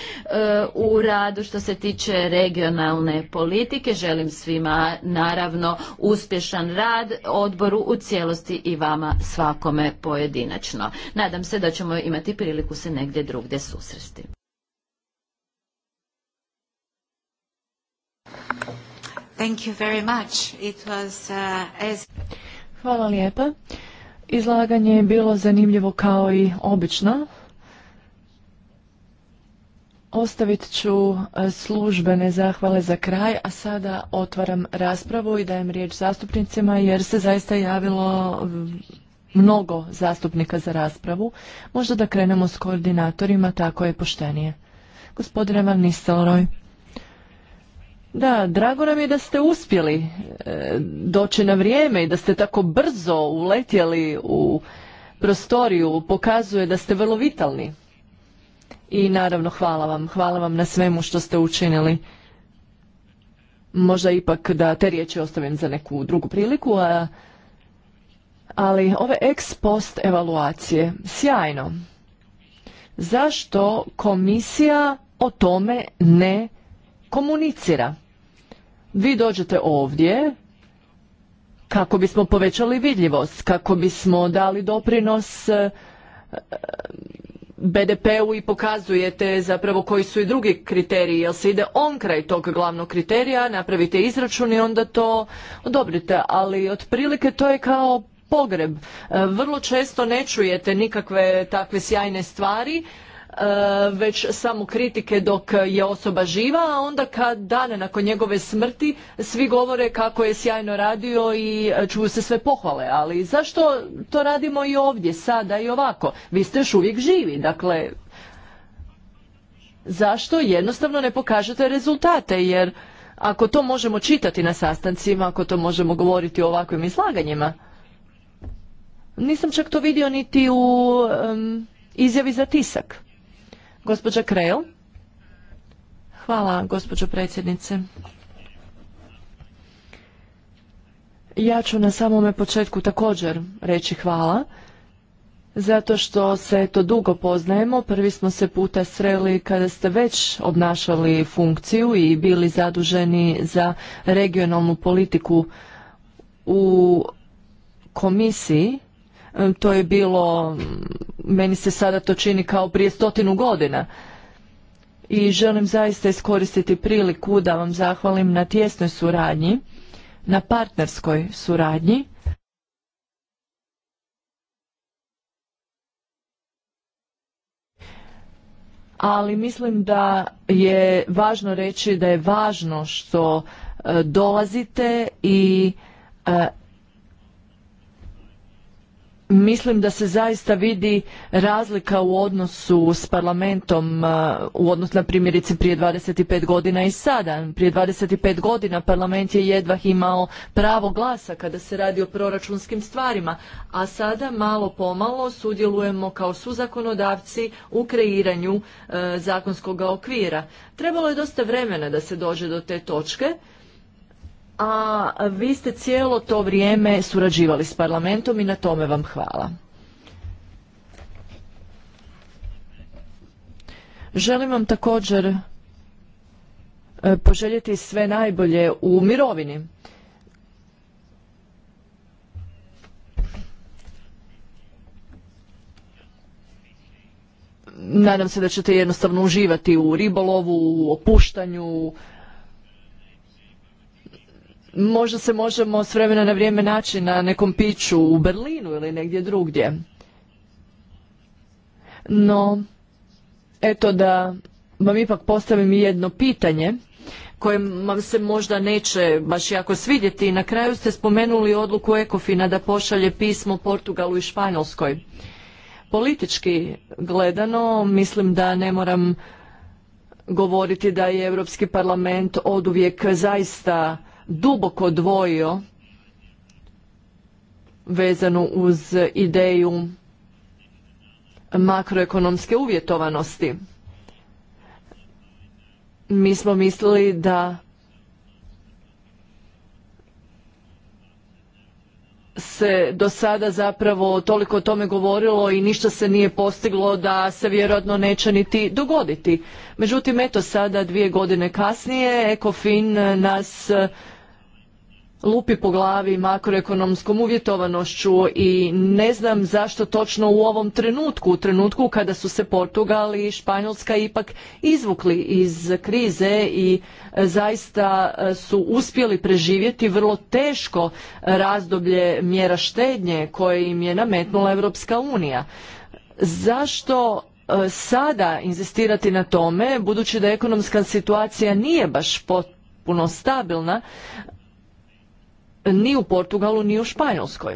u radu što se tiče regionalne politike. Želim svima naravno uspješan rad odboru u cijelosti i vama svakome pojedinačno. Nadam se da ćemo imati priliku se negdje drugdje susresti. Thank you very much. It was, uh, Hvala lijepa. Izlaganje je bilo zanimljivo kao i obično. Ostavit ću e, službene zahvale za kraj, a sada otvaram raspravu i dajem riječ zastupnicima jer se zaista javilo mnogo zastupnika za raspravu. Možda da krenemo s koordinatorima, tako je poštenije. Gospodine Van Nistelroj. Da, drago nam je da ste uspjeli e, doći na vrijeme i da ste tako brzo uletjeli u prostoriju. Pokazuje da ste vrlo vitalni i naravno hvala vam. Hvala vam na svemu što ste učinili. Možda ipak da te riječi ostavim za neku drugu priliku, a, ali ove ex post evaluacije, sjajno. Zašto komisija o tome ne komunicira? Vi dođete ovdje, kako bismo povećali vidljivost, kako bismo dali doprinos e, BDP-u i pokazujete zapravo koji su i drugi kriteriji, jel se ide on kraj tog glavnog kriterija, napravite izračun i onda to odobrite, ali otprilike to je kao pogreb. E, vrlo često ne čujete nikakve takve sjajne stvari, E, već samo kritike dok je osoba živa, a onda kad dane nakon njegove smrti svi govore kako je sjajno radio i čuju se sve pohvale. Ali zašto to radimo i ovdje, sada i ovako? Vi ste još uvijek živi, dakle zašto jednostavno ne pokažete rezultate jer ako to možemo čitati na sastancima, ako to možemo govoriti o ovakvim izlaganjima, nisam čak to vidio niti u izjavi za tisak. Gospođa Krejl. Hvala, gospođo predsjednice. Ja ću na samome početku također reći hvala, zato što se to dugo poznajemo. Prvi smo se puta sreli kada ste već obnašali funkciju i bili zaduženi za regionalnu politiku u komisiji E, to je bilo, meni se sada to čini kao prije stotinu godina. I želim zaista iskoristiti priliku da vam zahvalim na tjesnoj suradnji, na partnerskoj suradnji. ali mislim da je važno reći da je važno što e, dolazite i e, mislim da se zaista vidi razlika u odnosu s parlamentom uh, u odnosu na primjerice prije 25 godina i sada. Prije 25 godina parlament je jedva imao pravo glasa kada se radi o proračunskim stvarima, a sada malo pomalo sudjelujemo kao suzakonodavci u kreiranju uh, zakonskog okvira. Trebalo je dosta vremena da se dođe do te točke, a vi ste cijelo to vrijeme surađivali s parlamentom i na tome vam hvala. Želim vam također e, poželjeti sve najbolje u mirovini. Nadam se da ćete jednostavno uživati u ribolovu, u opuštanju, možda se možemo s vremena na vrijeme naći na nekom piću u Berlinu ili negdje drugdje. No, eto da vam ipak postavim jedno pitanje koje vam se možda neće baš jako svidjeti. Na kraju ste spomenuli odluku Ekofina da pošalje pismo Portugalu i Španjolskoj. Politički gledano, mislim da ne moram govoriti da je Europski parlament oduvijek zaista duboko dvojio vezanu uz ideju makroekonomske uvjetovanosti. Mi smo mislili da se do sada zapravo toliko o tome govorilo i ništa se nije postiglo da se vjerojatno neće niti dogoditi. Međutim, eto sada dvije godine kasnije ECOFIN nas lupi po glavi makroekonomskom uvjetovanošću i ne znam zašto točno u ovom trenutku, u trenutku kada su se Portugal i Španjolska ipak izvukli iz krize i e, zaista e, su uspjeli preživjeti vrlo teško e, razdoblje mjera štednje koje im je nametnula Europska unija. Zašto sada inzistirati na tome, budući da ekonomska situacija nije baš potpuno stabilna, ni u Portugalu, ni u Španjolskoj.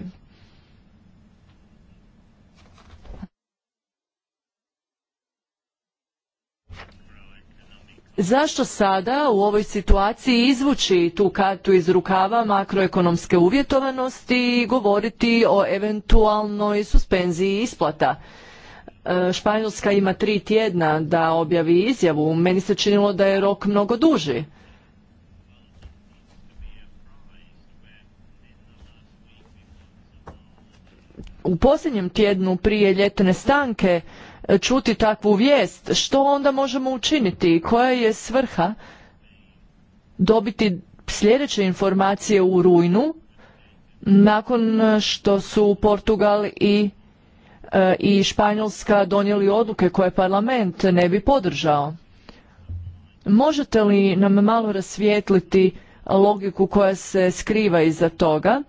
Zašto sada u ovoj situaciji izvući tu kartu iz rukava makroekonomske uvjetovanosti i govoriti o eventualnoj suspenziji isplata? E, Španjolska ima tri tjedna da objavi izjavu. Meni se činilo da je rok mnogo duži. u posljednjem tjednu prije ljetne stanke e, čuti takvu vijest, što onda možemo učiniti? Koja je svrha dobiti sljedeće informacije u rujnu nakon što su Portugal i e, i Španjolska donijeli odluke koje parlament ne bi podržao. Možete li nam malo rasvijetliti logiku koja se skriva iza toga.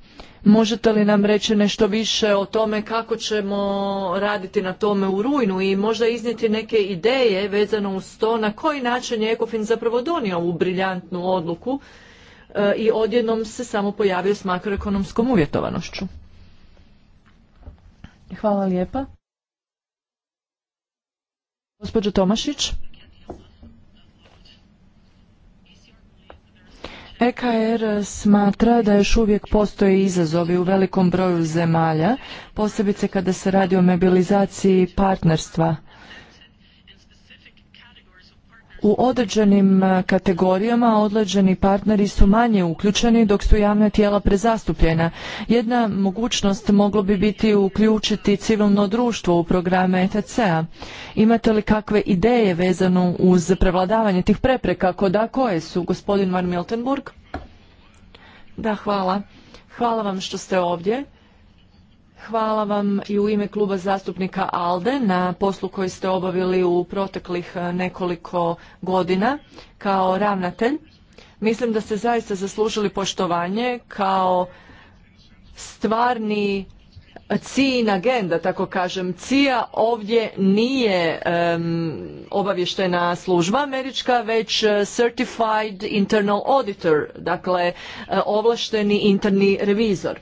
Možete li nam reći nešto više o tome kako ćemo raditi na tome u rujnu i možda iznijeti neke ideje vezano uz to na koji način je Ekofin zapravo donio ovu briljantnu odluku e, i odjednom se samo pojavio s makroekonomskom uvjetovanošću. Hvala lijepa. Gospođo Tomašić. EKR er smatra da još uvijek postoje izazovi u velikom broju zemalja, posebice kada se radi o mobilizaciji partnerstva u određenim e, kategorijama određeni partneri su manje uključeni dok su javna tijela prezastupljena. Jedna mogućnost moglo bi biti uključiti civilno društvo u programe ETC-a. Imate li kakve ideje vezano uz prevladavanje tih prepreka? Ako da, koje su? Gospodin Van Miltenburg? Da, hvala. Hvala vam što ste ovdje. Hvala vam i u ime kluba zastupnika ALDE na poslu koji ste obavili u proteklih e, nekoliko godina kao ravnatelj. Mislim da ste zaista zaslužili poštovanje kao stvarni CIN agenda, tako kažem. CIA ovdje nije um, obavještena služba američka, već e, Certified Internal Auditor, dakle e, ovlašteni interni revizor.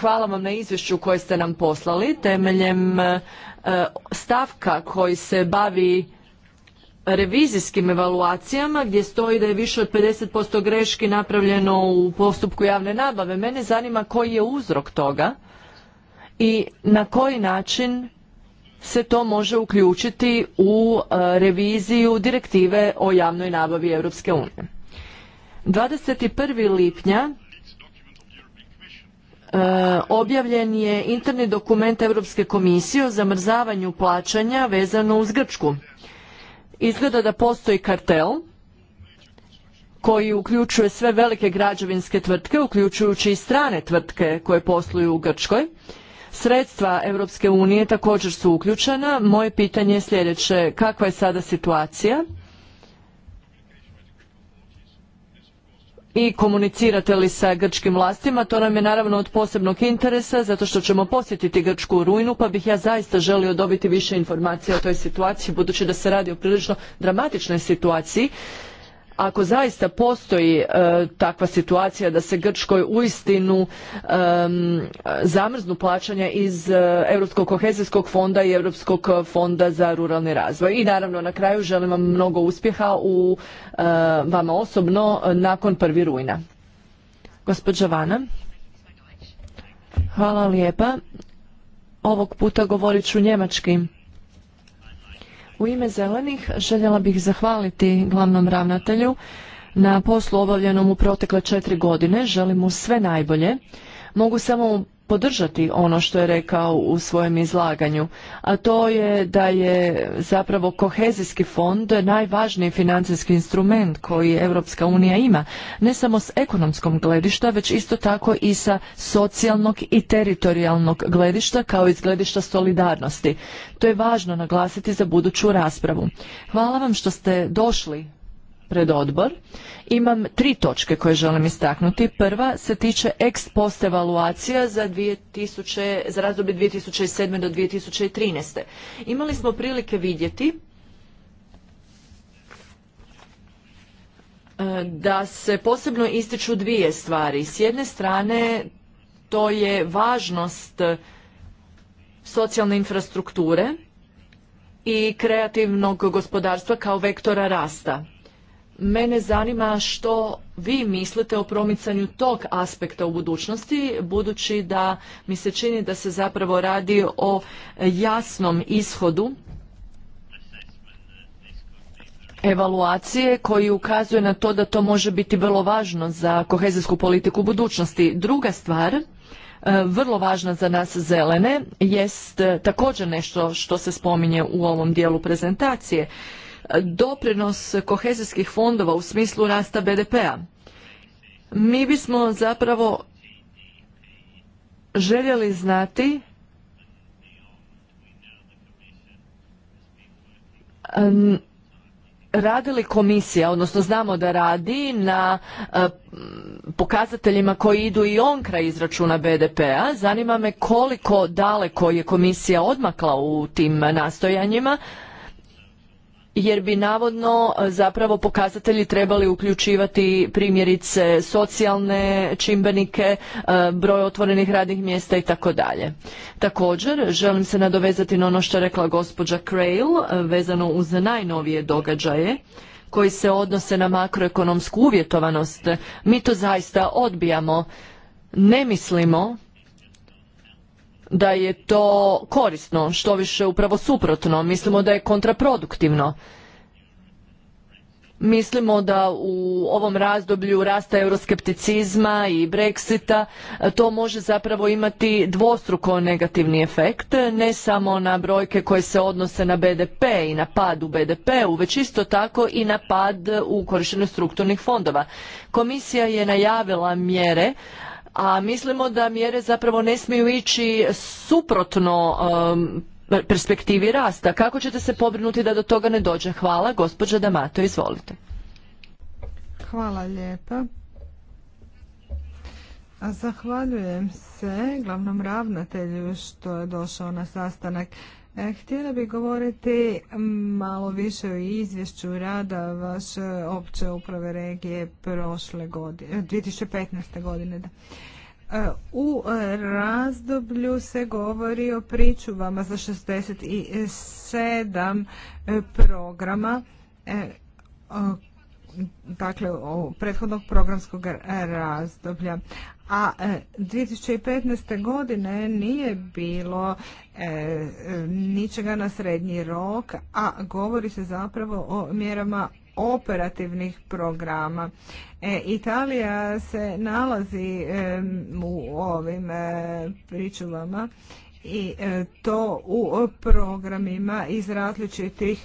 Hvala vam na izvješću koje ste nam poslali temeljem e, stavka koji se bavi revizijskim evaluacijama gdje stoji da je više od 50% greški napravljeno u postupku javne nabave. Mene zanima koji je uzrok toga i na koji način se to može uključiti u e, reviziju direktive o javnoj nabavi Europske unije. 21. lipnja E, objavljen je interni dokument Europske komisije o zamrzavanju plaćanja vezano uz Grčku. Izgleda da postoji kartel koji uključuje sve velike građevinske tvrtke, uključujući i strane tvrtke koje posluju u Grčkoj. Sredstva Europske unije također su uključena. Moje pitanje je sljedeće. Kakva je sada situacija? i komunicirate li sa grčkim vlastima. To nam je naravno od posebnog interesa zato što ćemo posjetiti Grčku u rujnu pa bih ja zaista želio dobiti više informacija o toj situaciji budući da se radi o prilično dramatičnoj situaciji ako zaista postoji e, takva situacija da se Grčkoj uistinu zamrznu plaćanja iz e, Europskog kohezijskog fonda i Europskog fonda za ruralni razvoj. I naravno na kraju želim vam mnogo uspjeha u e, vama osobno nakon prvi rujna. Gospođa Vana. Hvala lijepa. Ovog puta govorit ću njemački. U ime zelenih željela bih zahvaliti glavnom ravnatelju na poslu obavljenom u protekle četiri godine. Želim mu sve najbolje. Mogu samo podržati ono što je rekao u svojem izlaganju, a to je da je zapravo kohezijski fond najvažniji financijski instrument koji Europska unija ima, ne samo s ekonomskom gledišta, već isto tako i sa socijalnog i teritorijalnog gledišta kao i gledišta solidarnosti. To je važno naglasiti za buduću raspravu. Hvala vam što ste došli pred odbor. Imam tri točke koje želim istaknuti. Prva se tiče ex post evaluacija za, 2000, za razdoblje 2007. do 2013. Imali smo prilike vidjeti e, da se posebno ističu dvije stvari. S jedne strane to je važnost socijalne infrastrukture i kreativnog gospodarstva kao vektora rasta. Mene zanima što vi mislite o promicanju tog aspekta u budućnosti, budući da mi se čini da se zapravo radi o jasnom ishodu evaluacije koji ukazuje na to da to može biti vrlo važno za kohezijsku politiku u budućnosti. Druga stvar, e, vrlo važna za nas zelene, jest e, također nešto što se spominje u ovom dijelu prezentacije doprinos kohezijskih fondova u smislu rasta BDP-a. Mi bismo zapravo željeli znati radi li komisija, odnosno znamo da radi na pokazateljima koji idu i on kraj izračuna BDP-a. Zanima me koliko daleko je komisija odmakla u tim nastojanjima jer bi navodno e, zapravo pokazatelji trebali uključivati primjerice socijalne čimbenike, e, broj otvorenih radnih mjesta i tako dalje. Također želim se nadovezati na ono što je rekla gospođa Krail e, vezano uz najnovije događaje koji se odnose na makroekonomsku uvjetovanost. Mi to zaista odbijamo. Ne mislimo da je to korisno, što više upravo suprotno, mislimo da je kontraproduktivno. Mislimo da u ovom razdoblju rasta euroskepticizma i Brexita e, to može zapravo imati dvostruko negativni efekt, ne samo na brojke koje se odnose na BDP i na pad u BDP-u, već isto tako i na pad u korištenju strukturnih fondova. Komisija je najavila mjere a mislimo da mjere zapravo ne smiju ići suprotno um, perspektivi rasta. Kako ćete se pobrinuti da do toga ne dođe? Hvala. Gospođa Damato, izvolite. Hvala lijepa. Zahvaljujem se glavnom ravnatelju što je došao na sastanak. E, htjela bih govoriti malo više o izvješću rada vaše opće uprave regije prošle godine, 2015. godine. E, u razdoblju se govori o pričuvama za 67 e, programa dakle o prethodnog programskog razdoblja a 2015. E, godine nije bilo e, ničega na srednji rok, a govori se zapravo o mjerama operativnih programa. E, Italija se nalazi u ovim pričuvama i to u programima iz različitih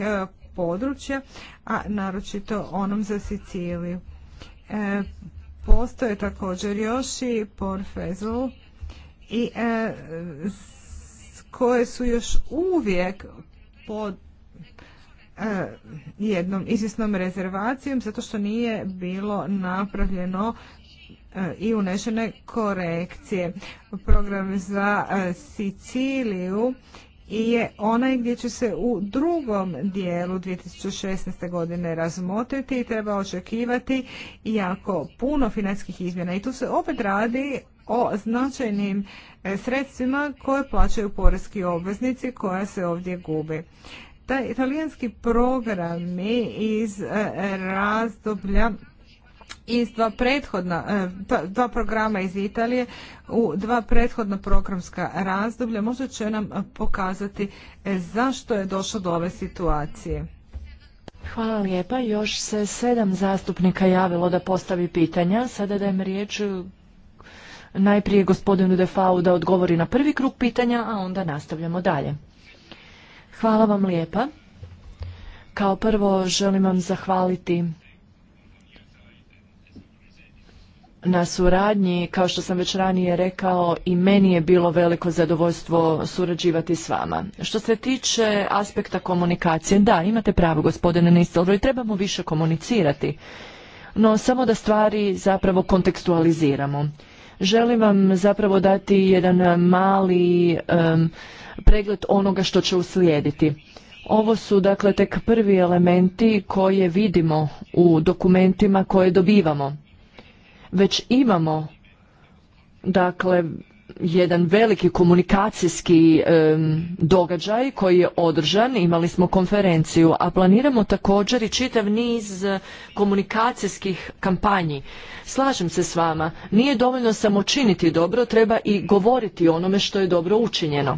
područja, a naročito onom za Siciliju postoje također još i porfezu i e, koje su još uvijek pod e, jednom izvjesnom rezervacijom zato što nije bilo napravljeno e, i unešene korekcije. Program za e, Siciliju je onaj gdje će se u drugom dijelu 2016. godine razmotriti i treba očekivati jako puno financijskih izmjena. I tu se opet radi o značajnim e, sredstvima koje plaćaju poreski obveznici koja se ovdje gubi. Taj italijanski program iz e, razdoblja iz dva prethodna, e, dva programa iz Italije u dva prethodna programska razdoblja možda će nam pokazati e, zašto je došlo do ove situacije. Hvala lijepa. Još se sedam zastupnika javilo da postavi pitanja. Sada dajem riječ e, najprije gospodinu Defau da odgovori na prvi krug pitanja, a onda nastavljamo dalje. Hvala vam lijepa. Kao prvo želim vam zahvaliti na suradnji, kao što sam već ranije rekao, i meni je bilo veliko zadovoljstvo surađivati s vama. Što se tiče aspekta komunikacije, da, imate pravo gospodine i trebamo više komunicirati, no samo da stvari zapravo kontekstualiziramo. Želim vam zapravo dati jedan mali pregled onoga što će uslijediti. Ovo su dakle tek prvi elementi koje vidimo u dokumentima koje dobivamo već imamo dakle jedan veliki komunikacijski događaj koji je održan, imali smo konferenciju, a planiramo također i čitav niz komunikacijskih kampanji. Slažem se s vama, nije dovoljno samo činiti dobro, treba i govoriti o onome što je dobro učinjeno.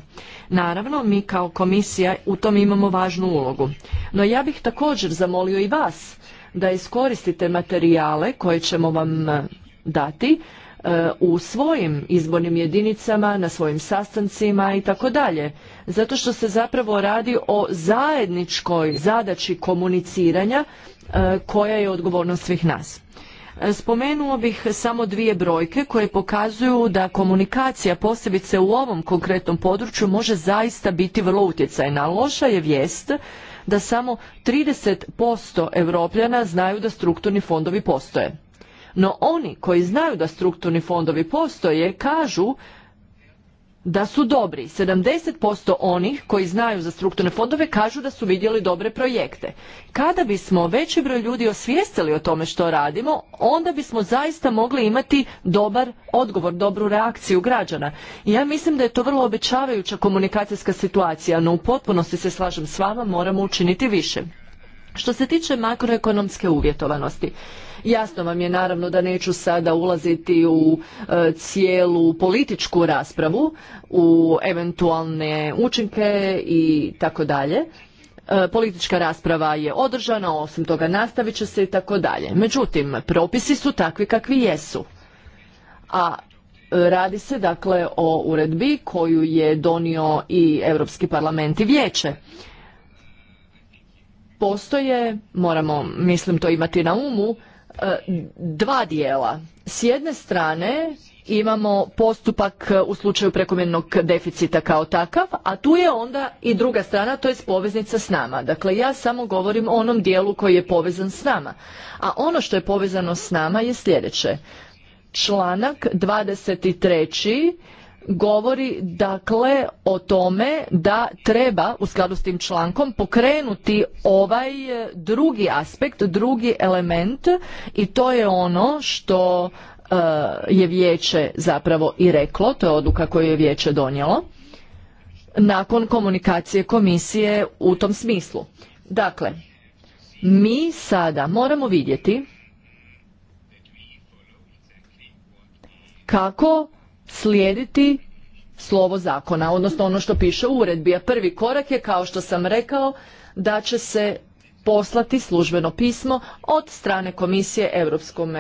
Naravno, mi kao komisija u tom imamo važnu ulogu. No ja bih također zamolio i vas da iskoristite materijale koje ćemo vam dati e, u svojim izbornim jedinicama, na svojim sastancima i tako dalje. Zato što se zapravo radi o zajedničkoj zadaći komuniciranja e, koja je odgovornost svih nas. E, spomenuo bih samo dvije brojke koje pokazuju da komunikacija posebice u ovom konkretnom području može zaista biti vrlo utjecajna. Loša je vijest da samo 30% Evropljana znaju da strukturni fondovi postoje. No oni koji znaju da strukturni fondovi postoje kažu da su dobri. 70% onih koji znaju za strukturne fondove kažu da su vidjeli dobre projekte. Kada bismo veći broj ljudi osvijestili o tome što radimo, onda bismo zaista mogli imati dobar odgovor, dobru reakciju građana. I ja mislim da je to vrlo obećavajuća komunikacijska situacija, no u potpunosti se slažem s vama, moramo učiniti više. Što se tiče makroekonomske uvjetovanosti, Jasno vam je naravno da neću sada ulaziti u e, cijelu političku raspravu, u eventualne učinke i tako dalje. E, politička rasprava je održana, osim toga nastavit će se i tako dalje. Međutim, propisi su takvi kakvi jesu. A e, radi se dakle o uredbi koju je donio i Europski parlament i vijeće. Postoje, moramo mislim to imati na umu, E, dva dijela. S jedne strane imamo postupak u slučaju prekomjernog deficita kao takav, a tu je onda i druga strana, to je poveznica s nama. Dakle, ja samo govorim o onom dijelu koji je povezan s nama. A ono što je povezano s nama je sljedeće. Članak 23 govori dakle o tome da treba u skladu s tim člankom pokrenuti ovaj e, drugi aspekt, drugi element i to je ono što e, je vijeće zapravo i reklo, to je odluka koju je vijeće donijelo nakon komunikacije komisije u tom smislu. Dakle, mi sada moramo vidjeti kako slijediti slovo zakona, odnosno ono što piše u uredbi. A prvi korak je, kao što sam rekao, da će se poslati službeno pismo od strane Komisije Europskom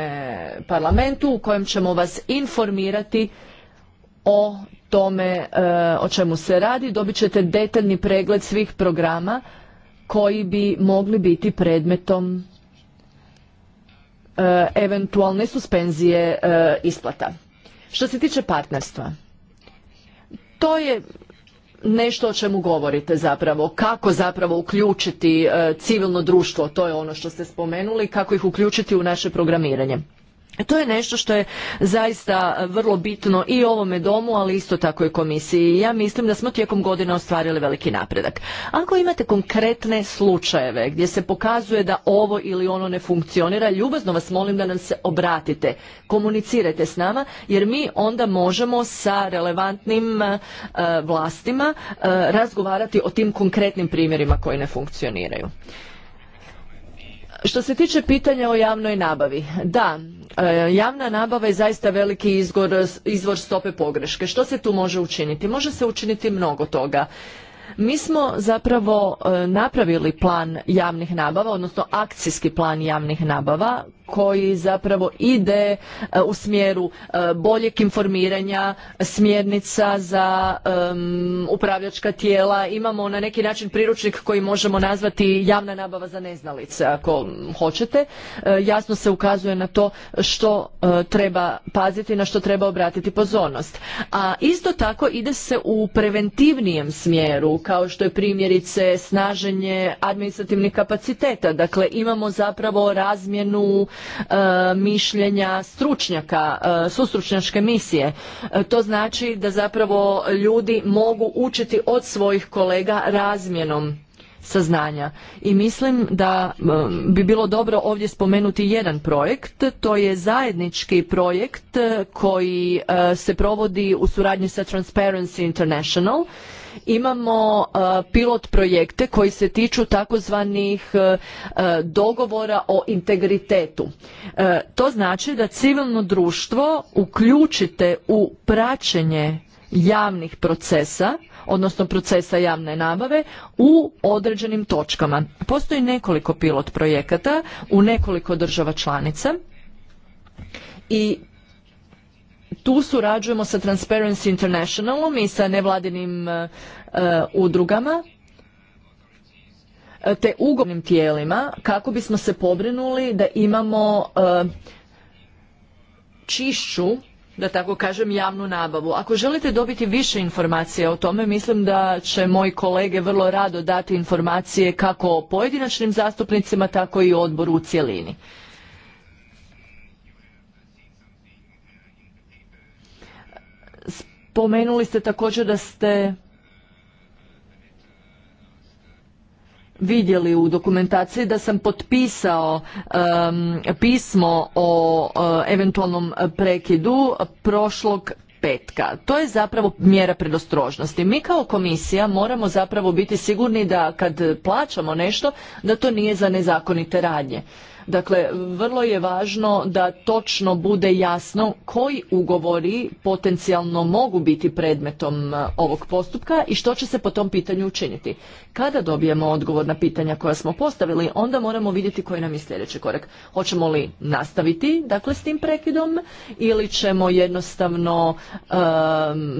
parlamentu u kojem ćemo vas informirati o tome e, o čemu se radi. Dobit ćete detaljni pregled svih programa koji bi mogli biti predmetom e, eventualne suspenzije e, isplata. Što se tiče partnerstva, to je nešto o čemu govorite zapravo, kako zapravo uključiti e, civilno društvo, to je ono što ste spomenuli, kako ih uključiti u naše programiranje. To je nešto što je zaista vrlo bitno i ovome domu, ali isto tako i komisiji. Ja mislim da smo tijekom godine ostvarili veliki napredak. Ako imate konkretne slučajeve gdje se pokazuje da ovo ili ono ne funkcionira, ljubazno vas molim da nam se obratite, komunicirajte s nama, jer mi onda možemo sa relevantnim e, vlastima e, razgovarati o tim konkretnim primjerima koji ne funkcioniraju. Što se tiče pitanja o javnoj nabavi, da, e, javna nabava je zaista veliki izvor stope pogreške. Što se tu može učiniti? Može se učiniti mnogo toga. Mi smo zapravo e, napravili plan javnih nabava, odnosno akcijski plan javnih nabava koji zapravo ide e, u smjeru e, boljeg informiranja, smjernica za upravljačka tijela. Imamo na neki način priručnik koji možemo nazvati javna nabava za neznalice, ako hoćete. E, jasno se ukazuje na to što treba paziti, na što treba obratiti pozornost. A isto tako ide se u preventivnijem smjeru, kao što je primjerice snaženje administrativnih kapaciteta. Dakle, imamo zapravo razmjenu E, mišljenja stručnjaka, e, sustručnjačke misije. E, to znači da zapravo ljudi mogu učiti od svojih kolega razmjenom saznanja. I mislim da bi bilo dobro ovdje spomenuti jedan projekt, to je zajednički projekt koji se provodi u suradnji sa Transparency International imamo e, pilot projekte koji se tiču takozvanih e, e, dogovora o integritetu. To znači da civilno društvo uključite u praćenje javnih procesa, odnosno procesa javne nabave u određenim točkama. Postoji nekoliko pilot projekata u nekoliko država članica i tu surađujemo sa Transparency Internationalom i sa nevladinim e, e, udrugama e, te ugovornim tijelima kako bismo se pobrinuli da imamo čišću da tako kažem, javnu nabavu. Ako želite dobiti više informacija o tome, mislim da će moji kolege vrlo rado dati informacije kako o pojedinačnim zastupnicima, tako i odboru u cjelini. Pomenuli ste također da ste vidjeli u dokumentaciji da sam potpisao pismo o e, eventualnom prekidu prošlog petka. To je zapravo mjera predostrožnosti. Mi kao komisija moramo zapravo biti sigurni da kad plaćamo nešto da to nije za nezakonite radnje. Dakle, vrlo je važno da točno bude jasno koji ugovori potencijalno mogu biti predmetom e, ovog postupka i što će se po tom pitanju učiniti. Kada dobijemo odgovor na pitanja koja smo postavili, onda moramo vidjeti koji nam je sljedeći korak. Hoćemo li nastaviti dakle, s tim prekidom ili ćemo jednostavno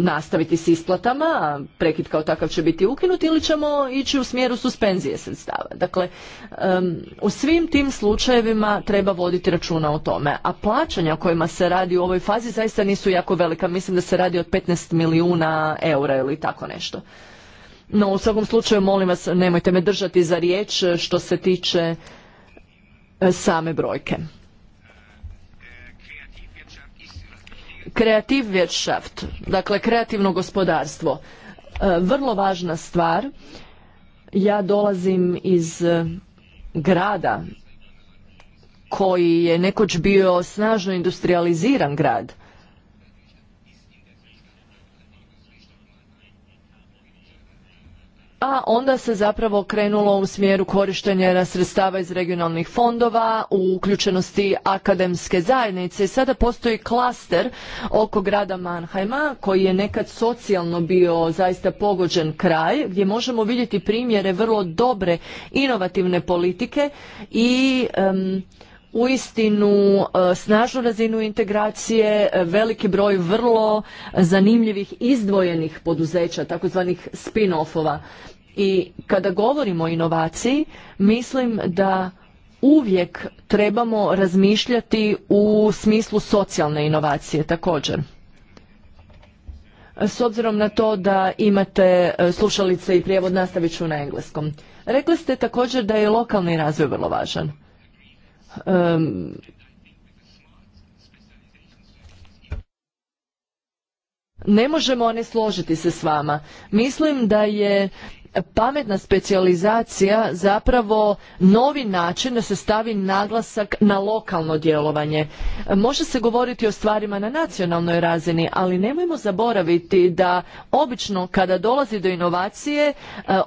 nastaviti s isplatama, prekid kao takav će biti ukinut ili ćemo ići u smjeru suspenzije sredstava. Dakle, u svim tim slučajevima slučajevima treba voditi računa o tome. A plaćanja kojima se radi u ovoj fazi zaista nisu jako velika. Mislim da se radi od 15 milijuna eura ili tako nešto. No u svakom slučaju molim vas nemojte me držati za riječ što se tiče e, same brojke. Kreativ Wirtschaft, dakle kreativno gospodarstvo, e, vrlo važna stvar. Ja dolazim iz e, grada koji je nekoć bio snažno industrializiran grad. a onda se zapravo krenulo u smjeru korištenja sredstava iz regionalnih fondova, u uključenosti akademske zajednice sada postoji klaster oko grada Mannheima koji je nekad socijalno bio zaista pogođen kraj gdje možemo vidjeti primjere vrlo dobre inovativne politike i uistinu e, snažnu razinu integracije, e, veliki broj vrlo zanimljivih izdvojenih poduzeća, takozvanih spin-offova. I kada govorimo o inovaciji, mislim da uvijek trebamo razmišljati u smislu socijalne inovacije također. S obzirom na to da imate e, slušalice i prijevod nastavit ću na engleskom. Rekli ste također da je lokalni razvoj vrlo važan um, ne možemo ne složiti se s vama. Mislim da je pametna specijalizacija zapravo novi način da se stavi naglasak na lokalno djelovanje. Može se govoriti o stvarima na nacionalnoj razini, ali nemojmo zaboraviti da obično kada dolazi do inovacije e,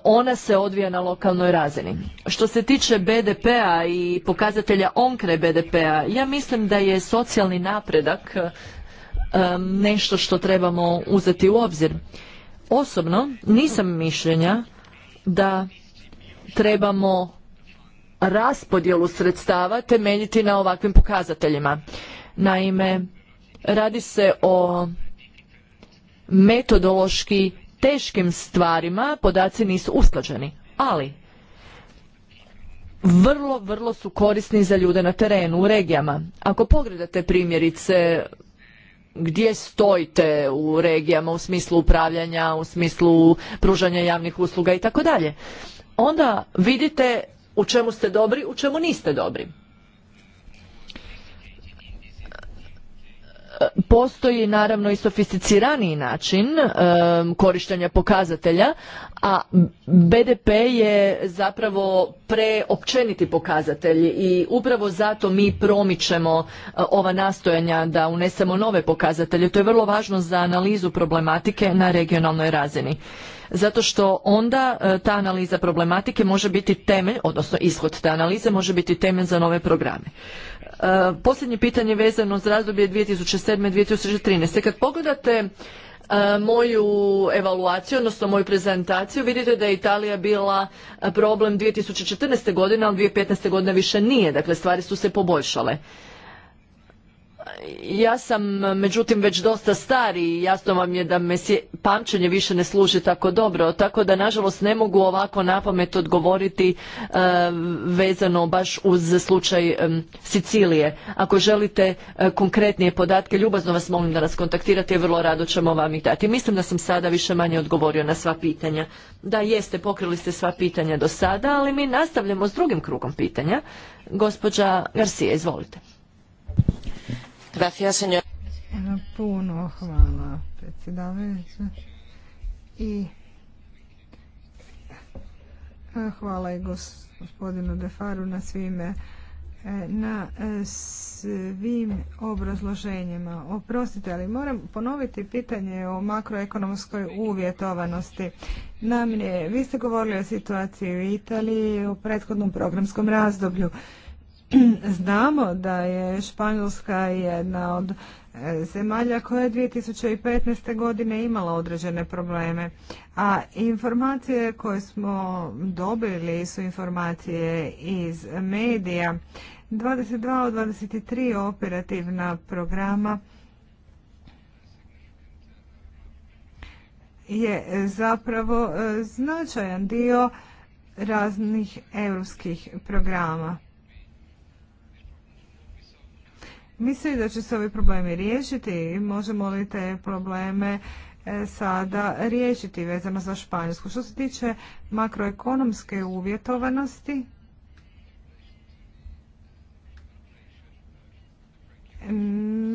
ona se odvija na lokalnoj razini. Što se tiče BDP-a i pokazatelja onkre BDP-a, ja mislim da je socijalni napredak e, nešto što trebamo uzeti u obzir. Osobno nisam mišljenja da trebamo raspodjelu sredstava temeljiti na ovakvim pokazateljima. Naime, radi se o metodološki teškim stvarima, podaci nisu usklađeni, ali vrlo, vrlo su korisni za ljude na terenu, u regijama. Ako pogledate primjerice gdje stojite u regijama u smislu upravljanja, u smislu pružanja javnih usluga i tako dalje. Onda vidite u čemu ste dobri, u čemu niste dobri. postoji naravno i sofisticiraniji način korištenja pokazatelja, a BDP je zapravo preopćeniti pokazatelj i upravo zato mi promičemo e, ova nastojanja da unesemo nove pokazatelje. To je vrlo važno za analizu problematike na regionalnoj razini. Zato što onda e, ta analiza problematike može biti temelj, odnosno ishod te analize može biti temelj za nove programe. E, posljednje pitanje vezano za razdoblje 2007. 2013. Kad pogledate e, moju evaluaciju, odnosno moju prezentaciju, vidite da je Italija bila e, problem 2014. godine, ali 2015. godine više nije. Dakle, stvari su se poboljšale ja sam međutim već dosta stari i jasno vam je da me pamćenje više ne služi tako dobro, tako da nažalost ne mogu ovako napamet odgovoriti e, vezano baš uz slučaj Sicilije. Ako želite e, konkretnije podatke, ljubazno vas molim da nas kontaktirate i vrlo rado ćemo vam ih dati. Mislim da sam sada više manje odgovorio na sva pitanja. Da, jeste, pokrili ste sva pitanja do sada, ali mi nastavljamo s drugim krugom pitanja. Gospođa Garcia, izvolite. Puno hvala i e, hvala i gospodinu Defaru na svime e, na e, svim obrazloženjima. Oprostite, ali moram ponoviti pitanje o makroekonomskoj uvjetovanosti. Namrije, vi ste govorili o situaciji u Italiji u prethodnom programskom razdoblju. Znamo da je Španjolska jedna od e, zemalja koja je 2015. godine imala određene probleme, a informacije koje smo dobili su informacije iz medija. 22 od 23 operativna programa je zapravo e, značajan dio raznih europskih programa. Misli da će se ovi problemi riješiti? Možemo li te probleme e, sada riješiti vezano za Španjolsku? Što se tiče makroekonomske uvjetovanosti,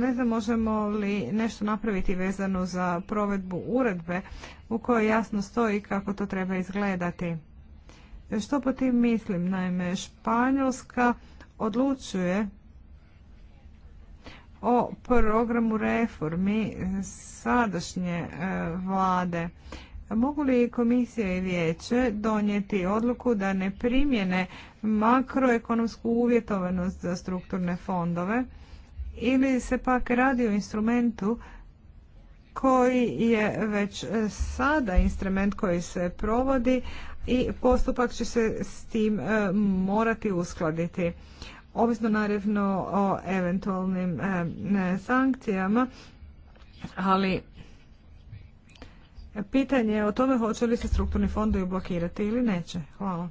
Ne znam možemo li nešto napraviti vezano za provedbu uredbe u kojoj jasno stoji kako to treba izgledati. Što po tim mislim? Naime, Španjolska odlučuje o programu reformi sadašnje e, vlade. Mogu li komisija i vijeće donijeti odluku da ne primjene makroekonomsku uvjetovanost za strukturne fondove ili se pak radi o instrumentu koji je već sada instrument koji se provodi i postupak će se s tim e, morati uskladiti ovisno naravno o eventualnim e, sankcijama, ali pitanje je o tome hoće li se strukturni fondovi blokirati ili neće. Hvala.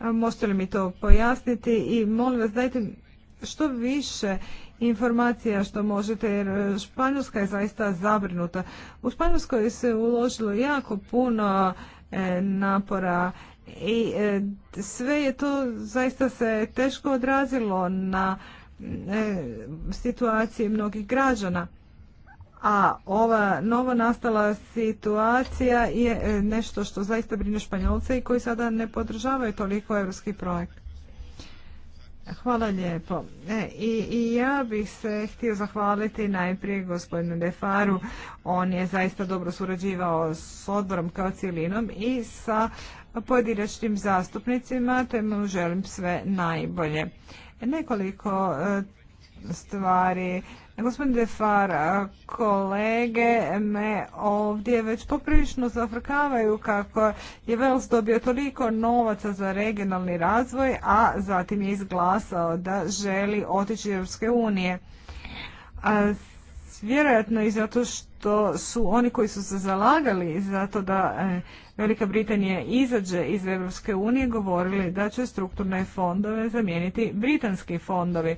Možete li mi to pojasniti i molim vas dajte što više informacija što možete jer Španjolska je zaista zabrinuta. U Španjolskoj se uložilo jako puno e, napora i e, sve je to zaista se teško odrazilo na e, situacije mnogih građana. A ova novo nastala situacija je e, nešto što zaista brine Španjolce i koji sada ne podržavaju toliko europski projekt. Hvala lijepo. E, I, I, ja bih se htio zahvaliti najprije gospodinu Defaru. On je zaista dobro surađivao s odborom kao cijelinom i sa pojedinačnim zastupnicima, te mu želim sve najbolje. Nekoliko e, stvari Gospodin Defar, kolege me ovdje već poprilično zafrkavaju kako je Vels dobio toliko novaca za regionalni razvoj, a zatim je izglasao da želi otići iz Europske unije. vjerojatno i zato što su oni koji su se zalagali za to da e, Velika Britanija izađe iz Europske unije govorili da će strukturne fondove zamijeniti britanski fondovi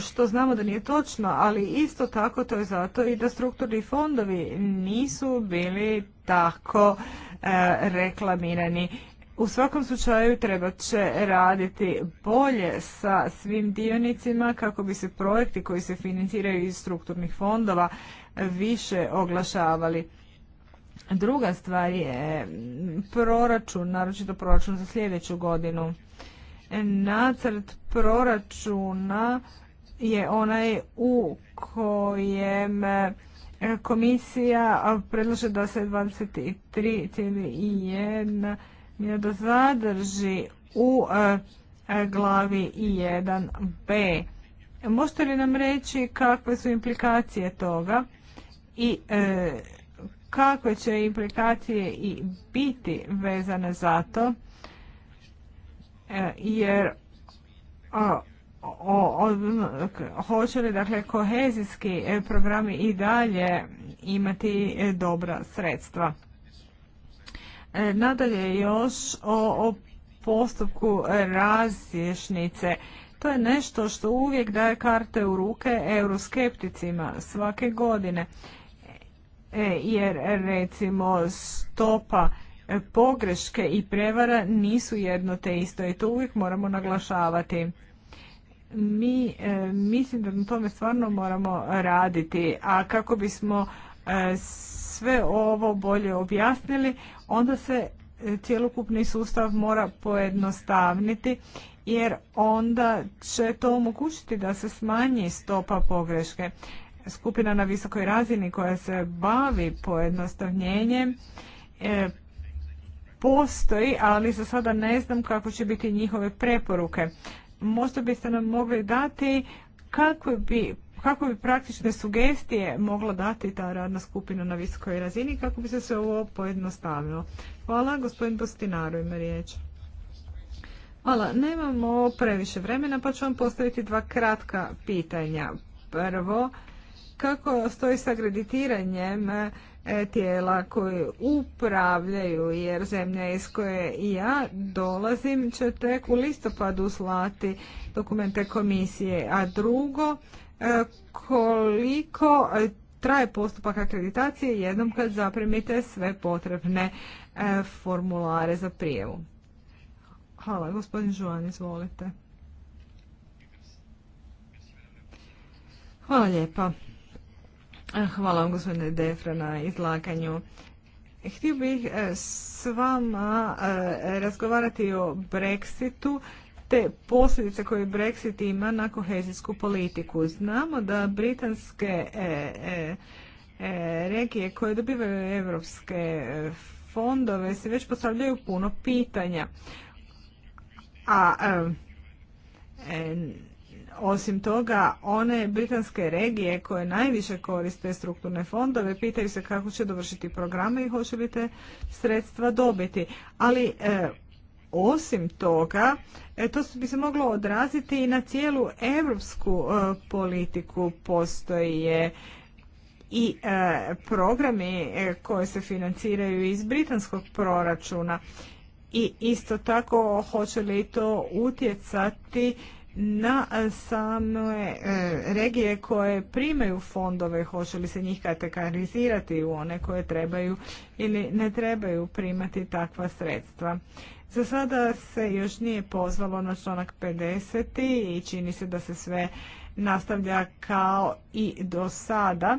što znamo da nije točno, ali isto tako to je zato i da strukturni fondovi nisu bili tako e, reklamirani. U svakom slučaju treba će raditi bolje sa svim dionicima kako bi se projekti koji se financiraju iz strukturnih fondova više oglašavali. Druga stvar je proračun, naročito proračun za sljedeću godinu nacrt proračuna je onaj u kojem e, komisija predlaže da se 23,1 da zadrži u e, glavi 1b. Možete li nam reći kakve su implikacije toga i e, kakve će implikacije i biti vezane za to? jer o, hoće li dakle, kohezijski e, programi i dalje imati e, dobra sredstva. E, nadalje još o postupku razješnice. To je nešto što uvijek daje karte u ruke euroskepticima svake godine. Jer recimo stopa pogreške i prevara nisu jedno te isto i to uvijek moramo naglašavati. Mi e, mislim da na tome stvarno moramo raditi, a kako bismo e, sve ovo bolje objasnili, onda se e, cjelokupni sustav mora pojednostavniti jer onda će to omogućiti da se smanji stopa pogreške. Skupina na visokoj razini koja se bavi pojednostavnjenjem postoji, ali za sada ne znam kako će biti njihove preporuke. Možda biste nam mogli dati kako bi kako bi praktične sugestije mogla dati ta radna skupina na visokoj razini kako bi se sve ovo pojednostavilo. Hvala, gospodin Postinaru ima riječ. Hvala, nemamo previše vremena pa ću vam postaviti dva kratka pitanja. Prvo, kako stoji sa akreditiranjem E, tijela koji upravljaju, jer zemlja iz koje i ja dolazim će tek u listopadu slati dokumente komisije. A drugo, e, koliko traje postupak akreditacije jednom kad zaprimite sve potrebne e, formulare za prijevu. Hvala, gospodin Žuan, izvolite. Hvala lijepa. Eh, hvala vam gospodine Defra na izlaganju. Htio bih eh, s vama eh, razgovarati o Brexitu te posljedice koje Brexit ima na kohezijsku politiku. Znamo da britanske regije koje dobivaju evropske fondove se već postavljaju puno pitanja. A osim toga, one britanske regije koje najviše koriste strukturne fondove pitaju se kako će dovršiti programe i hoće li te sredstva dobiti. Ali e, osim toga, e, to bi se moglo odraziti i na cijelu europsku e, politiku. Postoje i e, programi koje se financiraju iz britanskog proračuna. I isto tako hoće li to utjecati na e, same e, regije koje primaju fondove, hoće li se njih kategorizirati u one koje trebaju ili ne trebaju primati takva sredstva. Za sada se još nije pozvalo na članak 50. i čini se da se sve nastavlja kao i do sada,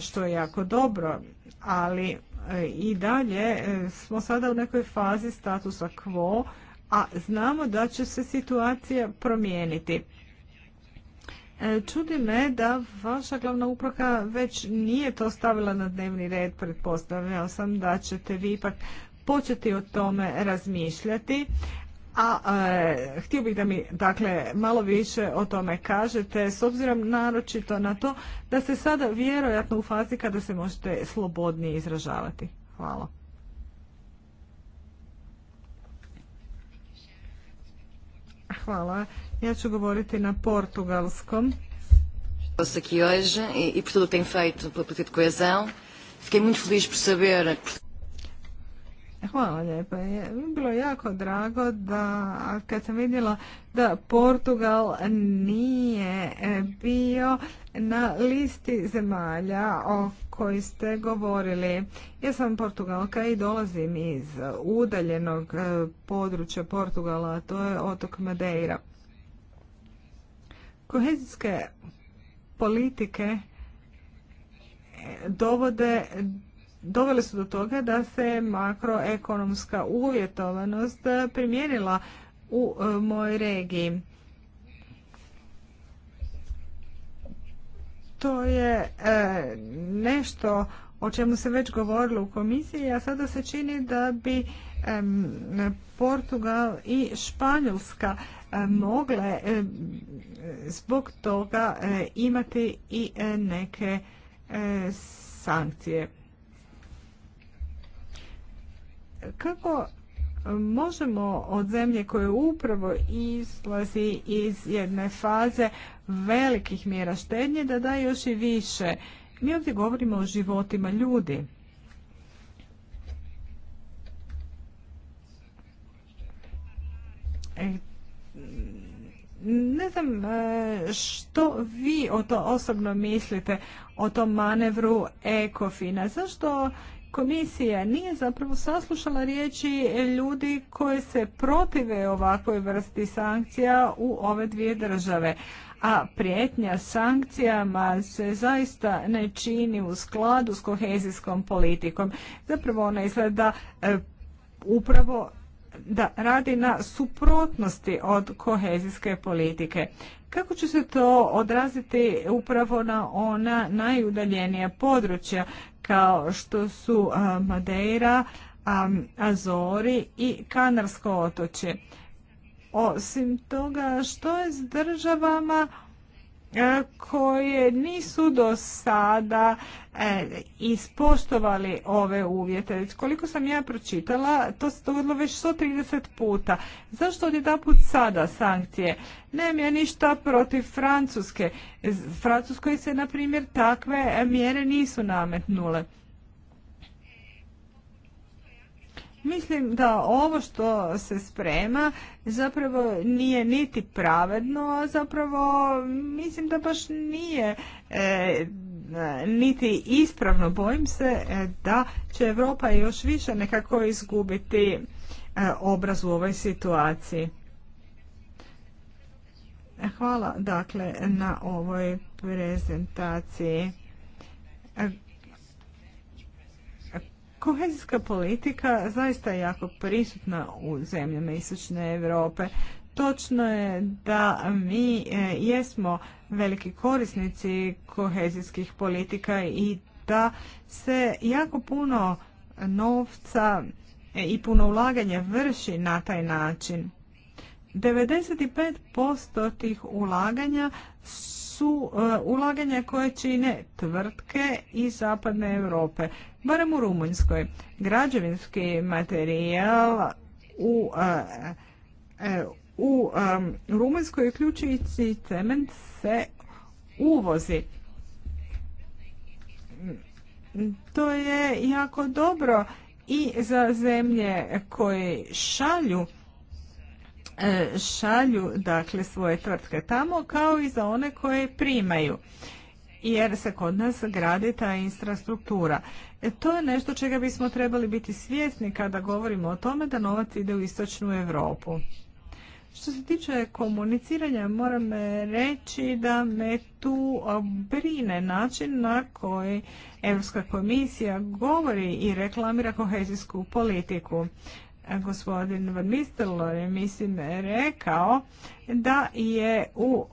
što je jako dobro, ali e, i dalje smo sada u nekoj fazi statusa quo a znamo da će se situacija promijeniti. E, čudi me da vaša glavna upraka već nije to stavila na dnevni red, pretpostavljao sam da ćete vi ipak početi o tome razmišljati, a e, htio bih da mi dakle malo više o tome kažete, s obzirom naročito na to da se sada vjerojatno u fazi kada se možete slobodnije izražavati. Hvala. Hvala. Ja ću govoriti na portugalskom. aqui hoje e, e por tudo o que tem feito pela política de coesão. Fiquei muito feliz por saber Hvala lijepa. Bilo je jako drago da kad sam vidjela da Portugal nije e, bio na listi zemalja o koji ste govorili. Ja sam Portugalka i dolazim iz udaljenog e, područja Portugala, a to je otok Madeira. Kohezijske politike e, dovode dovele su do toga da se makroekonomska uvjetovanost primijenila u e, mojoj regiji. To je e, nešto o čemu se već govorilo u komisiji, a sada se čini da bi Portugal i Španjolska e, mogle zbog toga imati i neke sankcije. Kako možemo od zemlje koje upravo izlazi iz jedne faze velikih mjera štednje da da još i više? Mi ovdje govorimo o životima ljudi. E, ne znam e, što vi o to osobno mislite o tom manevru ekofina. Zašto komisija nije zapravo saslušala riječi ljudi koji se protive ovakvoj vrsti sankcija u ove dvije države. A prijetnja sankcijama se zaista ne čini u skladu s kohezijskom politikom. Zapravo ona izgleda e, upravo da radi na suprotnosti od kohezijske politike. Kako će se to odraziti upravo na ona najudaljenija područja kao što su Madeira, Azori i Kanarsko otočje. Osim toga, što je s državama E, koje nisu do sada e, ispoštovali ove uvjete. Koliko sam ja pročitala, to se dogodilo već 130 puta. Zašto put sada sankcije? Nem ja ništa protiv Francuske. Francuskoj se, na primjer, takve mjere nisu nametnule. Mislim da ovo što se sprema zapravo nije niti pravedno, a zapravo mislim da baš nije e, niti ispravno. Bojim se e, da će Europa još više nekako izgubiti e, obraz u ovoj situaciji. Hvala dakle na ovoj prezentaciji. Kohezijska politika zaista je jako prisutna u zemljama Istočne Europe. Točno je da mi e, jesmo veliki korisnici kohezijskih politika i da se jako puno novca e, i puno ulaganja vrši na taj način. 95% tih ulaganja su e, ulaganja koje čine tvrtke iz zapadne Europe, barem u Rumunjskoj. Građevinski materijal u, e, e, u Rumunjskoj uključujući cement se uvozi. To je jako dobro i za zemlje koje šalju E, šalju dakle svoje tvrtke tamo kao i za one koje primaju jer se kod nas gradi ta infrastruktura. E, to je nešto čega bismo trebali biti svjesni kada govorimo o tome da novac ide u istočnu Europu. Što se tiče komuniciranja, moram reći da me tu brine način na koji Europska komisija govori i reklamira kohezijsku politiku gospodin Van Nistelrooy mislim rekao da je u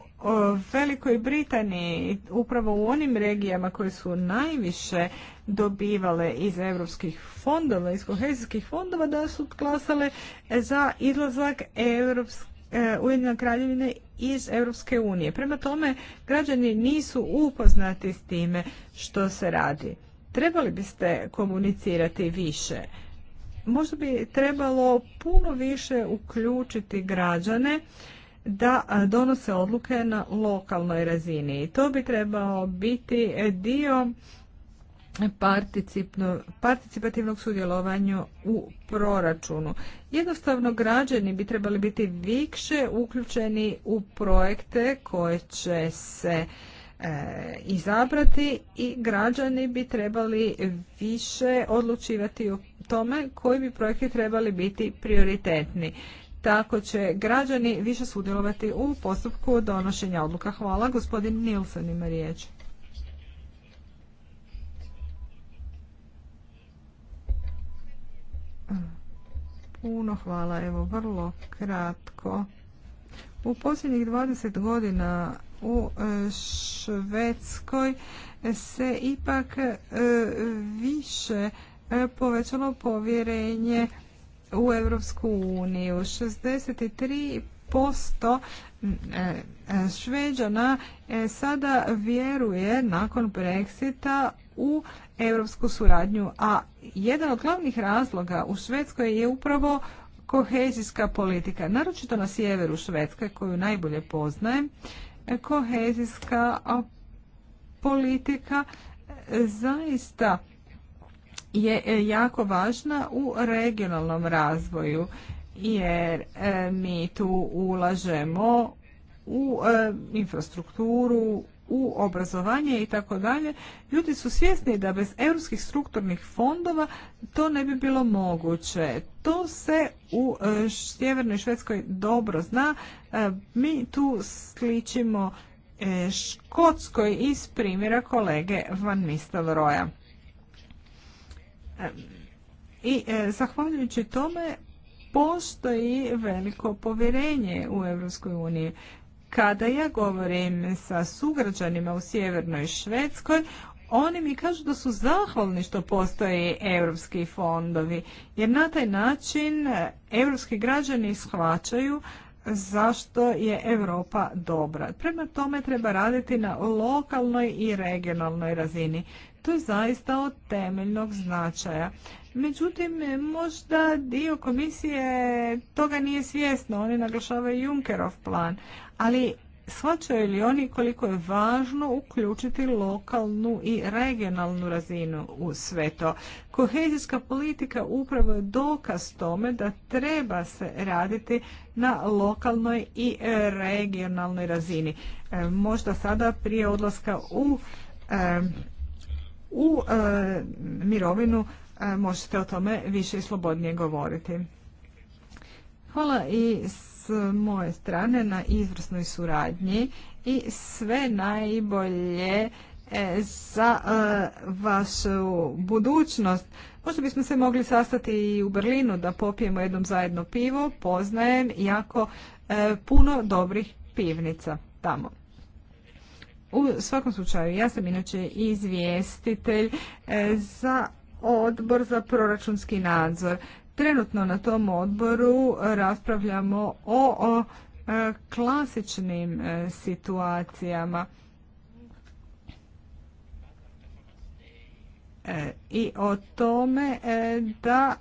Velikoj Britaniji upravo u onim regijama koje su najviše dobivale iz europskih fondova, iz kohezijskih fondova da su glasale za izlazak ujedinog e, Ujedinjene kraljevine iz Europske unije. Prema tome, građani nisu upoznati s time što se radi. Trebali biste komunicirati više. Možda bi trebalo puno više uključiti građane da donose odluke na lokalnoj razini. I to bi trebao biti dio participativnog sudjelovanja u proračunu. Jednostavno građani bi trebali biti više uključeni u projekte koje će se E, izabrati i građani bi trebali više odlučivati o tome koji bi projekti trebali biti prioritetni. Tako će građani više sudjelovati u postupku donošenja odluka. Hvala. Gospodin Nilsen ima riječ. Puno hvala, evo vrlo kratko. U posljednjih 20 godina u e, Švedskoj se ipak e, više e, povećalo povjerenje u Europsku uniju. 63% Šveđana sada vjeruje nakon Brexita u europsku suradnju, a jedan od glavnih razloga u Švedskoj je upravo kohezijska politika, naročito na sjeveru Švedske koju najbolje poznajem kohezijska politika zaista je jako važna u regionalnom razvoju jer e, mi tu ulažemo u e, infrastrukturu, u obrazovanje i tako dalje, ljudi su svjesni da bez europskih strukturnih fondova to ne bi bilo moguće. To se u e, Sjevernoj Švedskoj dobro zna. E, mi tu sličimo e, Škotskoj iz primjera kolege Van Roja I zahvaljujući tome postoji veliko povjerenje u Europskoj uniji. Kada ja govorim sa sugrađanima u sjevernoj Švedskoj, oni mi kažu da su zahvalni što postoje europski fondovi, jer na taj način europski građani shvaćaju zašto je Europa dobra. Prema tome treba raditi na lokalnoj i regionalnoj razini. To je zaista od temeljnog značaja. Međutim, možda dio komisije toga nije svjesno. Oni naglašavaju Junkerov plan ali shvaćaju li oni koliko je važno uključiti lokalnu i regionalnu razinu u sve to. Kohezijska politika upravo je dokaz tome da treba se raditi na lokalnoj i regionalnoj razini. E, možda sada prije odlaska u, e, u e, mirovinu možete o tome više i slobodnije govoriti. Hvala i moje strane na izvrsnoj suradnji i sve najbolje e, za e, vašu budućnost. Možda bismo se mogli sastati i u Berlinu da popijemo jednom zajedno pivo. Poznajem jako e, puno dobrih pivnica tamo. U svakom slučaju, ja sam inače izvjestitelj za odbor za proračunski nadzor. Trenutno na tom odboru raspravljamo o, e, klasičnim e, situacijama e, i o tome da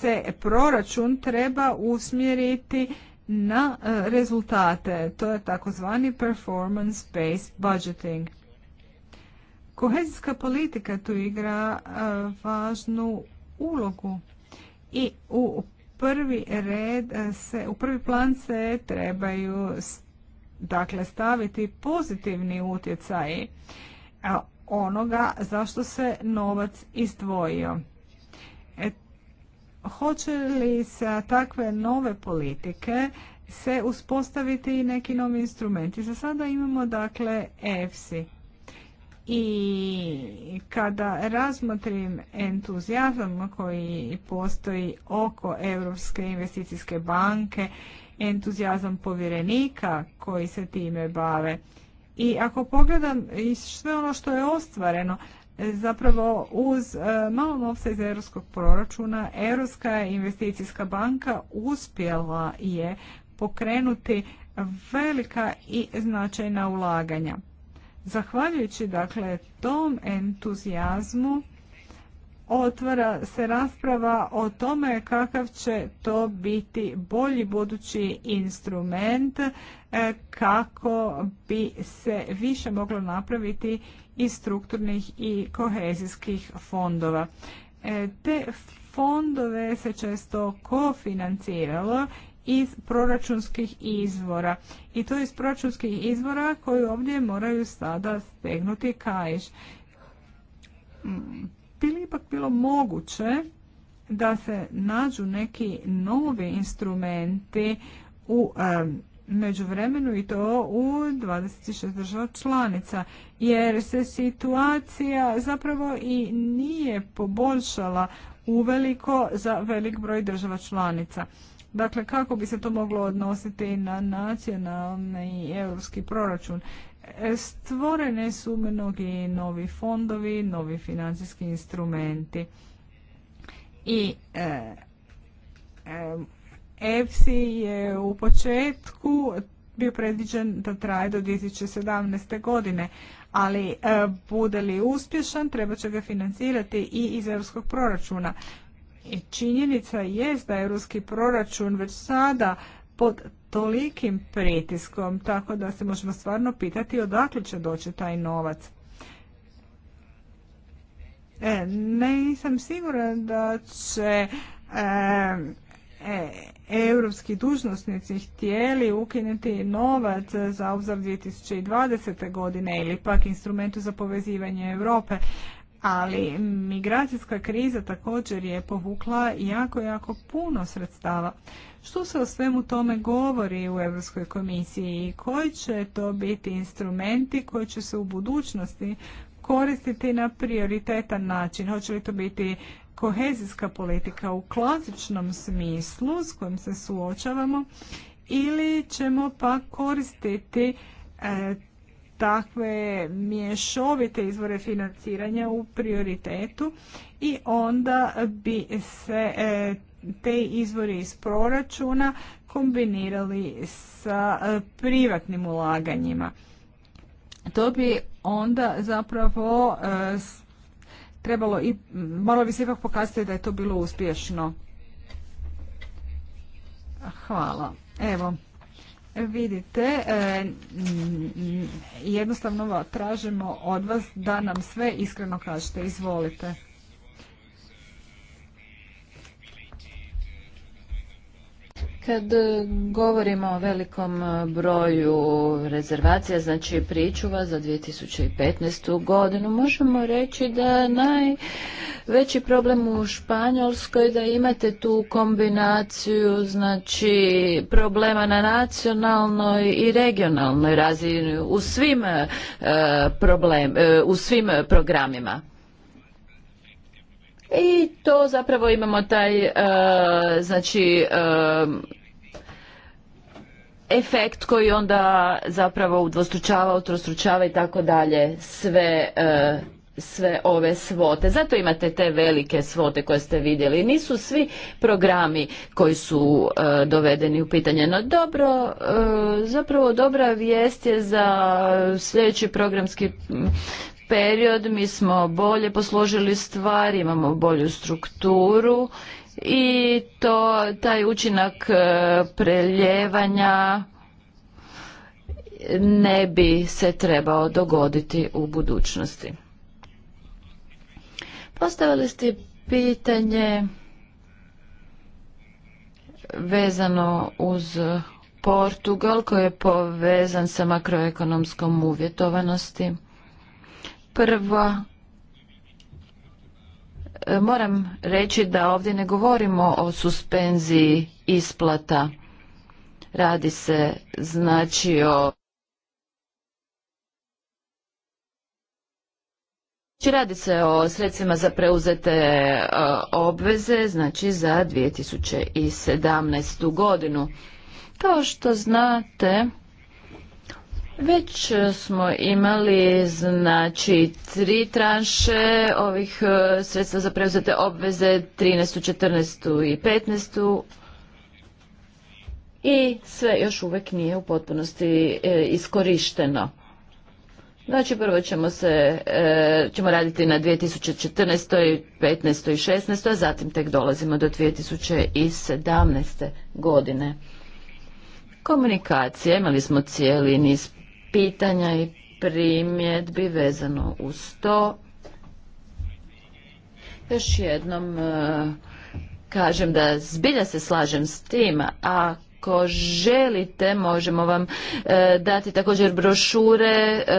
se proračun treba usmjeriti na rezultate. To je takozvani performance-based budgeting. Kohezijska politika tu igra e, važnu ulogu i u prvi red e, se, u prvi plan se trebaju dakle staviti pozitivni utjecaji e, onoga zašto se novac izdvojio. hoće li se takve nove politike se uspostaviti i neki novi instrumenti? Za sada imamo dakle EFSI i kada razmotrim entuzijazam koji postoji oko Europske investicijske banke, entuzijazam povjerenika koji se time bave. I ako pogledam sve ono što je ostvareno, zapravo uz e, malo novca iz europskog proračuna, Europska investicijska banka uspjela je pokrenuti velika i značajna ulaganja. Zahvaljujući dakle tom entuzijazmu otvara se rasprava o tome kakav će to biti bolji budući instrument e, kako bi se više moglo napraviti iz strukturnih i kohezijskih fondova. E, te fondove se često kofinanciralo iz proračunskih izvora. I to iz proračunskih izvora koji ovdje moraju sada stegnuti kajš. Mm. Bili ipak bilo moguće da se nađu neki novi instrumenti u međuvremenu i to u 26 država članica, jer se situacija zapravo i nije poboljšala uveliko za velik broj država članica. Dakle, kako bi se to moglo odnositi na nacionalni i europski proračun? E, stvorene su mnogi novi fondovi, novi financijski instrumenti. I EFSI e, e je u početku bio predviđen da traje do 2017. godine, ali bude li uspješan, treba će ga financirati i iz europskog proračuna činjenica jest da je europski proračun već sada pod tolikim pritiskom, tako da se možemo stvarno pitati odakle će doći taj novac. E, nisam siguran da će e, europski e, dužnosnici htjeli ukinuti novac za obzor 2020. godine ili pak instrumentu za povezivanje Europe ali migracijska kriza također je povukla jako, jako puno sredstava. Što se o svemu tome govori u Europskoj komisiji i koji će to biti instrumenti koji će se u budućnosti koristiti na prioritetan način? Hoće li to biti kohezijska politika u klasičnom smislu s kojim se suočavamo ili ćemo pa koristiti e, takve mješovite izvore financiranja u prioritetu i onda bi se e, te izvori iz proračuna kombinirali sa e, privatnim ulaganjima. To bi onda zapravo e, trebalo i moralo bi se ipak pokazati da je to bilo uspješno. Hvala. Evo, Vidite, e, jednostavno tražimo od vas da nam sve iskreno kažete. Izvolite. Kad e, govorimo o velikom e, broju rezervacija, znači pričuva za 2015. godinu, možemo reći da najveći problem u Španjolskoj da imate tu kombinaciju znači problema na nacionalnoj i regionalnoj razini u svim, e, problem, u svim programima i to zapravo imamo taj e, znači e, efekt koji onda zapravo udvostručava, utrostručava i tako dalje sve e, sve ove svote. Zato imate te velike svote koje ste vidjeli. Nisu svi programi koji su dovedeni u pitanje. No dobro, zapravo dobra vijest je za sljedeći programski period mi smo bolje posložili stvari, imamo bolju strukturu i to taj učinak e, preljevanja ne bi se trebao dogoditi u budućnosti. Postavili ste pitanje vezano uz Portugal koji je povezan sa makroekonomskom uvjetovanosti. Prvo, e, moram reći da ovdje ne govorimo o suspenziji isplata. Radi se znači o znači, Radi se o sredstvima za preuzete e, obveze, znači za 2017. godinu. Kao što znate, već smo imali znači tri tranše ovih e, sredstva za preuzete obveze 13. 14. i 15. i sve još uvek nije u potpunosti e, iskorišteno. Znači prvo ćemo se e, ćemo raditi na 2014. 15. i 16. a zatim tek dolazimo do 2017. godine komunikacije, imali smo cijeli niz pitanja i primjedbi vezano uz to. Još jednom e, kažem da zbilja se slažem s tim, a ako želite možemo vam e, dati također brošure e,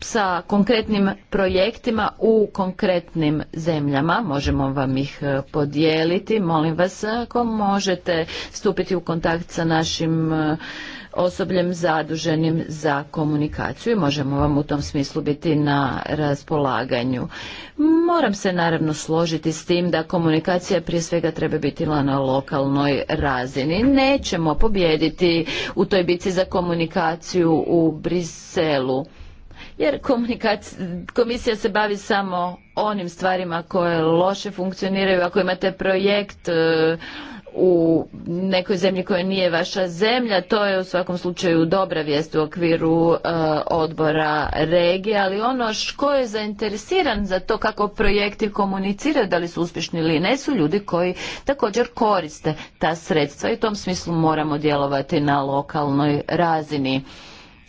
sa konkretnim projektima u konkretnim zemljama. Možemo vam ih podijeliti. Molim vas ako možete stupiti u kontakt sa našim osobljem zaduženim za komunikaciju i možemo vam u tom smislu biti na raspolaganju. Moram se naravno složiti s tim da komunikacija prije svega treba biti na lokalnoj razini. Nećemo pobijediti u toj bici za komunikaciju u Briselu jer komisija se bavi samo onim stvarima koje loše funkcioniraju. Ako imate projekt e, u nekoj zemlji koja nije vaša zemlja, to je u svakom slučaju dobra vijest u okviru e, odbora regije, ali ono što je zainteresiran za to kako projekti komuniciraju, da li su uspješni ili ne, su ljudi koji također koriste ta sredstva i u tom smislu moramo djelovati na lokalnoj razini.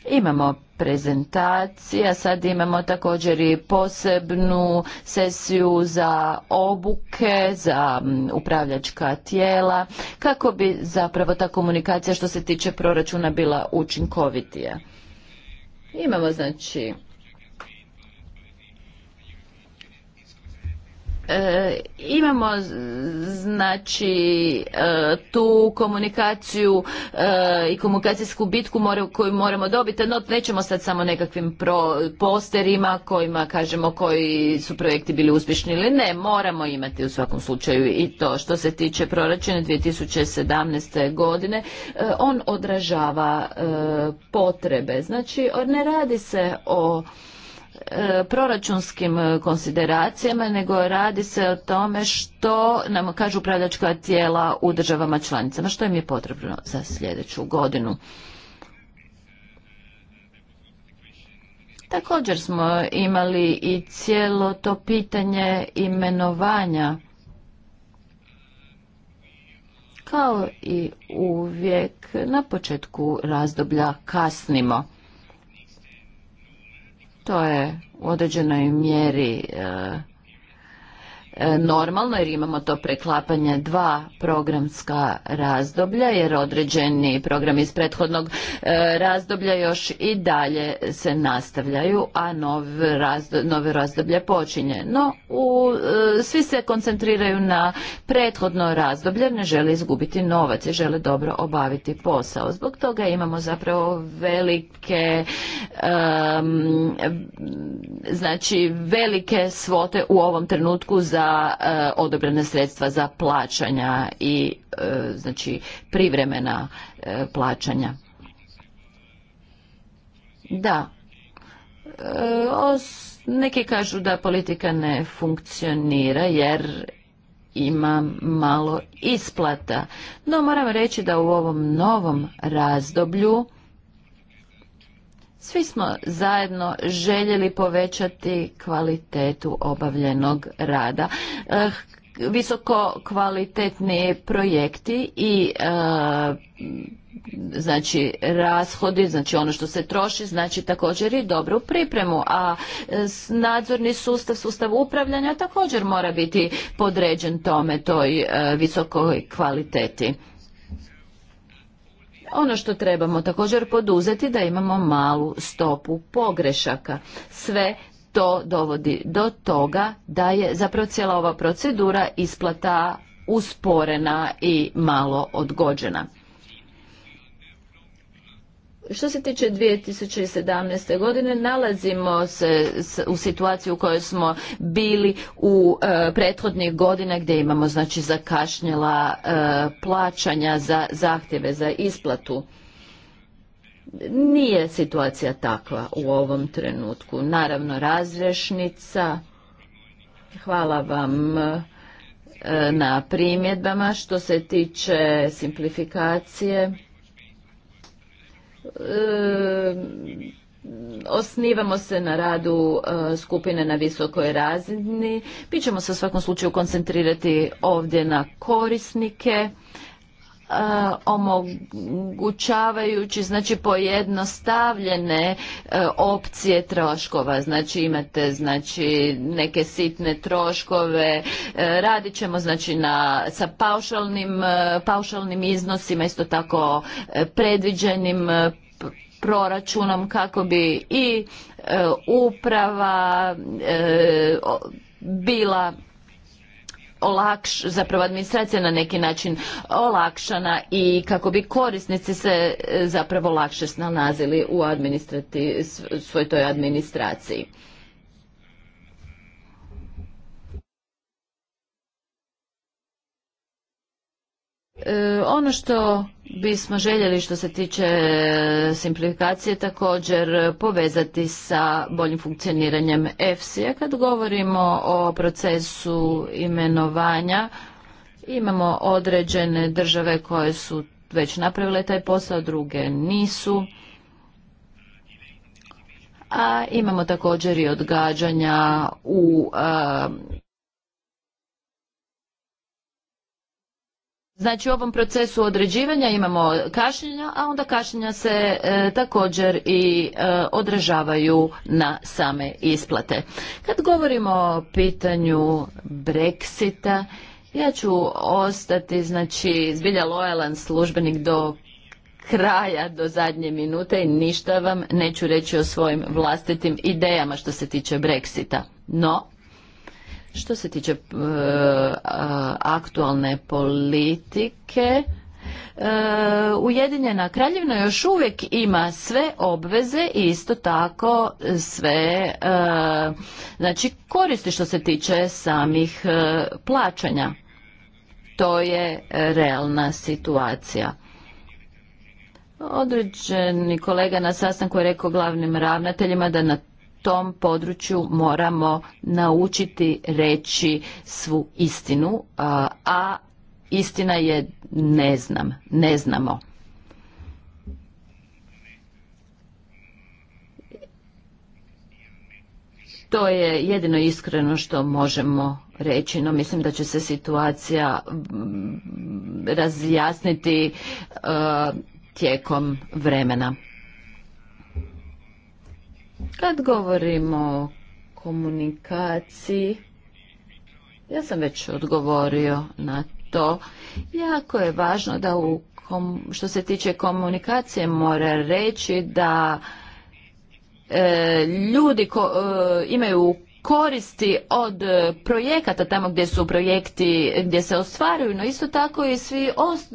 Imamo prezentacija, sad imamo također i posebnu sesiju za obuke, za upravljačka tijela, kako bi zapravo ta komunikacija što se tiče proračuna bila učinkovitija. Imamo znači E, imamo znači e, tu komunikaciju e, i komunikacijsku bitku more, koju moramo dobiti, no nećemo sad samo nekakvim posterima kojima kažemo koji su projekti bili uspješni ili ne, moramo imati u svakom slučaju i to što se tiče proračuna 2017. godine on odražava potrebe, znači ne radi se o E, proračunskim e, konsideracijama, nego radi se o tome što nam kažu upravljačka tijela u državama članicama, što im je potrebno za sljedeću godinu. Također smo imali i cijelo to pitanje imenovanja. Kao i uvijek na početku razdoblja kasnimo. To je u određenoj mjeri e, E, normalno jer imamo to preklapanje dva programska razdoblja jer određeni program iz prethodnog e, razdoblja još i dalje se nastavljaju a nove razdoblje, počinje no u, e, svi se koncentriraju na prethodno razdoblje ne žele izgubiti novac i žele dobro obaviti posao zbog toga imamo zapravo velike znači velike svote u ovom trenutku za E, odobrene sredstva za plaćanja i e, znači privremena e, plaćanja. Da. neki kažu da politika ne funkcionira jer ima malo isplata. No moram reći da u ovom novom razdoblju svi smo zajedno željeli povećati kvalitetu obavljenog rada. Eh, visoko kvalitetni projekti i eh, znači rashodi, znači ono što se troši, znači također i dobru pripremu, a nadzorni sustav, sustav upravljanja također mora biti podređen tome toj eh, visokoj kvaliteti. Ono što trebamo također poduzeti da imamo malu stopu pogrešaka. Sve to dovodi do toga da je zapravo cijela ova procedura isplata usporena i malo odgođena. Što se tiče 2017. godine, nalazimo se u situaciji u kojoj smo bili u e, prethodnih godina gdje imamo znači zakašnjela e, plaćanja za zahtjeve za isplatu. Nije situacija takva u ovom trenutku. Naravno, razrešnica. Hvala vam e, na primjedbama što se tiče simplifikacije E, osnivamo se na radu e, skupine na visokoj razini. Mi ćemo se u svakom slučaju koncentrirati ovdje na korisnike E, omogućavajući znači pojednostavljene e, opcije troškova znači imate znači neke sitne troškove e, radit ćemo znači na sa paušalnim paušalnim iznosima isto tako predviđenim proračunom kako bi i uprava bila olakš, zapravo administracija na neki način olakšana i kako bi korisnici se e, zapravo lakše snalazili u administrati, svoj toj administraciji. E, ono što bismo željeli što se tiče e, simplifikacije također e, povezati sa boljim funkcioniranjem EFSI-a. Kad govorimo o procesu imenovanja, imamo određene države koje su već napravile taj posao, druge nisu. A imamo također i odgađanja u Znači u ovom procesu određivanja imamo kašnjenja, a onda kašnjenja se e, također i e, odražavaju na same isplate. Kad govorimo o pitanju Brexita, ja ću ostati znači zbilja lojalan službenik do kraja do zadnje minute i ništa vam neću reći o svojim vlastitim idejama što se tiče Brexita. No, što se tiče e, aktualne politike, uh, Ujedinjena Kraljevina još uvijek ima sve obveze i isto tako sve e, znači koristi što se tiče samih plaćanja. To je realna situacija. Određeni kolega na sastanku je rekao glavnim ravnateljima da na tom području moramo naučiti reći svu istinu, a istina je ne znam, ne znamo. To je jedino iskreno što možemo reći, no mislim da će se situacija mm, razjasniti e, tijekom vremena. Kad govorimo o komunikaciji, ja sam već odgovorio na to. Jako je važno da u kom, što se tiče komunikacije mora reći da e, ljudi ko, e, imaju koristi od e, projekata tamo gdje su projekti gdje se ostvaruju, no isto tako i svi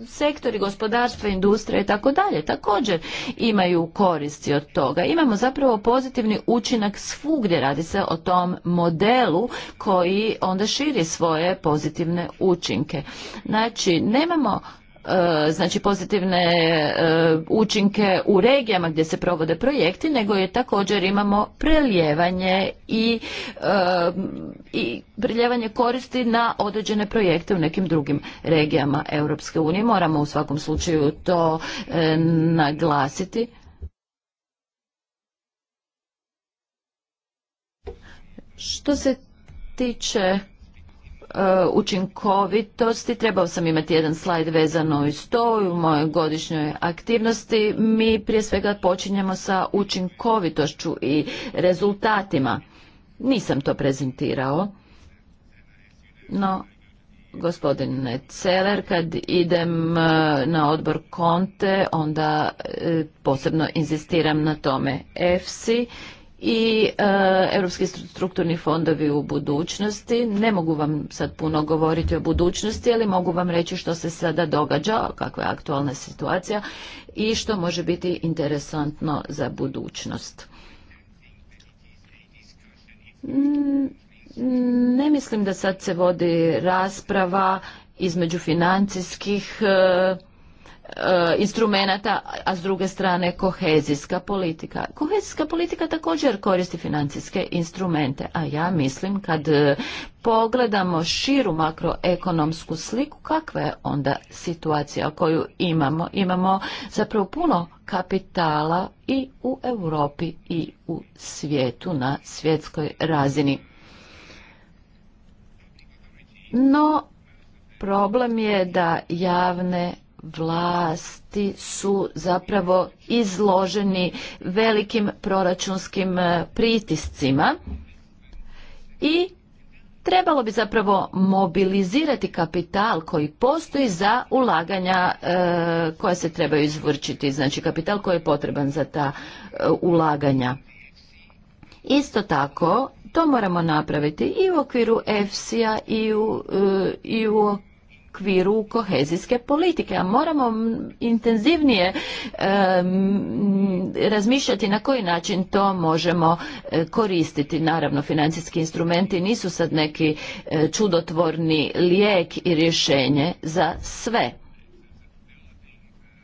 sektori gospodarstva, industrije i tako dalje također imaju koristi od toga. Imamo zapravo pozitivni učinak svugdje radi se o tom modelu koji onda širi svoje pozitivne učinke. Znači, nemamo E, znači pozitivne e, učinke u regijama gdje se provode projekti, nego je također imamo prelijevanje i, e, i prelijevanje koristi na određene projekte u nekim drugim regijama Europske unije. Moramo u svakom slučaju to naglasiti. Što se tiče E, učinkovitosti, trebao sam imati jedan slajd vezano iz to u mojoj godišnjoj aktivnosti, mi prije svega počinjemo sa učinkovitošću i rezultatima. Nisam to prezentirao, no gospodine Celer, kad idem e, na odbor konte, onda e, posebno inzistiram na tome EFSI i e, europski strukturni fondovi u budućnosti. Ne mogu vam sad puno govoriti o budućnosti, ali mogu vam reći što se sada događa, kakva je aktualna situacija i što može biti interesantno za budućnost. Ne mislim da sad se vodi rasprava između financijskih e, Eh, instrumenata, a s druge strane kohezijska politika. Kohezijska politika također koristi financijske instrumente, a ja mislim kad eh, pogledamo širu makroekonomsku sliku, kakva je onda situacija koju imamo? Imamo zapravo puno kapitala i u Europi i u svijetu na svjetskoj razini. No, problem je da javne vlasti su zapravo izloženi velikim proračunskim e, pritiscima i trebalo bi zapravo mobilizirati kapital koji postoji za ulaganja e, koja se trebaju izvrčiti, znači kapital koji je potreban za ta e, ulaganja. Isto tako, to moramo napraviti i u okviru EFSI-a i, i u okviru kohezijske politike, a moramo intenzivnije razmišljati na koji način to možemo e, koristiti. Naravno, financijski instrumenti nisu sad neki e, čudotvorni lijek i rješenje za sve.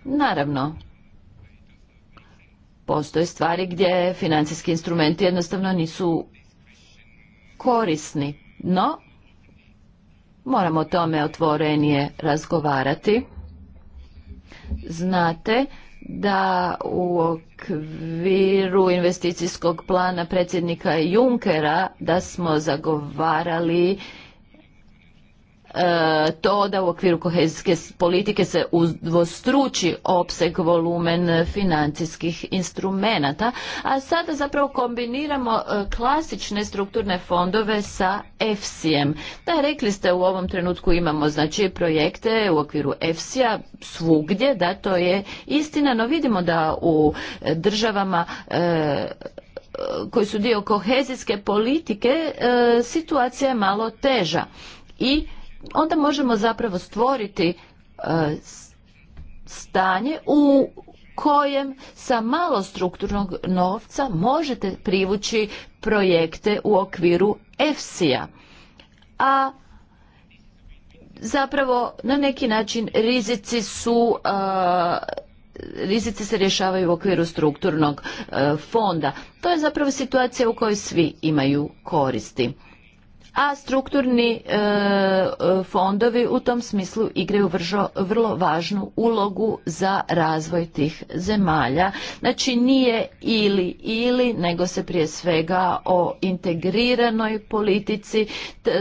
Naravno, postoje stvari gdje financijski instrumenti jednostavno nisu korisni, no Moramo o tome otvorenije razgovarati. Znate da u okviru investicijskog plana predsjednika Junkera da smo zagovarali E, to da u okviru kohezijske politike se udvostruči opseg volumen e, financijskih instrumenata, a sada zapravo kombiniramo e, klasične strukturne fondove sa EFSI-em. Da, rekli ste u ovom trenutku imamo znači projekte u okviru EFSI-a svugdje, da to je istina, no vidimo da u državama koji su dio kohezijske politike situacija je malo teža i onda možemo zapravo stvoriti e, stanje u kojem sa malo strukturnog novca možete privući projekte u okviru EFSI-a. A zapravo na neki način rizici su e, rizici se rješavaju u okviru strukturnog e, fonda. To je zapravo situacija u kojoj svi imaju koristi a strukturni e, fondovi u tom smislu igraju vrlo važnu ulogu za razvoj tih zemalja. Znači nije ili ili, nego se prije svega o integriranoj politici,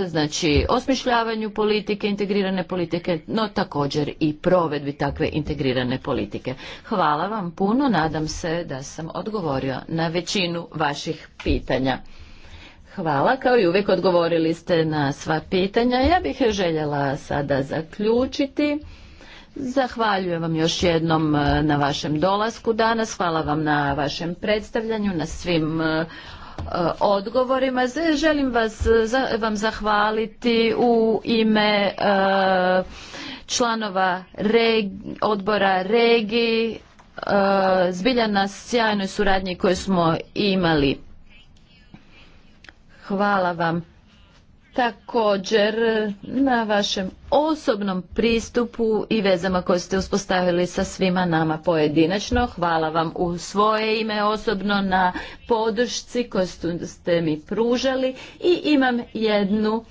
znači osmišljavanju politike, integrirane politike, no također i provedbi takve integrirane politike. Hvala vam puno, nadam se da sam odgovorio na većinu vaših pitanja. Hvala, kao i uvijek odgovorili ste na sva pitanja. Ja bih željela sada zaključiti. Zahvaljujem vam još jednom e, na vašem dolasku danas, hvala vam na vašem predstavljanju, na svim e, e, odgovorima. Želim vas, vam zahvaliti u ime članova odbora regiji, zbilja na sjajnoj suradnji koju smo imali. Hvala vam također na vašem osobnom pristupu i vezama koje ste uspostavili sa svima nama pojedinačno. Hvala vam u svoje ime osobno na podršci koju ste mi pružali i imam jednu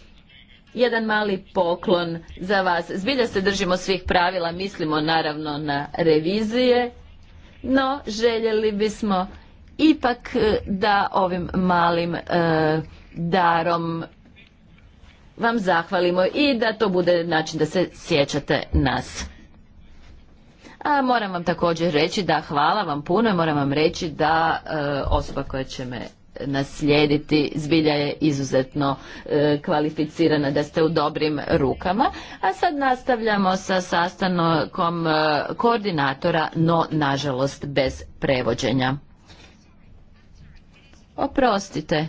jedan mali poklon za vas. Zbilja se držimo svih pravila, mislimo naravno na revizije, no željeli bismo ipak e, da ovim malim e, darom vam zahvalimo i da to bude način da se sjećate nas. A moram vam također reći da hvala vam puno i moram vam reći da e, osoba koja će me naslijediti zbilja je izuzetno e, kvalificirana da ste u dobrim rukama. A sad nastavljamo sa sastankom e, koordinatora, no nažalost bez prevođenja. Oprostite.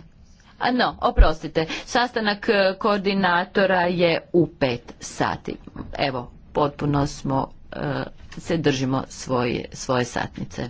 No, oprostite, sastanak e, koordinatora je u pet sati. Evo, potpuno smo, e, se držimo svoje, svoje satnice.